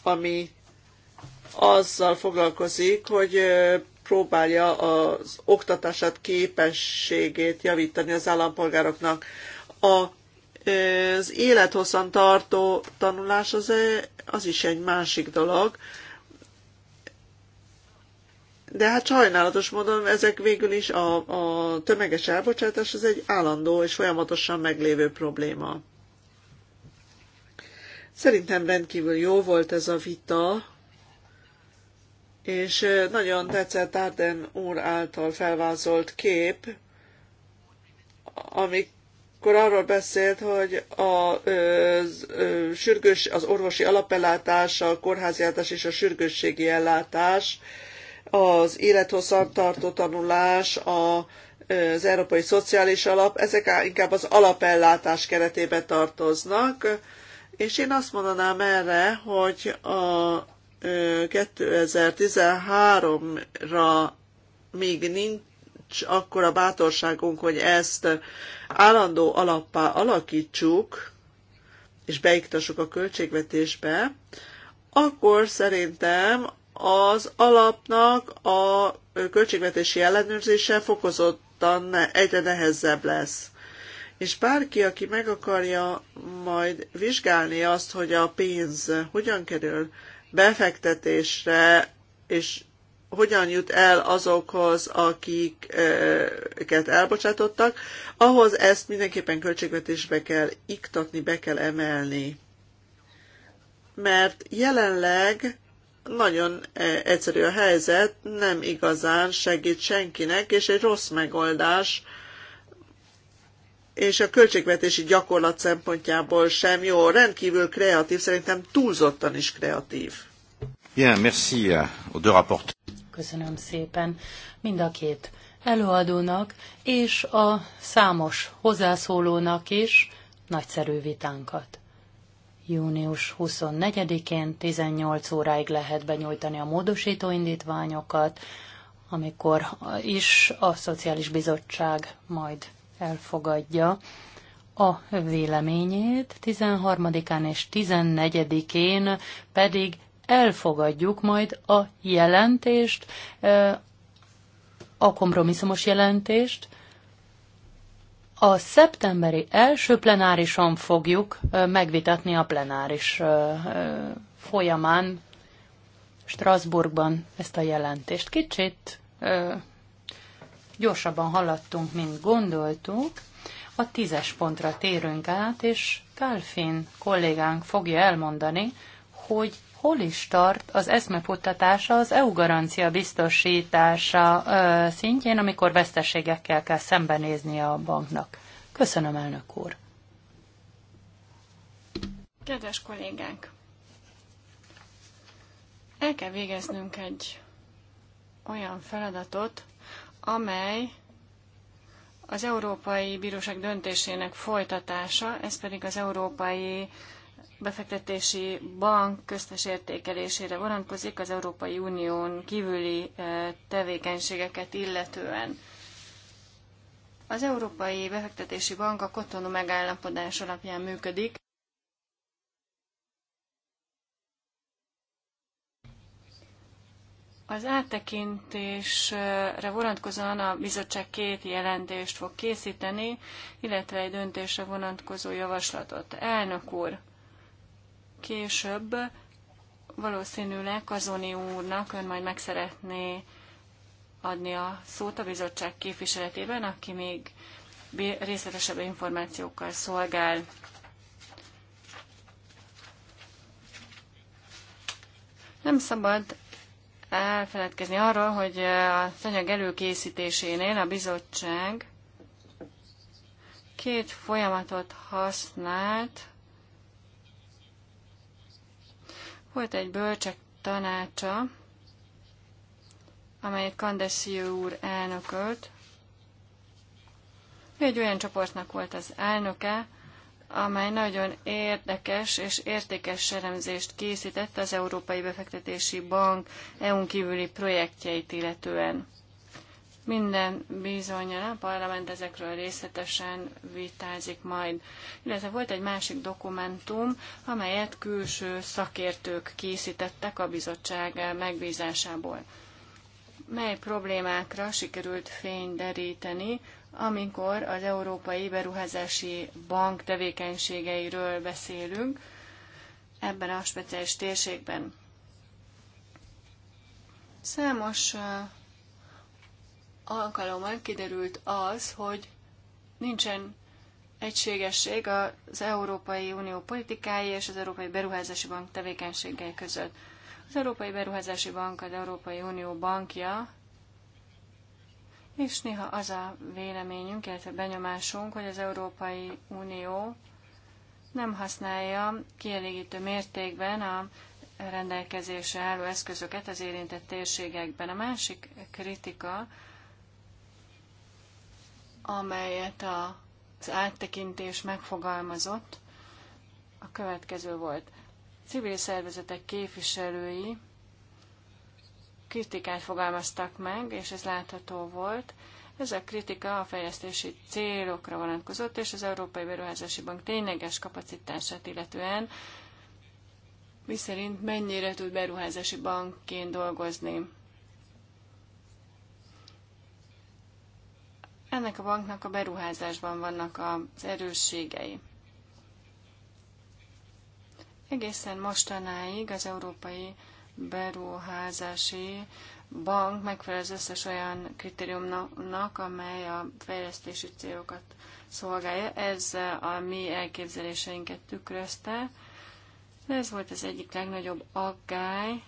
ami azzal foglalkozik, hogy próbálja az oktatását, képességét javítani az állampolgároknak. A az élethosszan tartó tanulás az, e, az is egy másik dolog, de hát sajnálatos módon ezek végül is a, a tömeges elbocsátás az egy állandó és folyamatosan meglévő probléma. Szerintem rendkívül jó volt ez a vita, és nagyon tetszett Arden úr által felvázolt kép, amik akkor arról beszélt, hogy a az, ö, sürgős, az orvosi alapellátás, a kórházi ellátás és a sürgősségi ellátás, az élethosszantartó tanulás, a, az Európai Szociális Alap, ezek inkább az alapellátás keretébe tartoznak, és én azt mondanám erre, hogy a 2013-ra még nincs akkor a bátorságunk, hogy ezt állandó alappá alakítsuk, és beiktassuk a költségvetésbe, akkor szerintem az alapnak a költségvetési ellenőrzése fokozottan egyre nehezebb lesz. És bárki, aki meg akarja majd vizsgálni azt, hogy a pénz hogyan kerül befektetésre, és hogyan jut el azokhoz, akiket e, elbocsátottak, ahhoz ezt mindenképpen költségvetésbe kell iktatni, be kell emelni. Mert jelenleg nagyon e, egyszerű a helyzet, nem igazán segít senkinek, és egy rossz megoldás, és a költségvetési gyakorlat szempontjából sem jó, rendkívül kreatív, szerintem túlzottan is kreatív. Bien, merci euh, aux deux rapporteurs. Köszönöm szépen mind a két előadónak és a számos hozzászólónak is nagyszerű vitánkat. Június 24-én 18 óráig lehet benyújtani a módosító indítványokat, amikor is a Szociális Bizottság majd elfogadja a véleményét, 13-án és 14-én pedig elfogadjuk majd a jelentést, a kompromisszumos jelentést, a szeptemberi első plenárison fogjuk megvitatni a plenáris folyamán Strasbourgban ezt a jelentést. Kicsit gyorsabban haladtunk, mint gondoltuk. A tízes pontra térünk át, és Kálfin kollégánk fogja elmondani, hogy hol is tart az eszmefuttatása az EU garancia biztosítása ö, szintjén, amikor veszteségekkel kell szembenézni a banknak? Köszönöm, elnök úr. Kedves kollégánk! El kell végeznünk egy olyan feladatot, amely az Európai Bíróság döntésének folytatása, ez pedig az Európai befektetési bank köztes értékelésére vonatkozik az Európai Unión kívüli eh, tevékenységeket illetően. Az Európai Befektetési Bank a kotonu megállapodás alapján működik. Az áttekintésre vonatkozóan a bizottság két jelentést fog készíteni, illetve egy döntésre vonatkozó javaslatot. Elnök úr! később valószínűleg Kazoni úrnak ön majd meg szeretné adni a szót a bizottság képviseletében, aki még részletesebb információkkal szolgál. Nem szabad elfeledkezni arról, hogy a anyag előkészítésénél a bizottság két folyamatot használt, Volt egy bölcsek tanácsa, amelyet Kandeszió úr elnökölt. Egy olyan csoportnak volt az elnöke, amely nagyon érdekes és értékes seremzést készített az Európai Befektetési Bank EU-n kívüli projektjeit illetően. Minden bizonyal a parlament ezekről részletesen vitázik majd. Illetve volt egy másik dokumentum, amelyet külső szakértők készítettek a bizottság megbízásából. Mely problémákra sikerült fény deríteni, amikor az Európai Beruházási Bank tevékenységeiről beszélünk ebben a speciális térségben. Számos alkalommal kiderült az, hogy nincsen egységesség az Európai Unió politikái és az Európai Beruházási Bank tevékenységei között. Az Európai Beruházási Bank az Európai Unió bankja, és néha az a véleményünk, illetve benyomásunk, hogy az Európai Unió nem használja kielégítő mértékben a rendelkezésre álló eszközöket az érintett térségekben. A másik kritika amelyet a, az áttekintés megfogalmazott, a következő volt. Civil szervezetek képviselői kritikát fogalmaztak meg, és ez látható volt. Ez a kritika a fejlesztési célokra vonatkozott, és az Európai Beruházási Bank tényleges kapacitását illetően, miszerint mennyire tud beruházási bankként dolgozni. Ennek a banknak a beruházásban vannak az erősségei. Egészen mostanáig az Európai Beruházási Bank megfelel az összes olyan kritériumnak, amely a fejlesztési célokat szolgálja. Ez a mi elképzeléseinket tükrözte. De ez volt az egyik legnagyobb aggály,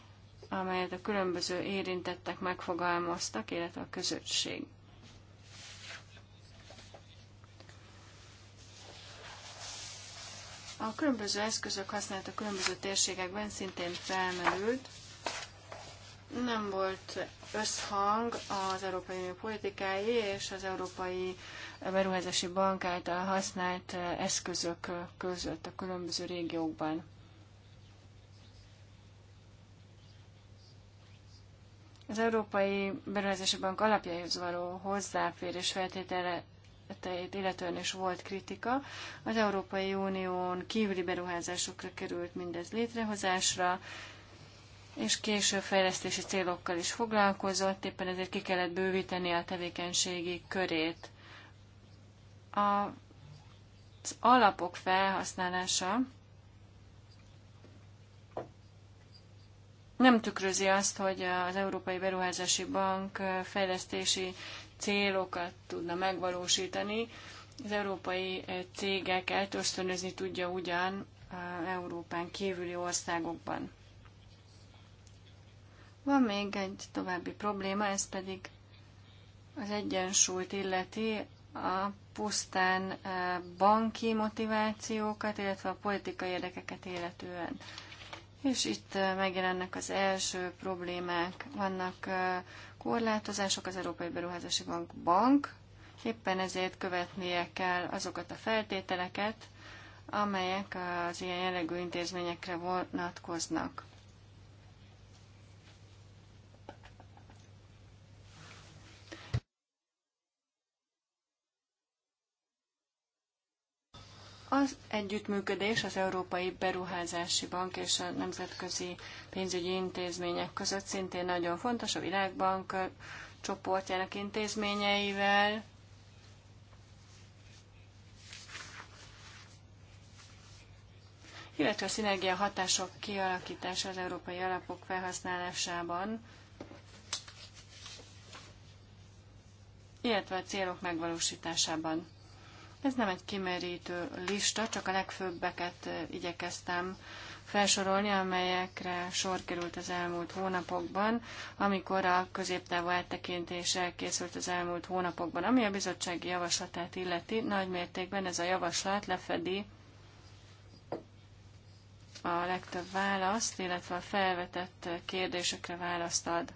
amelyet a különböző érintettek megfogalmaztak, illetve a közösség. A különböző eszközök használata különböző térségekben szintén felmerült. Nem volt összhang az Európai Unió politikái és az Európai Beruházási Bank által használt eszközök között a különböző régiókban. Az Európai Beruházási Bank alapjaihoz való hozzáférés feltétele területeit illetően is volt kritika. Az Európai Unión kívüli beruházásokra került mindez létrehozásra, és később fejlesztési célokkal is foglalkozott, éppen ezért ki kellett bővíteni a tevékenységi körét. A, az alapok felhasználása nem tükrözi azt, hogy az Európai Beruházási Bank fejlesztési célokat tudna megvalósítani. Az európai eh, cégeket ösztönözni tudja ugyan eh, Európán kívüli országokban. Van még egy további probléma, ez pedig az egyensúlyt illeti a pusztán eh, banki motivációkat, illetve a politikai érdekeket illetően. És itt megjelennek az első problémák. Vannak korlátozások, az Európai Beruházási Bank bank, éppen ezért követnie kell azokat a feltételeket, amelyek az ilyen jellegű intézményekre vonatkoznak. Az együttműködés az Európai Beruházási Bank és a nemzetközi pénzügyi intézmények között szintén nagyon fontos, a Világbank csoportjának intézményeivel, illetve a szinergia hatások kialakítása az európai alapok felhasználásában, illetve a célok megvalósításában. Ez nem egy kimerítő lista, csak a legfőbbeket eh, igyekeztem felsorolni, amelyekre sor került az elmúlt hónapokban, amikor a középtávú áttekintése elkészült az elmúlt hónapokban. Ami a bizottsági javaslatát illeti, nagy mértékben ez a javaslat lefedi a legtöbb választ, illetve a felvetett kérdésekre választ ad.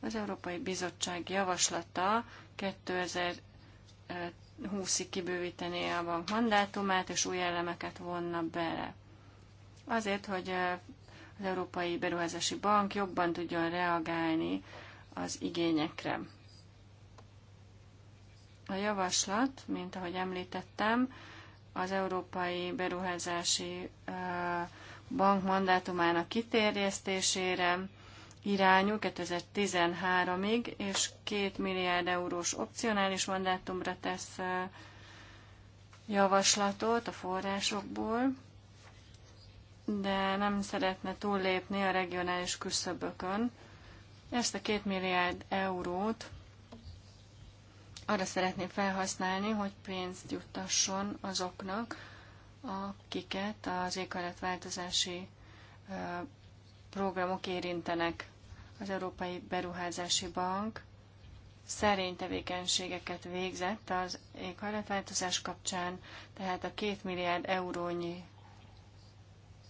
Az Európai Bizottság javaslata 2000 20-ig kibővíteni a bank mandátumát, és új elemeket vonna bele. Azért, hogy az Európai Beruházási Bank jobban tudjon reagálni az igényekre. A javaslat, mint ahogy említettem, az Európai Beruházási Bank mandátumának kiterjesztésére, irányú 2013-ig, és 2 milliárd eurós opcionális mandátumra tesz javaslatot a forrásokból, de nem szeretne túllépni a regionális küszöbökön. Ezt a 2 milliárd eurót arra szeretném felhasználni, hogy pénzt juttasson azoknak, akiket az éghajlatváltozási programok érintenek az Európai Beruházási Bank szerény tevékenységeket végzett az éghajlatváltozás kapcsán, tehát a két milliárd eurónyi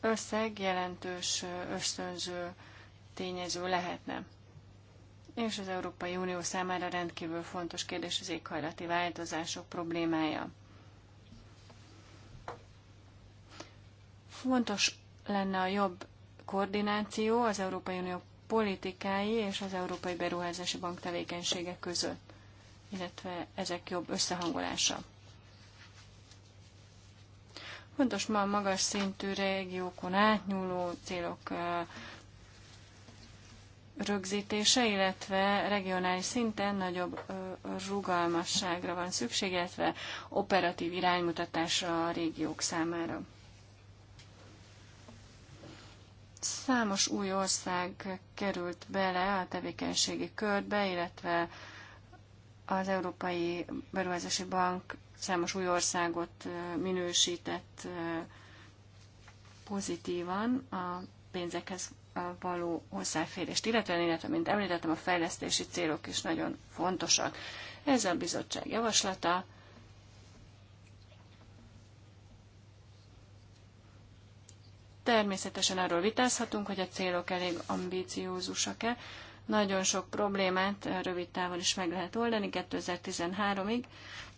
összeg jelentős ösztönző tényező lehetne. És az Európai Unió számára rendkívül fontos kérdés az éghajlati változások problémája. Fontos lenne a jobb koordináció az Európai Unió politikái és az Európai Beruházási Bank tevékenysége között, illetve ezek jobb összehangolása. Fontos ma a magas szintű régiókon átnyúló célok rögzítése, illetve regionális szinten nagyobb rugalmasságra van szükség, illetve operatív iránymutatásra a régiók számára. Számos új ország került bele a tevékenységi körbe, illetve az Európai Beruházási Bank számos új országot minősített pozitívan a pénzekhez való hozzáférést, illetve, illetve, mint említettem, a fejlesztési célok is nagyon fontosak. Ez a bizottság javaslata, Természetesen arról vitázhatunk, hogy a célok elég ambíciózusak-e. Nagyon sok problémát rövid távon is meg lehet oldani, 2013-ig,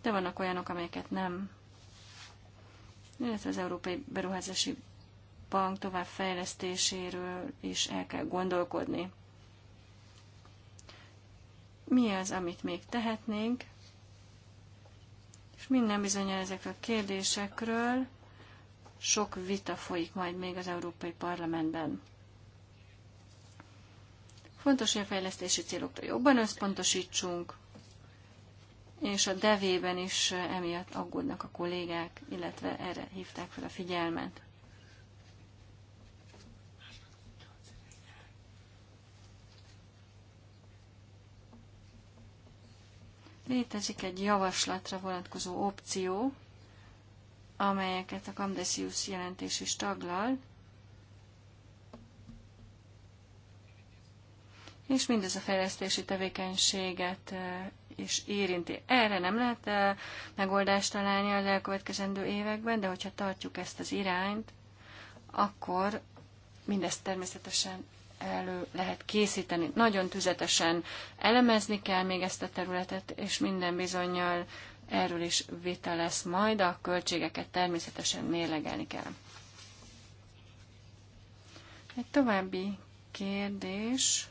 de vannak olyanok, amelyeket nem. Illetve az Európai Beruházási Bank továbbfejlesztéséről is el kell gondolkodni. Mi az, amit még tehetnénk? És minden bizony ezekről a kérdésekről sok vita folyik majd még az Európai Parlamentben. Fontos, hogy a fejlesztési célokra jobban összpontosítsunk, és a devében is emiatt aggódnak a kollégák, illetve erre hívták fel a figyelmet. Létezik egy javaslatra vonatkozó opció, amelyeket a Kamdesius jelentés is taglal, és mindez a fejlesztési tevékenységet és eh, érinti. Erre nem lehet eh, megoldást találni az elkövetkezendő években, de hogyha tartjuk ezt az irányt, akkor mindezt természetesen elő lehet készíteni. Nagyon tüzetesen elemezni kell még ezt a területet, és minden bizonyal Erről is vita lesz majd, a költségeket természetesen mérlegelni kell. Egy további kérdés,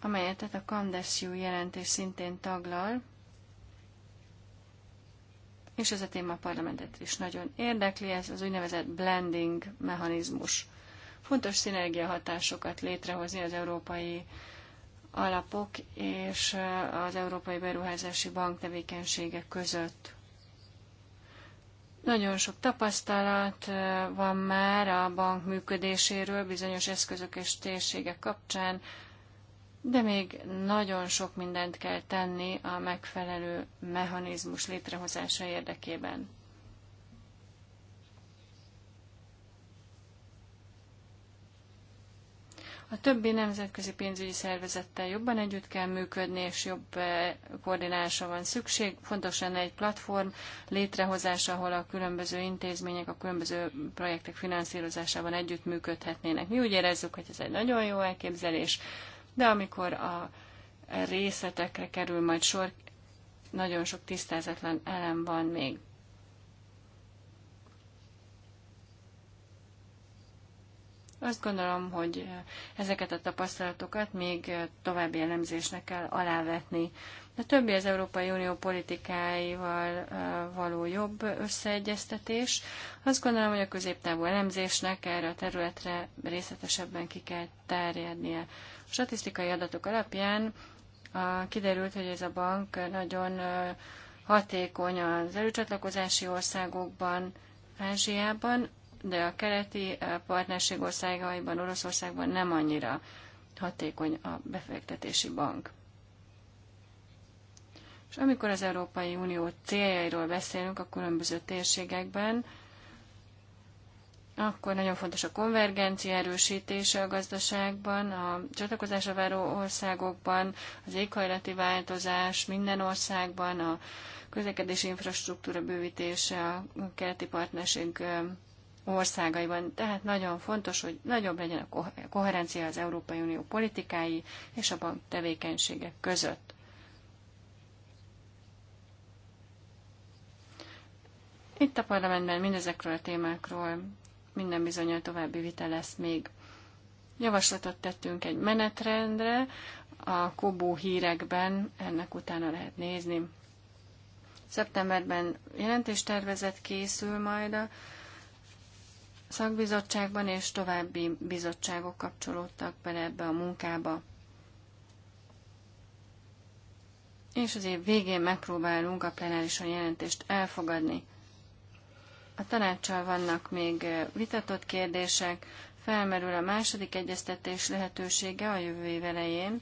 amelyet a Kandesziú jelentés szintén taglal, és ez a téma a parlamentet is nagyon érdekli, ez az úgynevezett blending mechanizmus. Fontos szinergiahatásokat létrehozni az európai alapok és az Európai Beruházási Bank tevékenysége között. Nagyon sok tapasztalat van már a bank működéséről bizonyos eszközök és térségek kapcsán, de még nagyon sok mindent kell tenni a megfelelő mechanizmus létrehozása érdekében. A többi nemzetközi pénzügyi szervezettel jobban együtt kell működni, és jobb eh, koordinálásra van szükség. Fontos lenne egy platform létrehozása, ahol a különböző intézmények a különböző projektek finanszírozásában együtt működhetnének. Mi úgy érezzük, hogy ez egy nagyon jó elképzelés, de amikor a részletekre kerül majd sor, nagyon sok tisztázatlan elem van még. Azt gondolom, hogy ezeket a tapasztalatokat még további elemzésnek kell alávetni. A többi az Európai Unió politikáival való jobb összeegyeztetés. Azt gondolom, hogy a középtávú elemzésnek erre a területre részletesebben ki kell terjednie. A statisztikai adatok alapján kiderült, hogy ez a bank nagyon hatékony az előcsatlakozási országokban, Ázsiában, de a keleti eh, partnerség országaiban, Oroszországban nem annyira hatékony a befektetési bank. És amikor az Európai Unió céljairól beszélünk a különböző térségekben, akkor nagyon fontos a konvergencia erősítése a gazdaságban, a csatlakozásra váró országokban, az éghajlati változás minden országban, a közlekedési infrastruktúra bővítése, a keleti partnerség eh, országaiban. Tehát nagyon fontos, hogy nagyobb legyen a koherencia az Európai Unió politikái és a bank tevékenységek között. Itt a parlamentben mindezekről a témákról minden a további vita lesz még. Javaslatot tettünk egy menetrendre, a Kobó hírekben ennek utána lehet nézni. Szeptemberben jelentéstervezet készül majd a szakbizottságban, és további bizottságok kapcsolódtak bele ebbe a munkába. És az év végén megpróbálunk a plenárison jelentést elfogadni. A tanácssal vannak még vitatott kérdések, felmerül a második egyeztetés lehetősége a jövő év elején,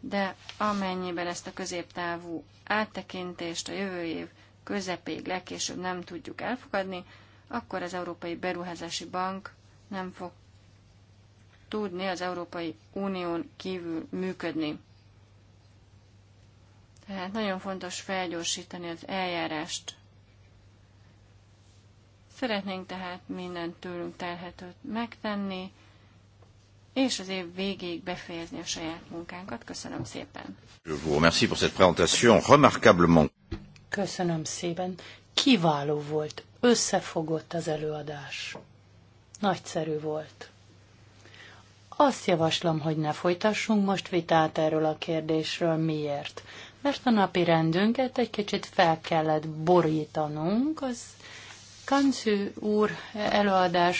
de amennyiben ezt a középtávú áttekintést a jövő év közepéig legkésőbb nem tudjuk elfogadni, akkor az Európai Beruházási Bank nem fog tudni az Európai Unión kívül működni. Tehát nagyon fontos felgyorsítani az eljárást. Szeretnénk tehát mindent tőlünk telhetőt megtenni, és az év végéig befejezni a saját munkánkat. Köszönöm szépen. Köszönöm szépen. Kiváló volt, összefogott az előadás. Nagyszerű volt. Azt javaslom, hogy ne folytassunk most vitát erről a kérdésről. Miért? Mert a napi rendünket egy kicsit fel kellett borítanunk. Az Kancsú úr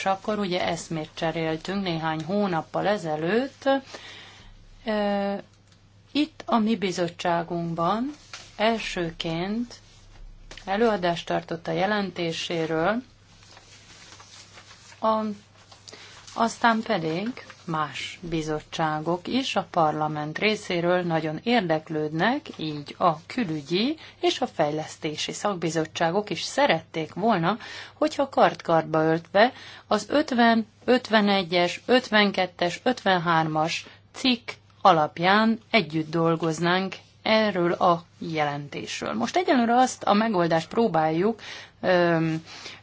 akkor, ugye eszmét cseréltünk néhány hónappal ezelőtt, itt a mi bizottságunkban elsőként előadást tartott a jelentéséről, a, aztán pedig más bizottságok is a parlament részéről nagyon érdeklődnek, így a külügyi és a fejlesztési szakbizottságok is szerették volna, hogyha kartkartba öltve az 50, 51-es, 52-es, 53-as cikk alapján együtt dolgoznánk erről a jelentésről. Most egyelőre azt a megoldást próbáljuk ö,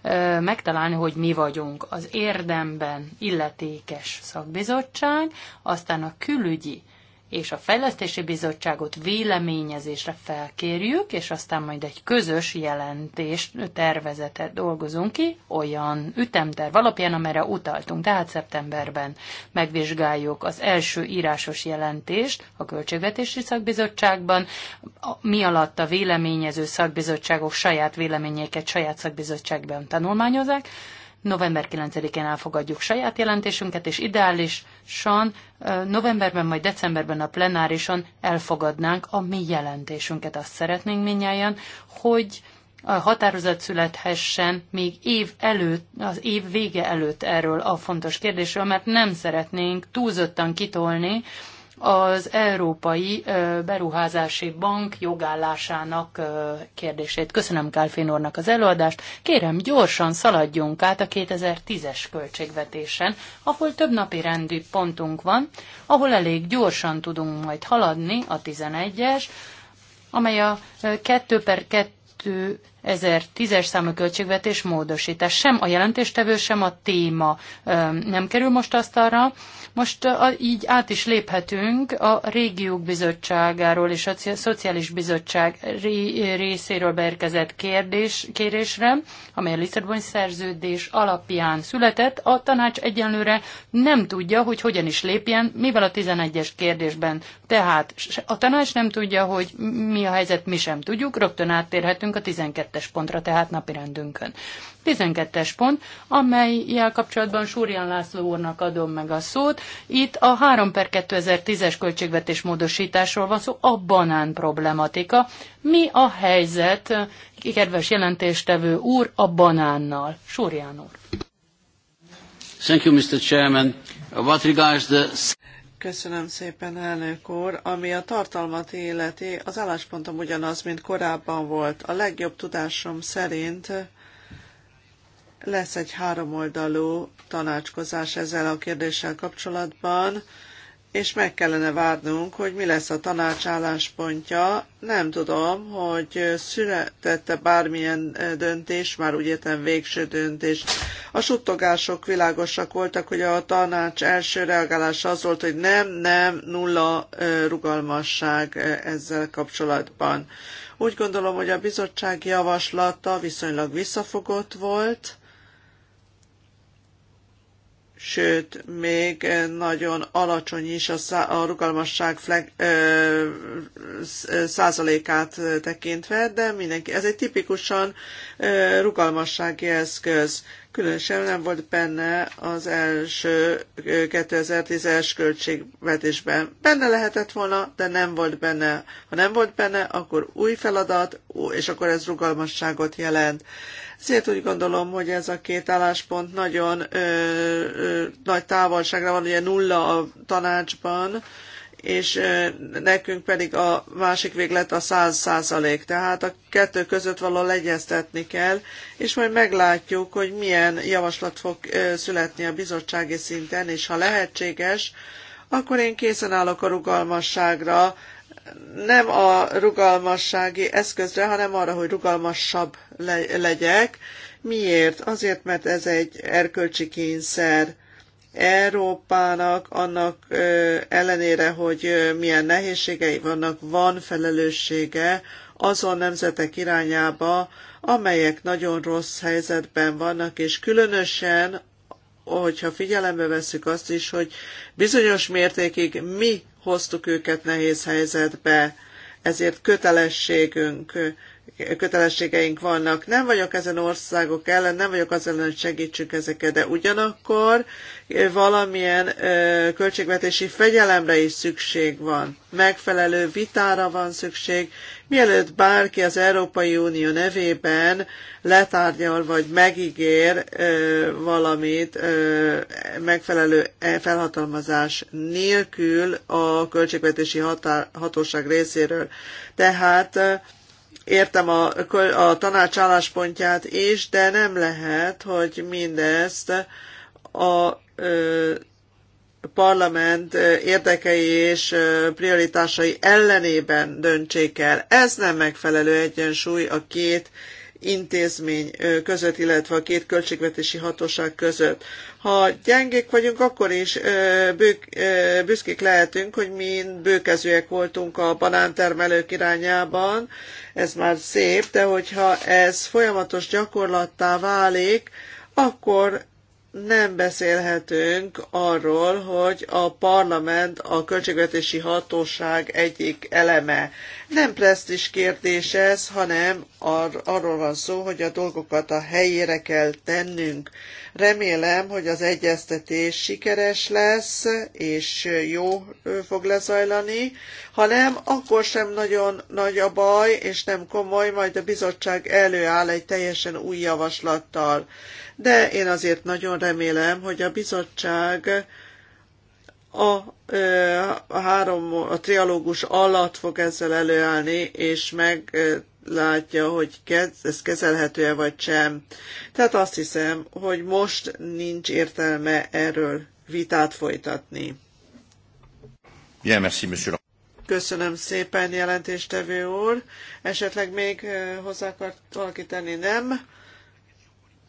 ö, megtalálni, hogy mi vagyunk az érdemben illetékes szakbizottság, aztán a külügyi és a Fejlesztési Bizottságot véleményezésre felkérjük, és aztán majd egy közös jelentés tervezetet dolgozunk ki, olyan ütemterv alapján, amire utaltunk. Tehát szeptemberben megvizsgáljuk az első írásos jelentést a Költségvetési Szakbizottságban, mi alatt a véleményező szakbizottságok saját véleményeiket saját szakbizottságban tanulmányozzák, november 9-én elfogadjuk saját jelentésünket, és ideálisan novemberben, majd decemberben a plenárison elfogadnánk a mi jelentésünket. Azt szeretnénk minnyáján, hogy a határozat születhessen még év előtt, az év vége előtt erről a fontos kérdésről, mert nem szeretnénk túlzottan kitolni, az Európai Beruházási Bank jogállásának kérdését. Köszönöm Kálfén úrnak az előadást. Kérem, gyorsan szaladjunk át a 2010-es költségvetésen, ahol több napi rendű pontunk van, ahol elég gyorsan tudunk majd haladni a 11-es, amely a 2 per 2 2010-es számú költségvetés módosítás. Sem a jelentéstevő, sem a téma nem kerül most asztalra. Most így át is léphetünk a régiók bizottságáról és a Szociális Bizottság részéről beérkezett kérdés, kérésre, amely a Lisszaboni szerződés alapján született. A tanács egyenlőre nem tudja, hogy hogyan is lépjen, mivel a 11-es kérdésben. Tehát a tanács nem tudja, hogy mi a helyzet, mi sem tudjuk, rögtön áttérhetünk a 12 12-es pontra, tehát napi rendünkön. 12-es pont, amelyel kapcsolatban Súrján László úrnak adom meg a szót. Itt a 3 per 2010-es költségvetés módosításról van szó, a banán problematika. Mi a helyzet, kedves jelentéstevő úr, a banánnal? Súrján úr. Thank you, Mr. Chairman. What regards the... Köszönöm szépen, elnök úr. Ami a tartalmat életi, az álláspontom ugyanaz, mint korábban volt. A legjobb tudásom szerint lesz egy háromoldalú tanácskozás ezzel a kérdéssel kapcsolatban és meg kellene várnunk, hogy mi lesz a tanács álláspontja. Nem tudom, hogy születette bármilyen döntés, már úgy értem végső döntés. A suttogások világosak voltak, hogy a tanács első reagálása az volt, hogy nem, nem, nulla rugalmasság ezzel kapcsolatban. Úgy gondolom, hogy a bizottság javaslata viszonylag visszafogott volt, sőt, még nagyon alacsony is a, szá- a rugalmasság flag, ö, százalékát tekintve, de mindenki, ez egy tipikusan ö, rugalmassági eszköz. Különösen nem volt benne az első 2010-es költségvetésben. Benne lehetett volna, de nem volt benne. Ha nem volt benne, akkor új feladat, és akkor ez rugalmasságot jelent. Ezért úgy gondolom, hogy ez a két álláspont nagyon ö, ö, nagy távolságra van, ugye nulla a tanácsban, és nekünk pedig a másik véglet a száz százalék. Tehát a kettő között való egyeztetni kell, és majd meglátjuk, hogy milyen javaslat fog születni a bizottsági szinten, és ha lehetséges, akkor én készen állok a rugalmasságra nem a rugalmassági eszközre, hanem arra, hogy rugalmasabb le- legyek. Miért? Azért, mert ez egy erkölcsi kényszer. Európának annak ö, ellenére, hogy ö, milyen nehézségei vannak, van felelőssége azon nemzetek irányába, amelyek nagyon rossz helyzetben vannak, és különösen hogyha figyelembe vesszük azt is, hogy bizonyos mértékig mi hoztuk őket nehéz helyzetbe, ezért kötelességünk, kötelességeink vannak. Nem vagyok ezen országok ellen, nem vagyok az ellen, hogy segítsünk ezeket, de ugyanakkor eh, valamilyen eh, költségvetési fegyelemre is szükség van. Megfelelő vitára van szükség, Mielőtt bárki az Európai Unió nevében letárgyal vagy megígér ö, valamit ö, megfelelő e, felhatalmazás nélkül a költségvetési határ, hatóság részéről. Tehát értem a, a tanács álláspontját is, de nem lehet, hogy mindezt a parlament érdekei és prioritásai ellenében döntsék el. Ez nem megfelelő egyensúly a két intézmény között, illetve a két költségvetési hatóság között. Ha gyengék vagyunk, akkor is bők, büszkék lehetünk, hogy mi bőkezőek voltunk a banántermelők irányában. Ez már szép, de hogyha ez folyamatos gyakorlattá válik, akkor nem beszélhetünk arról, hogy a parlament a költségvetési hatóság egyik eleme. Nem presztis kérdés ez, hanem ar- arról van szó, hogy a dolgokat a helyére kell tennünk. Remélem, hogy az egyeztetés sikeres lesz, és jó fog lezajlani. Ha nem, akkor sem nagyon nagy a baj, és nem komoly, majd a bizottság előáll egy teljesen új javaslattal de én azért nagyon remélem, hogy a bizottság a, a három a trialógus alatt fog ezzel előállni, és meglátja, hogy ez kezelhető-e vagy sem. Tehát azt hiszem, hogy most nincs értelme erről vitát folytatni. Bien, merci, monsieur. Köszönöm szépen, jelentéstevő úr. Esetleg még hozzá akart valaki tenni, nem?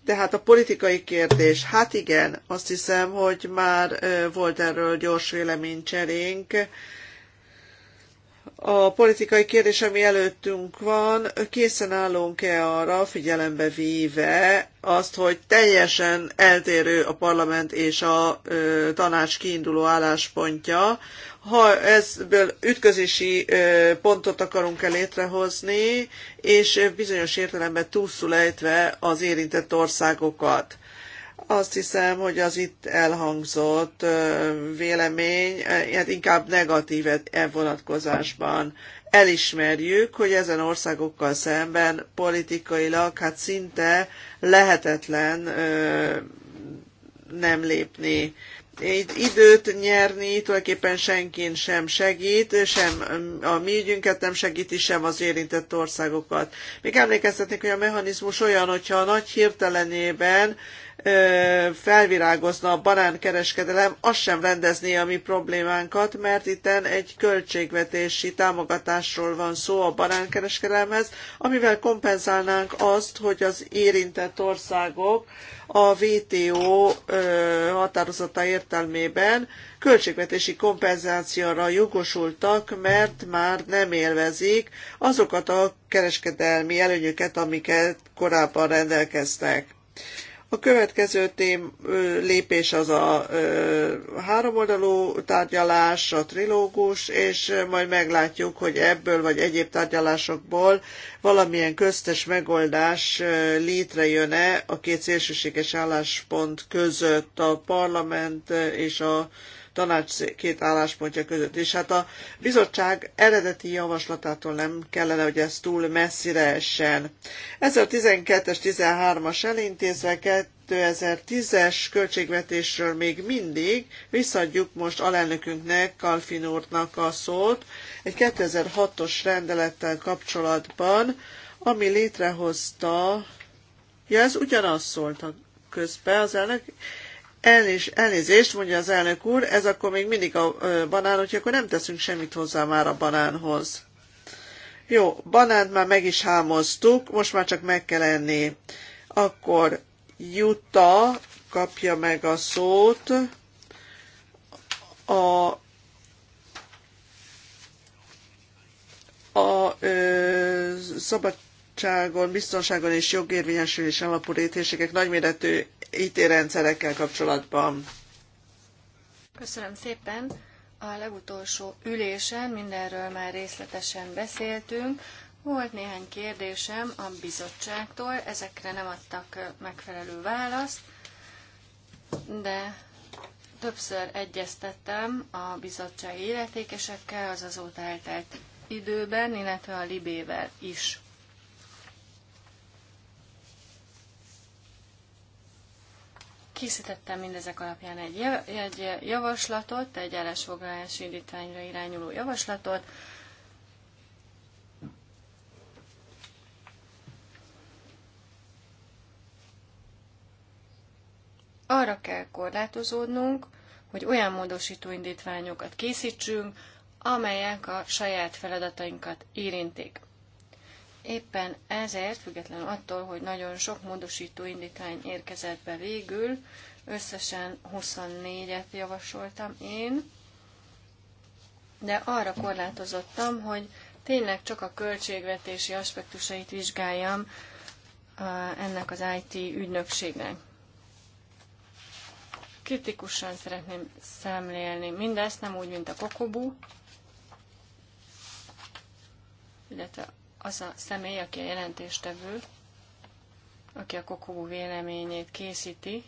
Tehát a politikai kérdés. Hát igen, azt hiszem, hogy már volt erről gyors véleménycserénk a politikai kérdés, ami előttünk van, készen állunk-e arra, figyelembe véve azt, hogy teljesen eltérő a parlament és a ö, tanács kiinduló álláspontja. Ha ezből ütközési ö, pontot akarunk-e létrehozni, és bizonyos értelemben túlszulejtve az érintett országokat. Azt hiszem, hogy az itt elhangzott vélemény, hát inkább negatív e, e vonatkozásban. Elismerjük, hogy ezen országokkal szemben politikailag hát szinte lehetetlen nem lépni. Itt időt nyerni tulajdonképpen senkin sem segít, sem a mi ügyünket nem segíti, sem az érintett országokat. Még emlékeztetnék, hogy a mechanizmus olyan, hogyha a nagy hirtelenében felvirágozna a banánkereskedelem, az sem rendezné a mi problémánkat, mert itten egy költségvetési támogatásról van szó a banánkereskedelemhez, amivel kompenzálnánk azt, hogy az érintett országok a WTO határozata értelmében költségvetési kompenzációra jogosultak, mert már nem élvezik azokat a kereskedelmi előnyöket, amiket korábban rendelkeztek. A következő tém, lépés az a háromoldalú tárgyalás, a trilógus, és majd meglátjuk, hogy ebből vagy egyéb tárgyalásokból valamilyen köztes megoldás létrejön-e a két szélsőséges álláspont között a parlament és a tanács két álláspontja között. És hát a bizottság eredeti javaslatától nem kellene, hogy ez túl messzire essen. Ez a 12-es, 13-as elintézve 2010-es költségvetésről még mindig visszadjuk most alelnökünknek, Kalfin úrnak a szót, egy 2006-os rendelettel kapcsolatban, ami létrehozta, ja ez ugyanaz szólt a közben az elnök, Elnés, elnézést, mondja az elnök úr, ez akkor még mindig a banán, úgyhogy akkor nem teszünk semmit hozzá már a banánhoz. Jó, banánt már meg is hámoztuk, most már csak meg kell enni. Akkor Juta kapja meg a szót. A a ö, szabad szabadságon, biztonságon és jogérvényesülésen alapuló térségek nagyméretű IT-rendszerekkel kapcsolatban. Köszönöm szépen! A legutolsó ülésen mindenről már részletesen beszéltünk. Volt néhány kérdésem a bizottságtól, ezekre nem adtak megfelelő választ, de többször egyeztettem a bizottsági illetékesekkel az azóta eltelt időben, illetve a libével is. Készítettem mindezek alapján egy, egy javaslatot, egy állásfoglalási indítványra irányuló javaslatot. Arra kell korlátozódnunk, hogy olyan módosító indítványokat készítsünk, amelyek a saját feladatainkat érintik. Éppen ezért, függetlenül attól, hogy nagyon sok módosító indítvány érkezett be végül, összesen 24-et javasoltam én, de arra korlátozottam, hogy tényleg csak a költségvetési aspektusait vizsgáljam ennek az IT ügynökségnek. Kritikusan szeretném szemlélni mindezt, nem úgy, mint a kokobú, illetve az a személy, aki a jelentéstevő, aki a kokogó véleményét készíti,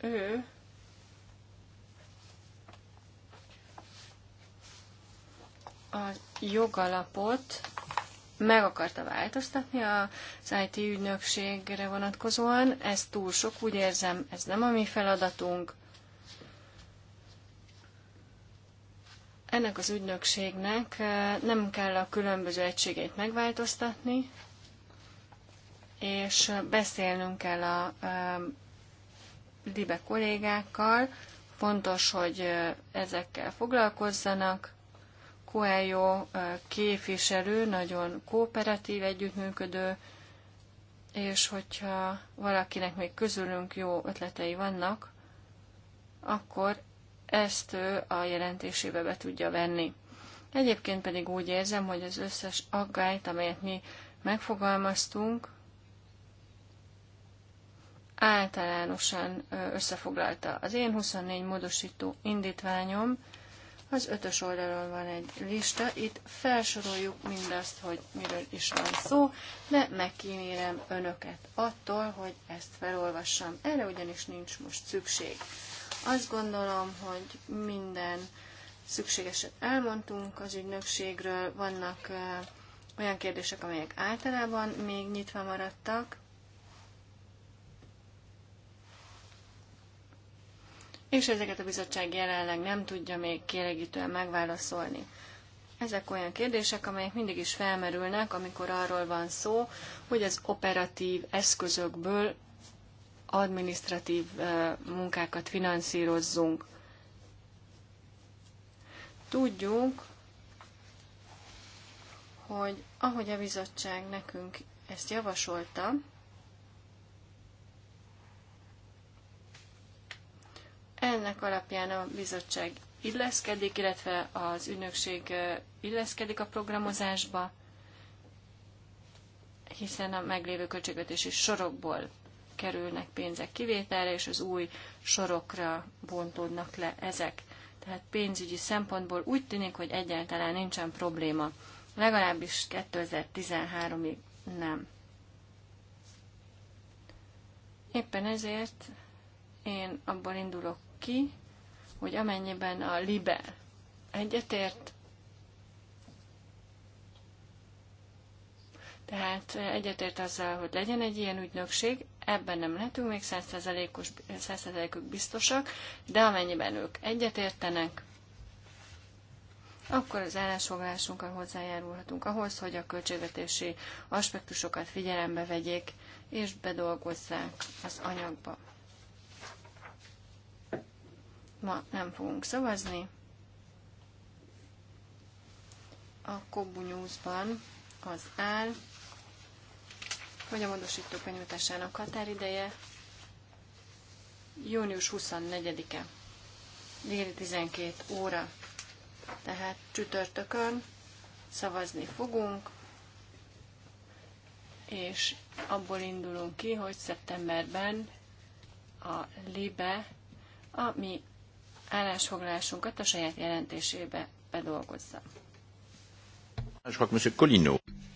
ő a jogalapot meg akarta változtatni az IT ügynökségre vonatkozóan. Ez túl sok, úgy érzem, ez nem a mi feladatunk. ennek az ügynökségnek eh, nem kell a különböző egységeit megváltoztatni, és beszélnünk kell a eh, libe kollégákkal, fontos, hogy eh, ezekkel foglalkozzanak. Coelho képviselő, nagyon kooperatív, együttműködő, és hogyha valakinek még közülünk jó ötletei vannak, akkor ezt ő a jelentésébe be tudja venni. Egyébként pedig úgy érzem, hogy az összes aggályt, amelyet mi megfogalmaztunk, általánosan összefoglalta. Az én 24 módosító indítványom, az ötös oldalon van egy lista, itt felsoroljuk mindazt, hogy miről is van szó, de megkímérem önöket attól, hogy ezt felolvassam. Erre ugyanis nincs most szükség. Azt gondolom, hogy minden szükségeset elmondtunk az ügynökségről, vannak olyan kérdések, amelyek általában még nyitva maradtak, és ezeket a bizottság jelenleg nem tudja még kielégítően megválaszolni. Ezek olyan kérdések, amelyek mindig is felmerülnek, amikor arról van szó, hogy az operatív eszközökből administratív munkákat finanszírozzunk. Tudjuk, hogy ahogy a bizottság nekünk ezt javasolta, ennek alapján a bizottság illeszkedik, illetve az ügynökség illeszkedik a programozásba, hiszen a meglévő költségvetési sorokból kerülnek pénzek kivételre, és az új sorokra bontódnak le ezek. Tehát pénzügyi szempontból úgy tűnik, hogy egyáltalán nincsen probléma. Legalábbis 2013-ig nem. Éppen ezért én abból indulok ki, hogy amennyiben a libe egyetért, tehát egyetért azzal, hogy legyen egy ilyen ügynökség, ebben nem lehetünk még 100 biztosak, de amennyiben ők egyetértenek, akkor az állásfoglalásunkkal hozzájárulhatunk ahhoz, hogy a költségvetési aspektusokat figyelembe vegyék és bedolgozzák az anyagba. Ma nem fogunk szavazni. A Kobu News-ban az áll, hogy a módosítók benyújtásának határideje június 24-e, déli 12 óra. Tehát csütörtökön szavazni fogunk, és abból indulunk ki, hogy szeptemberben a LIBE a mi állásfoglalásunkat a saját jelentésébe bedolgozza.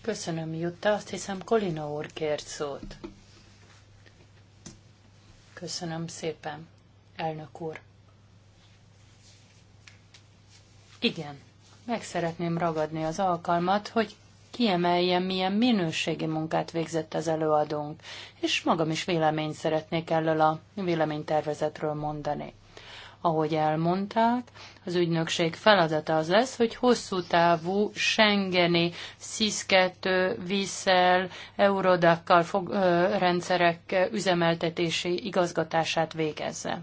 Köszönöm, Jutta. Azt hiszem, Kolino úr kért szót. Köszönöm szépen, elnök úr. Igen, meg szeretném ragadni az alkalmat, hogy kiemeljem, milyen minőségi munkát végzett az előadónk, és magam is véleményt szeretnék elől a véleménytervezetről mondani ahogy elmondták, az ügynökség feladata az lesz, hogy hosszú távú Schengeni, sis 2 VISZEL, Eurodakkal fog, ö, rendszerek üzemeltetési igazgatását végezze.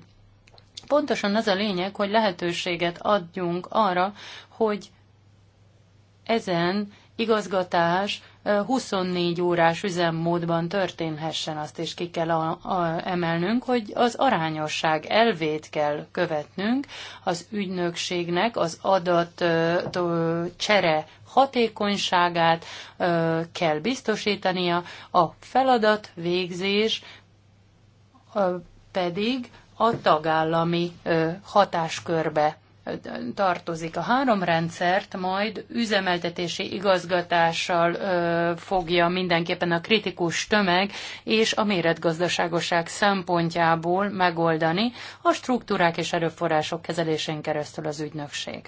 Pontosan az a lényeg, hogy lehetőséget adjunk arra, hogy ezen igazgatás 24 órás üzemmódban történhessen, azt is ki kell a, a, emelnünk, hogy az arányosság elvét kell követnünk az ügynökségnek, az adat csere hatékonyságát kell biztosítania, a feladat végzés pedig a tagállami hatáskörbe tartozik. A három rendszert majd üzemeltetési igazgatással ö, fogja mindenképpen a kritikus tömeg és a méretgazdaságosság szempontjából megoldani a struktúrák és erőforrások kezelésén keresztül az ügynökség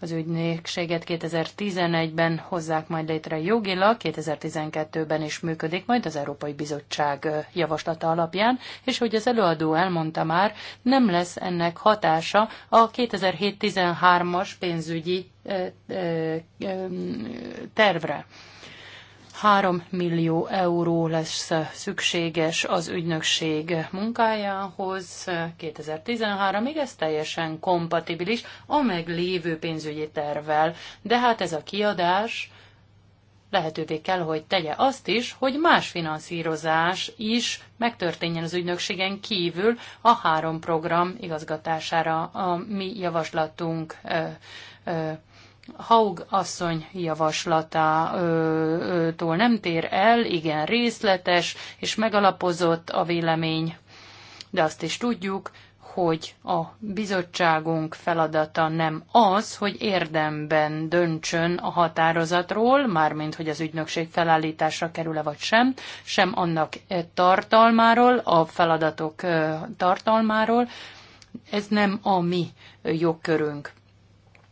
az ügynökséget 2011-ben hozzák majd létre jogilag, 2012-ben is működik majd az Európai Bizottság javaslata alapján, és hogy az előadó elmondta már, nem lesz ennek hatása a 2007-13-as pénzügyi tervre. 3 millió euró lesz szükséges az ügynökség munkájához 2013-ig, ez teljesen kompatibilis a meglévő pénzügyi tervvel, de hát ez a kiadás lehetővé kell, hogy tegye azt is, hogy más finanszírozás is megtörténjen az ügynökségen kívül a három program igazgatására a mi javaslatunk ö, ö, Haug asszony javaslatától nem tér el, igen részletes és megalapozott a vélemény, de azt is tudjuk, hogy a bizottságunk feladata nem az, hogy érdemben döntsön a határozatról, mármint hogy az ügynökség felállításra kerül-e vagy sem, sem annak e tartalmáról, a feladatok tartalmáról. Ez nem a mi jogkörünk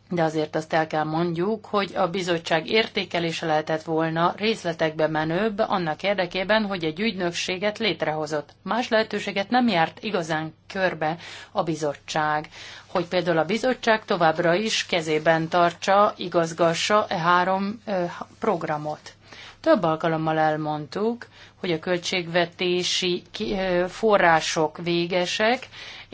de azért azt el kell mondjuk, hogy a bizottság értékelése lehetett volna részletekbe menőbb annak érdekében, hogy egy ügynökséget létrehozott. Más lehetőséget nem járt igazán körbe a bizottság, hogy például a bizottság továbbra is kezében tartsa, igazgassa e három programot. Több alkalommal elmondtuk, hogy a költségvetési források végesek,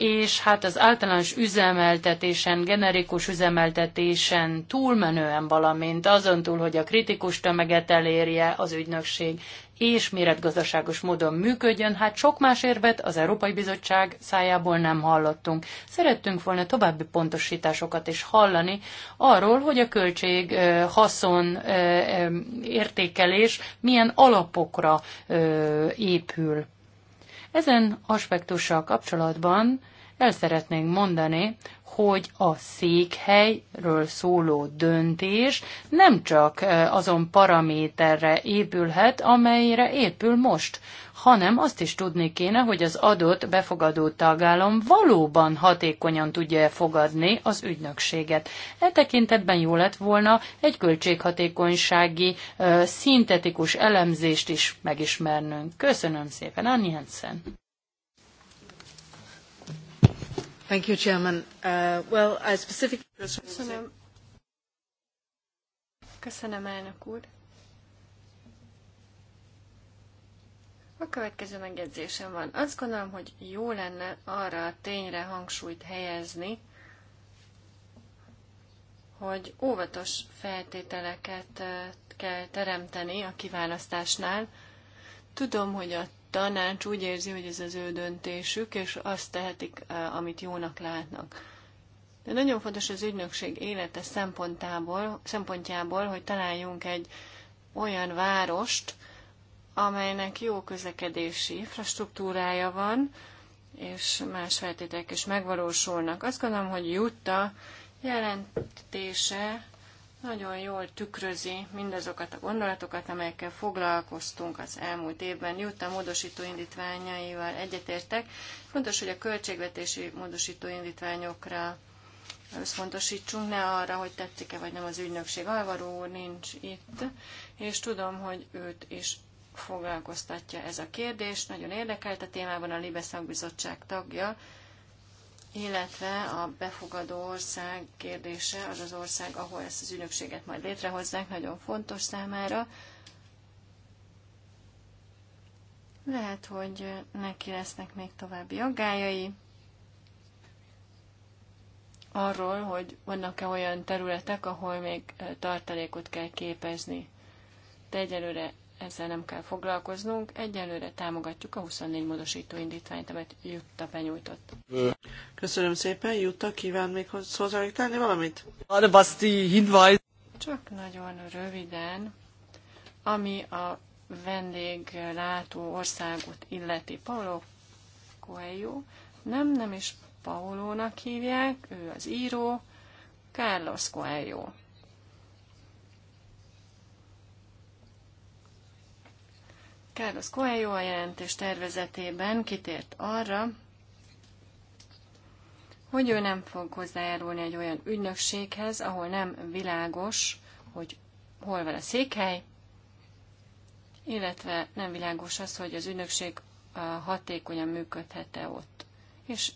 és hát az általános üzemeltetésen, generikus üzemeltetésen túlmenően, valamint azon túl, hogy a kritikus tömeget elérje az ügynökség, és méretgazdaságos módon működjön, hát sok más érvet az Európai Bizottság szájából nem hallottunk. Szerettünk volna további pontosításokat is hallani arról, hogy a költség haszon értékelés milyen alapokra épül. Ezen aspektussal kapcsolatban el szeretnénk mondani, hogy a székhelyről szóló döntés nem csak azon paraméterre épülhet, amelyre épül most, hanem azt is tudni kéne, hogy az adott befogadó tagállam valóban hatékonyan tudja fogadni az ügynökséget. E tekintetben jó lett volna egy költséghatékonysági szintetikus elemzést is megismernünk. Köszönöm szépen, Anni Hansen! Thank you, Chairman. Uh, well, I specifically... Köszönöm. Köszönöm, elnök úr. A következő megjegyzésem van. Azt gondolom, hogy jó lenne arra a tényre hangsúlyt helyezni, hogy óvatos feltételeket uh, kell teremteni a kiválasztásnál. Tudom, hogy a tanács úgy érzi, hogy ez az ő döntésük, és azt tehetik, eh, amit jónak látnak. De nagyon fontos az ügynökség élete szempontából, szempontjából, hogy találjunk egy olyan várost, amelynek jó közlekedési infrastruktúrája van, és más feltételek is megvalósulnak. Azt gondolom, hogy Jutta jelentése nagyon jól tükrözi mindazokat a gondolatokat, amelyekkel foglalkoztunk az elmúlt évben. Jutta módosító indítványaival egyetértek. Fontos, hogy a költségvetési módosító indítványokra összpontosítsunk, ne arra, hogy tetszik-e vagy nem az ügynökség. Alvaró úr nincs itt, és tudom, hogy őt is foglalkoztatja ez a kérdés. Nagyon érdekelt a témában a Libeszakbizottság tagja, illetve a befogadó ország kérdése, az az ország, ahol ezt az ügynökséget majd létrehozzák, nagyon fontos számára. Lehet, hogy neki lesznek még további aggályai arról, hogy vannak-e olyan területek, ahol még tartalékot kell képezni. De egyelőre ezzel nem kell foglalkoznunk. Egyelőre támogatjuk a 24 módosító indítványt, amit Jutta benyújtott. Köszönöm szépen. Jutta, kíván még hozzájutni valamit? Csak nagyon röviden, ami a vendéglátó országot illeti Paulo Coelho, nem, nem is Paulónak hívják, ő az író, Carlos Coelho. Carlos Coelho a jelentés tervezetében kitért arra, hogy ő nem fog hozzájárulni egy olyan ügynökséghez, ahol nem világos, hogy hol van a székhely, illetve nem világos az, hogy az ügynökség hatékonyan működhet-e ott. És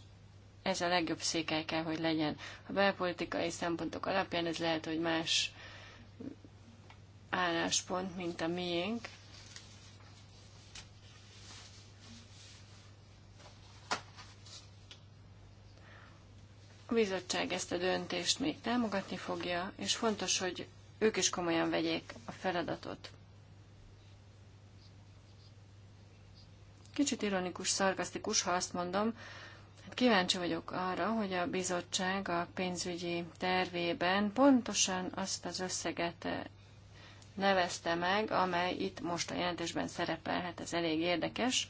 ez a legjobb székely kell, hogy legyen. A belpolitikai szempontok alapján ez lehet, hogy más álláspont, mint a miénk, A bizottság ezt a döntést még támogatni fogja, és fontos, hogy ők is komolyan vegyék a feladatot. Kicsit ironikus, szarkasztikus, ha azt mondom, hát kíváncsi vagyok arra, hogy a bizottság a pénzügyi tervében pontosan azt az összeget nevezte meg, amely itt most a jelentésben szerepelhet. ez elég érdekes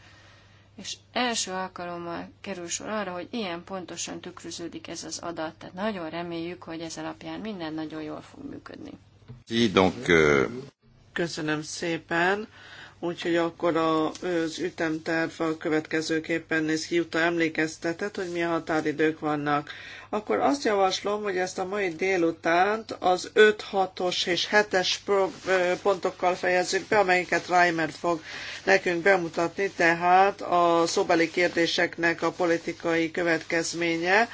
és első alkalommal kerül sor arra, hogy ilyen pontosan tükröződik ez az adat, tehát nagyon reméljük, hogy ez alapján minden nagyon jól fog működni. Euh, Köszönöm szépen úgyhogy akkor az ütemterv a következőképpen néz ki, utána emlékeztetett, hogy milyen határidők vannak. Akkor azt javaslom, hogy ezt a mai délutánt az 5, 6-os és 7-es pontokkal fejezzük be, amelyiket Reimer fog nekünk bemutatni, tehát a szóbeli kérdéseknek a politikai következménye,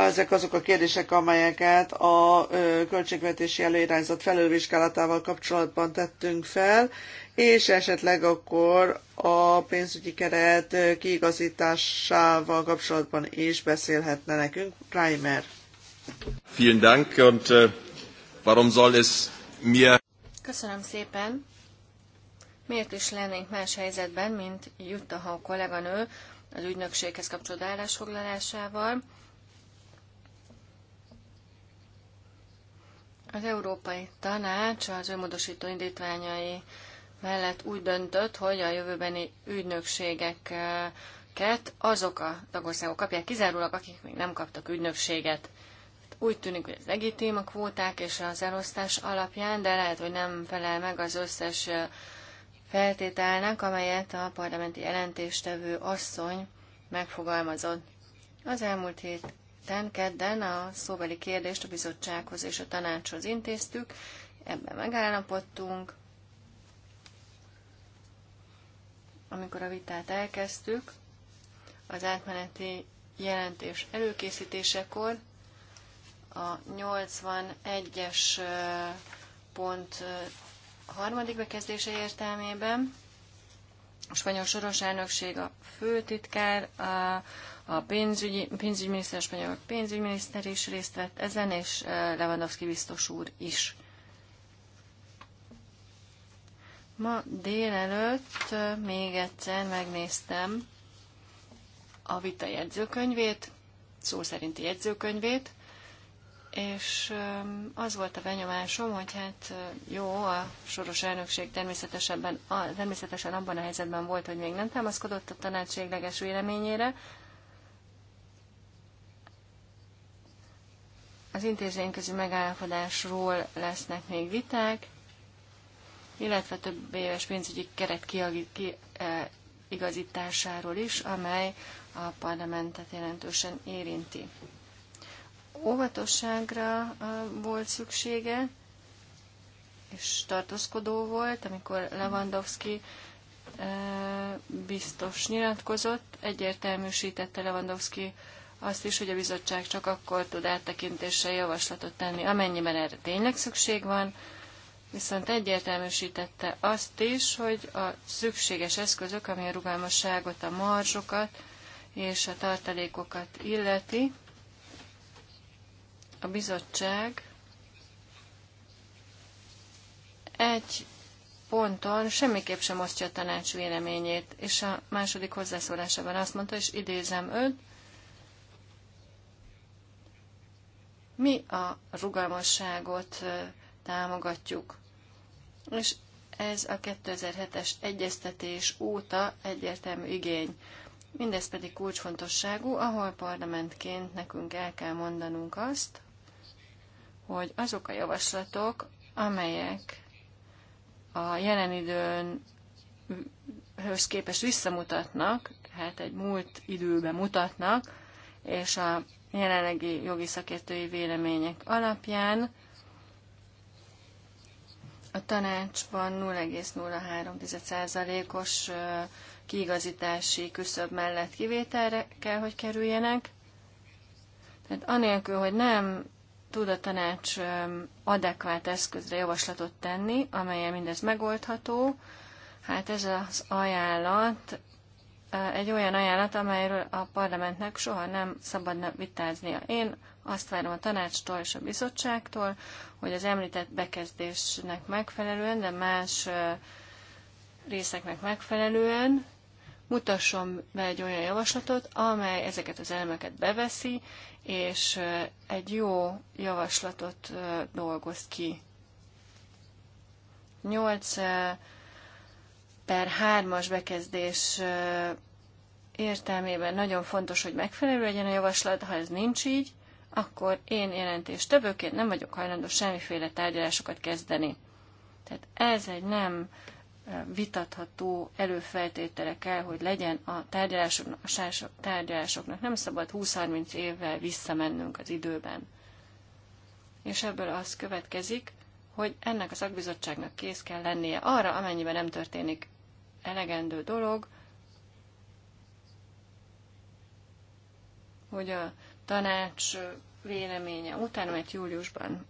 ezek azok a kérdések, amelyeket a költségvetési előirányzat felülvizsgálatával kapcsolatban tettünk fel, és esetleg akkor a pénzügyi keret kiigazításával kapcsolatban is beszélhetne nekünk. Reimer. Vielen Dank, und äh, warum soll es mir... Köszönöm szépen. Miért is lennénk más helyzetben, mint Jutta Hau kolléganő az ügynökséghez kapcsolódó állásfoglalásával? Az Európai Tanács az önmódosító indítványai mellett úgy döntött, hogy a jövőbeni ügynökségeket azok a tagországok kapják kizárólag, akik még nem kaptak ügynökséget. Úgy tűnik, hogy ez legitim a kvóták és az elosztás alapján, de lehet, hogy nem felel meg az összes feltételnek, amelyet a parlamenti jelentéstevő asszony megfogalmazott. Az elmúlt hét héten, kedden a szóbeli kérdést a bizottsághoz és a tanácshoz intéztük, ebben megállapodtunk. Amikor a vitát elkezdtük, az átmeneti jelentés előkészítésekor a 81-es pont harmadik bekezdése értelmében a spanyol soros elnökség a főtitkár a a pénzügyi, pénzügyminiszter, a spanyol pénzügyminiszter is részt vett ezen, és Lewandowski biztos úr is. Ma délelőtt még egyszer megnéztem a vita jegyzőkönyvét, szó szerinti jegyzőkönyvét, és az volt a benyomásom, hogy hát jó, a soros elnökség természetesen, természetesen abban a helyzetben volt, hogy még nem támaszkodott a tanács végleges véleményére, Az intézményközi megállapodásról lesznek még viták, illetve több éves pénzügyi keret kiigazításáról eh, is, amely a parlamentet jelentősen érinti. Óvatosságra eh, volt szüksége, és tartózkodó volt, amikor Lewandowski eh, biztos nyilatkozott, egyértelműsítette Lewandowski azt is, hogy a bizottság csak akkor tud áttekintéssel javaslatot tenni, amennyiben erre tényleg szükség van, viszont egyértelműsítette azt is, hogy a szükséges eszközök, ami a rugalmasságot, a marzsokat és a tartalékokat illeti, a bizottság egy ponton semmiképp sem osztja a tanács véleményét, és a második hozzászólásában azt mondta, és idézem őt, Mi a rugalmasságot támogatjuk. És ez a 2007-es egyeztetés óta egyértelmű igény. Mindez pedig kulcsfontosságú, ahol parlamentként nekünk el kell mondanunk azt, hogy azok a javaslatok, amelyek a jelen időnhöz képest visszamutatnak, hát egy múlt időbe mutatnak, és a jelenlegi jogi szakértői vélemények alapján a tanácsban 0,03%-os kiigazítási küszöb mellett kivételre kell, hogy kerüljenek. Tehát anélkül, hogy nem tud a tanács adekvát eszközre javaslatot tenni, amelyen mindez megoldható, hát ez az ajánlat egy olyan ajánlat, amelyről a parlamentnek soha nem szabadna vitáznia. Én azt várom a tanácstól és a bizottságtól, hogy az említett bekezdésnek megfelelően, de más részeknek megfelelően mutasson be egy olyan javaslatot, amely ezeket az elemeket beveszi, és egy jó javaslatot dolgoz ki. Nyolc per hármas bekezdés értelmében nagyon fontos, hogy megfelelő legyen a javaslat, ha ez nincs így, akkor én jelentéstevőként nem vagyok hajlandó semmiféle tárgyalásokat kezdeni. Tehát ez egy nem vitatható előfeltétele kell, hogy legyen a tárgyalásoknak, a tárgyalásoknak. Nem szabad 20-30 évvel visszamennünk az időben. És ebből az következik, hogy ennek a szakbizottságnak kész kell lennie arra, amennyiben nem történik elegendő dolog, hogy a tanács véleménye után, mert júliusban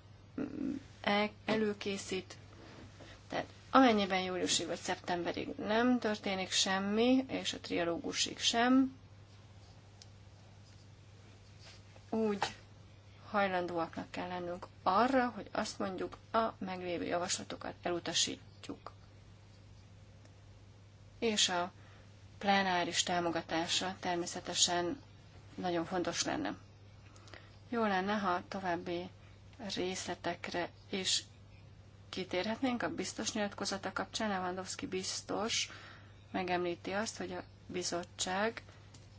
el, előkészít, tehát amennyiben júliusig vagy szeptemberig nem történik semmi, és a trialógusig sem, úgy hajlandóaknak kell lennünk arra, hogy azt mondjuk, a meglévő javaslatokat elutasítjuk és a plenáris támogatása természetesen nagyon fontos lenne. Jó lenne, ha további részletekre is kitérhetnénk. A biztos nyilatkozata kapcsán Lewandowski biztos megemlíti azt, hogy a bizottság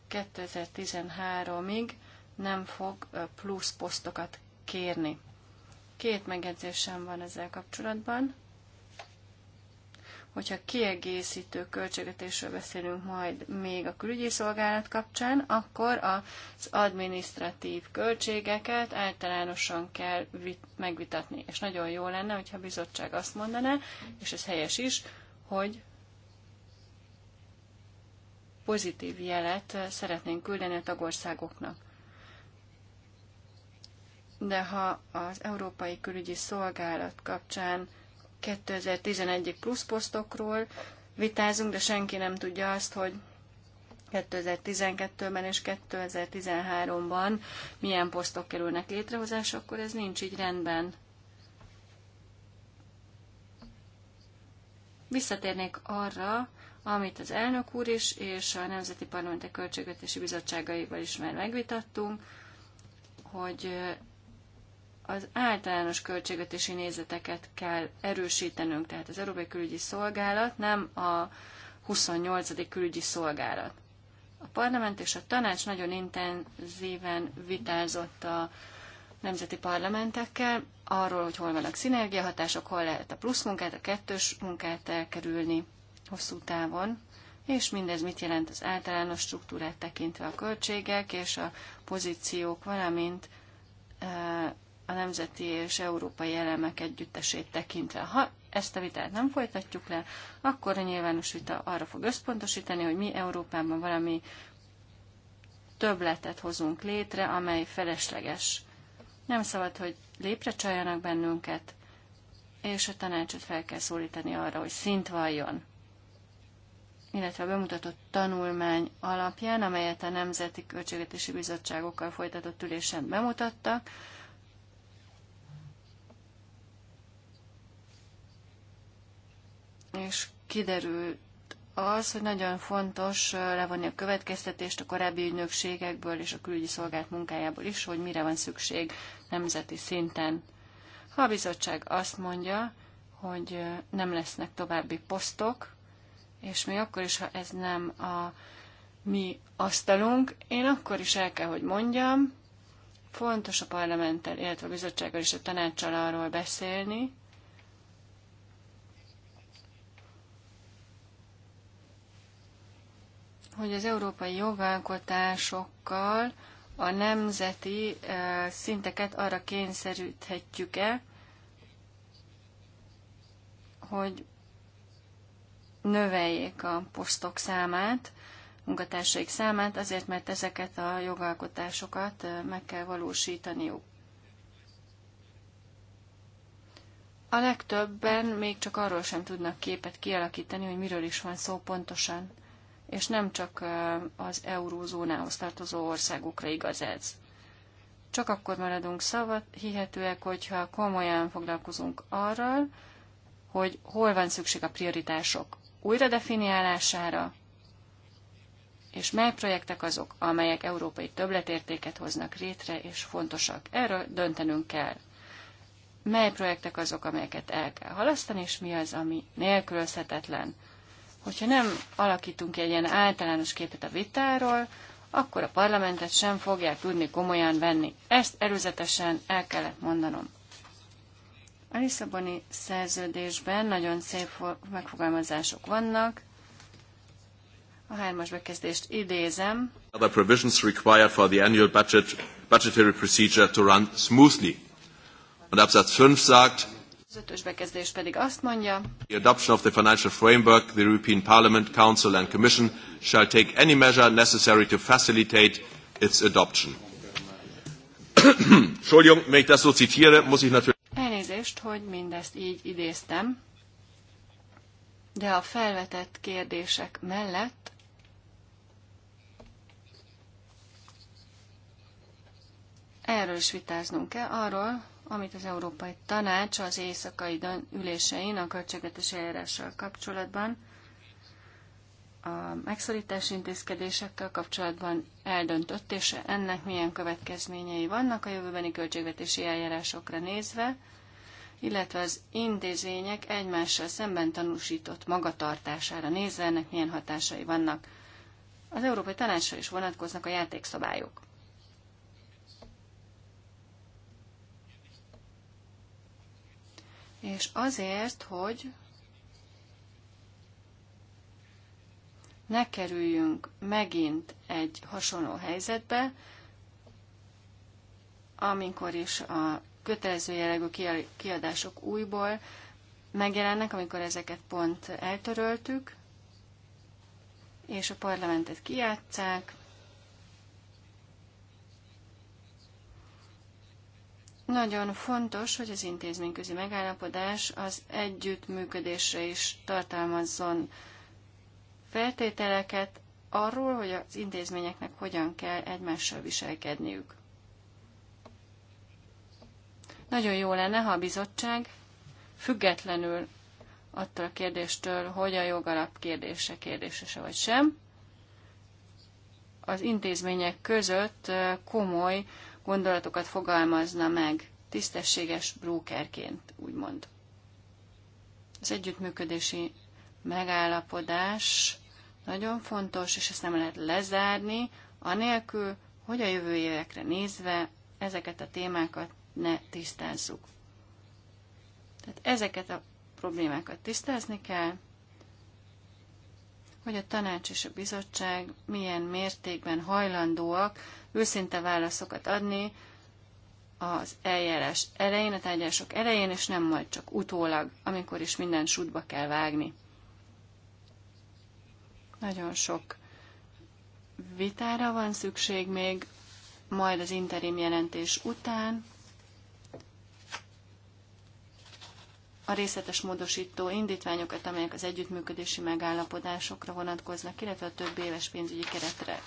2013-ig nem fog plusz posztokat kérni. Két megjegyzésem van ezzel kapcsolatban hogyha kiegészítő költségetésről beszélünk majd még a külügyi szolgálat kapcsán, akkor az administratív költségeket általánosan kell megvitatni. És nagyon jó lenne, hogyha a bizottság azt mondaná, és ez helyes is, hogy pozitív jelet szeretnénk küldeni a tagországoknak. De ha az Európai Külügyi Szolgálat kapcsán 2011-ig plusz posztokról vitázunk, de senki nem tudja azt, hogy 2012-ben és 2013-ban milyen posztok kerülnek létrehozás, akkor ez nincs így rendben. Visszatérnék arra, amit az elnök úr is és a Nemzeti Parlamentek Költségvetési Bizottságaival is már megvitattunk, hogy az általános költségvetési nézeteket kell erősítenünk, tehát az Európai Külügyi Szolgálat nem a 28. külügyi szolgálat. A parlament és a tanács nagyon intenzíven vitázott a nemzeti parlamentekkel arról, hogy hol vannak szinergiahatások, hol lehet a plusz munkát, a kettős munkát elkerülni hosszú távon, és mindez mit jelent az általános struktúrát tekintve a költségek és a pozíciók, valamint eh, a nemzeti és európai elemek együttesét tekintve. Ha ezt a vitát nem folytatjuk le, akkor a nyilvános vita arra fog összpontosítani, hogy mi Európában valami többletet hozunk létre, amely felesleges. Nem szabad, hogy lépre csaljanak bennünket, és a tanácsot fel kell szólítani arra, hogy szint valljon illetve a bemutatott tanulmány alapján, amelyet a Nemzeti Költségvetési Bizottságokkal folytatott ülésen bemutattak, és kiderült az, hogy nagyon fontos levonni a következtetést a korábbi ügynökségekből és a külügyi szolgált munkájából is, hogy mire van szükség nemzeti szinten. Ha a bizottság azt mondja, hogy nem lesznek további posztok, és még akkor is, ha ez nem a mi asztalunk, én akkor is el kell, hogy mondjam, fontos a parlamenttel, illetve a bizottsággal és a tanácssal arról beszélni, hogy az európai jogalkotásokkal a nemzeti szinteket arra kényszeríthetjük-e, hogy növeljék a posztok számát, munkatársaik számát, azért, mert ezeket a jogalkotásokat meg kell valósítaniuk. A legtöbben még csak arról sem tudnak képet kialakítani, hogy miről is van szó pontosan és nem csak az eurózónához tartozó országokra igaz ez. Csak akkor maradunk szavat hihetőek, hogyha komolyan foglalkozunk arral, hogy hol van szükség a prioritások újra definiálására, és mely projektek azok, amelyek európai többletértéket hoznak létre és fontosak. Erről döntenünk kell. Mely projektek azok, amelyeket el kell halasztani, és mi az, ami nélkülözhetetlen. Hogyha nem alakítunk egy ilyen általános képet a vitáról, akkor a parlamentet sem fogják tudni komolyan venni. Ezt előzetesen el kellett mondanom. A Lisszaboni szerződésben nagyon szép megfogalmazások vannak. A hármas bekezdést idézem. Other provisions required for the annual budget, budgetary procedure to run smoothly. Und Absatz 5 sagt, az ötös bekezdés pedig azt mondja, The adoption of the financial framework, the European Parliament, Council and Commission shall take any measure necessary to facilitate its adoption. Entschuldigung, wenn ich das so zitiere, muss ich natürlich... Elnézést, hogy mindezt így idéztem, de a felvetett kérdések mellett erről is vitáznunk kell, arról, amit az Európai Tanács az éjszakai ülésein a költségvetési eljárással kapcsolatban, a megszorítási intézkedésekkel kapcsolatban eldöntött, és ennek milyen következményei vannak a jövőbeni költségvetési eljárásokra nézve, illetve az intézmények egymással szemben tanúsított magatartására nézve ennek milyen hatásai vannak. Az Európai Tanácsra is vonatkoznak a játékszabályok. és azért, hogy ne kerüljünk megint egy hasonló helyzetbe, amikor is a kötelező jellegű kiadások újból megjelennek, amikor ezeket pont eltöröltük, és a parlamentet kiátszák, Nagyon fontos, hogy az intézményközi megállapodás az együttműködésre is tartalmazzon feltételeket arról, hogy az intézményeknek hogyan kell egymással viselkedniük. Nagyon jó lenne, ha a bizottság függetlenül attól a kérdéstől, hogy a jogalap kérdése se vagy sem, az intézmények között komoly gondolatokat fogalmazna meg tisztességes brókerként, úgymond. Az együttműködési megállapodás nagyon fontos, és ezt nem lehet lezárni, anélkül, hogy a jövő évekre nézve ezeket a témákat ne tisztázzuk. Tehát ezeket a problémákat tisztázni kell, hogy a tanács és a bizottság milyen mértékben hajlandóak őszinte válaszokat adni az eljárás elején, a tárgyások elején, és nem majd csak utólag, amikor is minden sútba kell vágni. Nagyon sok vitára van szükség még, majd az interim jelentés után, a részletes módosító indítványokat, amelyek az együttműködési megállapodásokra vonatkoznak, illetve a több éves pénzügyi keretre.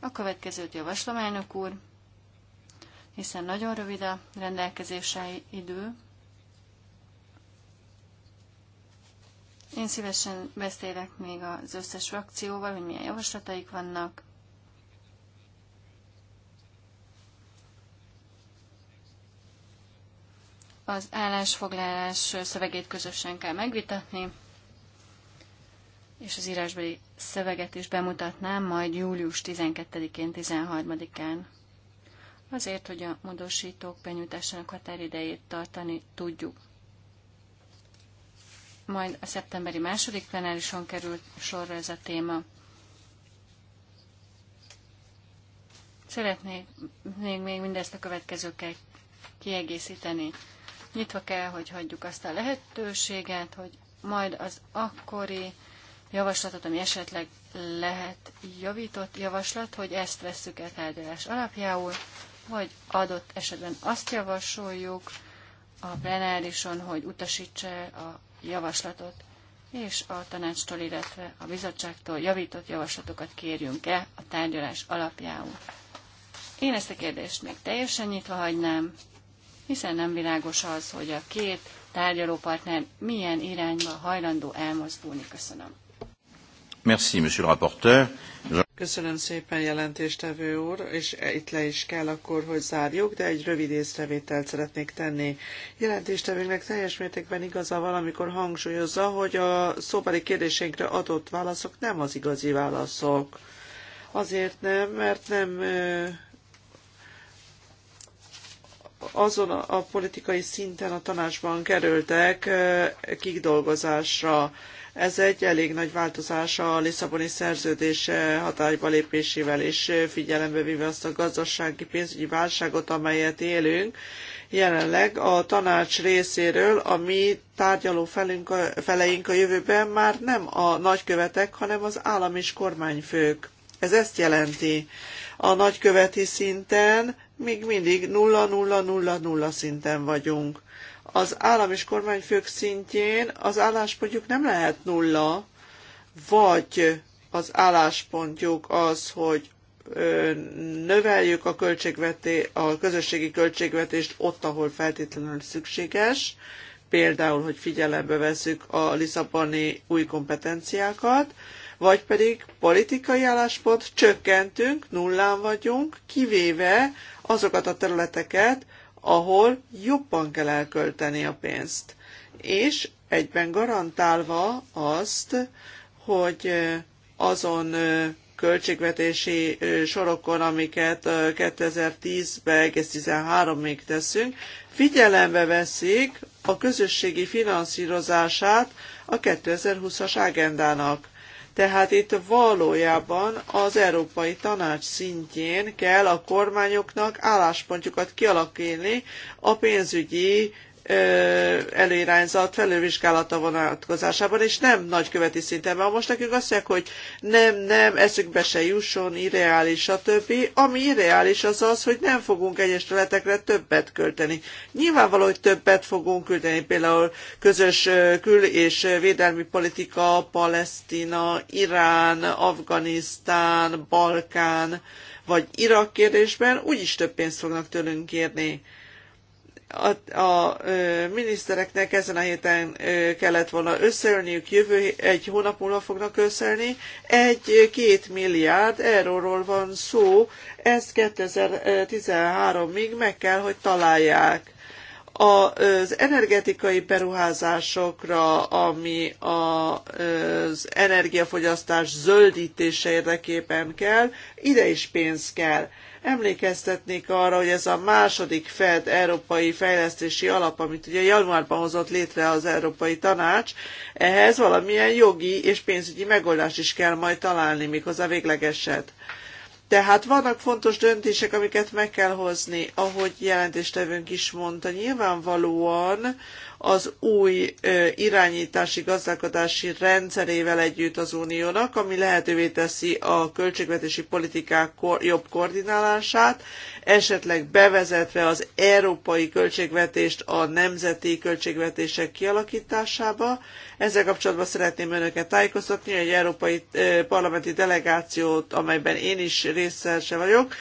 A következőt javaslom, elnök úr, hiszen nagyon rövid a rendelkezésre idő. Én szívesen beszélek még az összes frakcióval, hogy milyen javaslataik vannak. Az állásfoglalás szövegét közösen kell megvitatni, és az írásbeli szöveget is bemutatnám majd július 12-én, 13-án. Azért, hogy a módosítók benyújtásának határidejét tartani tudjuk. Majd a szeptemberi második plenárison került sorra ez a téma. Szeretnék még, még mindezt a következőkkel kiegészíteni. Nyitva kell, hogy hagyjuk azt a lehetőséget, hogy majd az akkori javaslatot, ami esetleg lehet javított javaslat, hogy ezt vesszük el tárgyalás alapjául, vagy adott esetben azt javasoljuk a plenárison, hogy utasítsa a javaslatot, és a tanácstól, illetve a bizottságtól javított javaslatokat kérjünk el a tárgyalás alapjául. Én ezt a kérdést még teljesen nyitva hagynám, hiszen nem világos az, hogy a két tárgyalópartner milyen irányba hajlandó elmozdulni. Köszönöm. Merci, monsieur le rapporteur. Köszönöm szépen, jelentéstevő úr, és itt le is kell akkor, hogy zárjuk, de egy rövid észrevételt szeretnék tenni. Jelentéstevőnek teljes mértékben igaza van, amikor hangsúlyozza, hogy a szóbeli kérdésénkre adott válaszok nem az igazi válaszok. Azért nem, mert nem azon a, politikai szinten a tanácsban kerültek kikdolgozásra. Ez egy elég nagy változás a Lisszaboni szerződés hatályba lépésével, és figyelembe véve azt a gazdasági pénzügyi válságot, amelyet élünk. Jelenleg a tanács részéről a mi tárgyaló felünk, feleink a jövőben már nem a nagykövetek, hanem az állam és kormányfők. Ez ezt jelenti. A nagyköveti szinten még mindig 0-0-0-0 szinten vagyunk. Az állam és kormányfők szintjén az álláspontjuk nem lehet nulla, vagy az álláspontjuk az, hogy növeljük a, költségveté, a közösségi költségvetést ott, ahol feltétlenül szükséges, például, hogy figyelembe veszük a Lisszaboni új kompetenciákat, vagy pedig politikai álláspont, csökkentünk, nullán vagyunk, kivéve azokat a területeket, ahol jobban kell elkölteni a pénzt. És egyben garantálva azt, hogy azon költségvetési sorokon, amiket 2010-ben egész 13 még teszünk, figyelembe veszik a közösségi finanszírozását a 2020-as agendának. Tehát itt valójában az Európai Tanács szintjén kell a kormányoknak álláspontjukat kialakítani a pénzügyi előirányzat felülvizsgálata vonatkozásában, és nem nagyköveti szinten, mert most nekünk azt mondják, hogy nem, nem, eszükbe se jusson, irreális, stb. Ami irreális az az, hogy nem fogunk egyes területekre többet költeni. Nyilvánvaló, hogy többet fogunk küldeni, például közös kül- és védelmi politika, Palesztina, Irán, Afganisztán, Balkán, vagy Irak kérdésben úgyis több pénzt fognak tőlünk kérni a, a ö, minisztereknek ezen a héten ö, kellett volna összeülniük, jövő egy hónap múlva fognak összeülni. Egy-két milliárd euróról van szó, ezt 2013-ig meg kell, hogy találják. A, az energetikai beruházásokra, ami a, az energiafogyasztás zöldítése érdekében kell, ide is pénz kell. Emlékeztetnék arra, hogy ez a második Fed Európai Fejlesztési Alap, amit ugye januárban hozott létre az Európai Tanács, ehhez valamilyen jogi és pénzügyi megoldást is kell majd találni, méghozzá véglegeset. Tehát vannak fontos döntések, amiket meg kell hozni, ahogy jelentéstevőnk is mondta. Nyilvánvalóan az új irányítási gazdálkodási rendszerével együtt az uniónak, ami lehetővé teszi a költségvetési politikák jobb koordinálását, esetleg bevezetve az európai költségvetést a nemzeti költségvetések kialakításába. Ezzel kapcsolatban szeretném önöket tájékoztatni, hogy egy európai parlamenti delegációt, amelyben én is részese vagyok,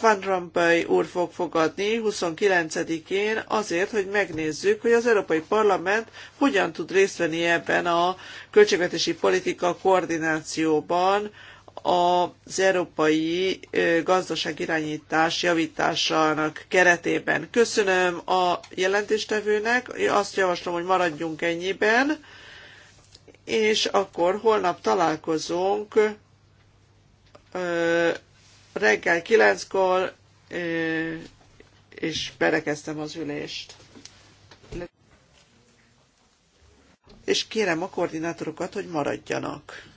van Rompuy úr fog fogadni 29-én azért, hogy megnézzük, hogy az Európai Parlament hogyan tud részt venni ebben a költségvetési politika koordinációban, az európai gazdaság irányítás javításának keretében. Köszönöm a jelentéstevőnek, azt javaslom, hogy maradjunk ennyiben, és akkor holnap találkozunk reggel kilenckor, és berekeztem az ülést. És kérem a koordinátorokat, hogy maradjanak.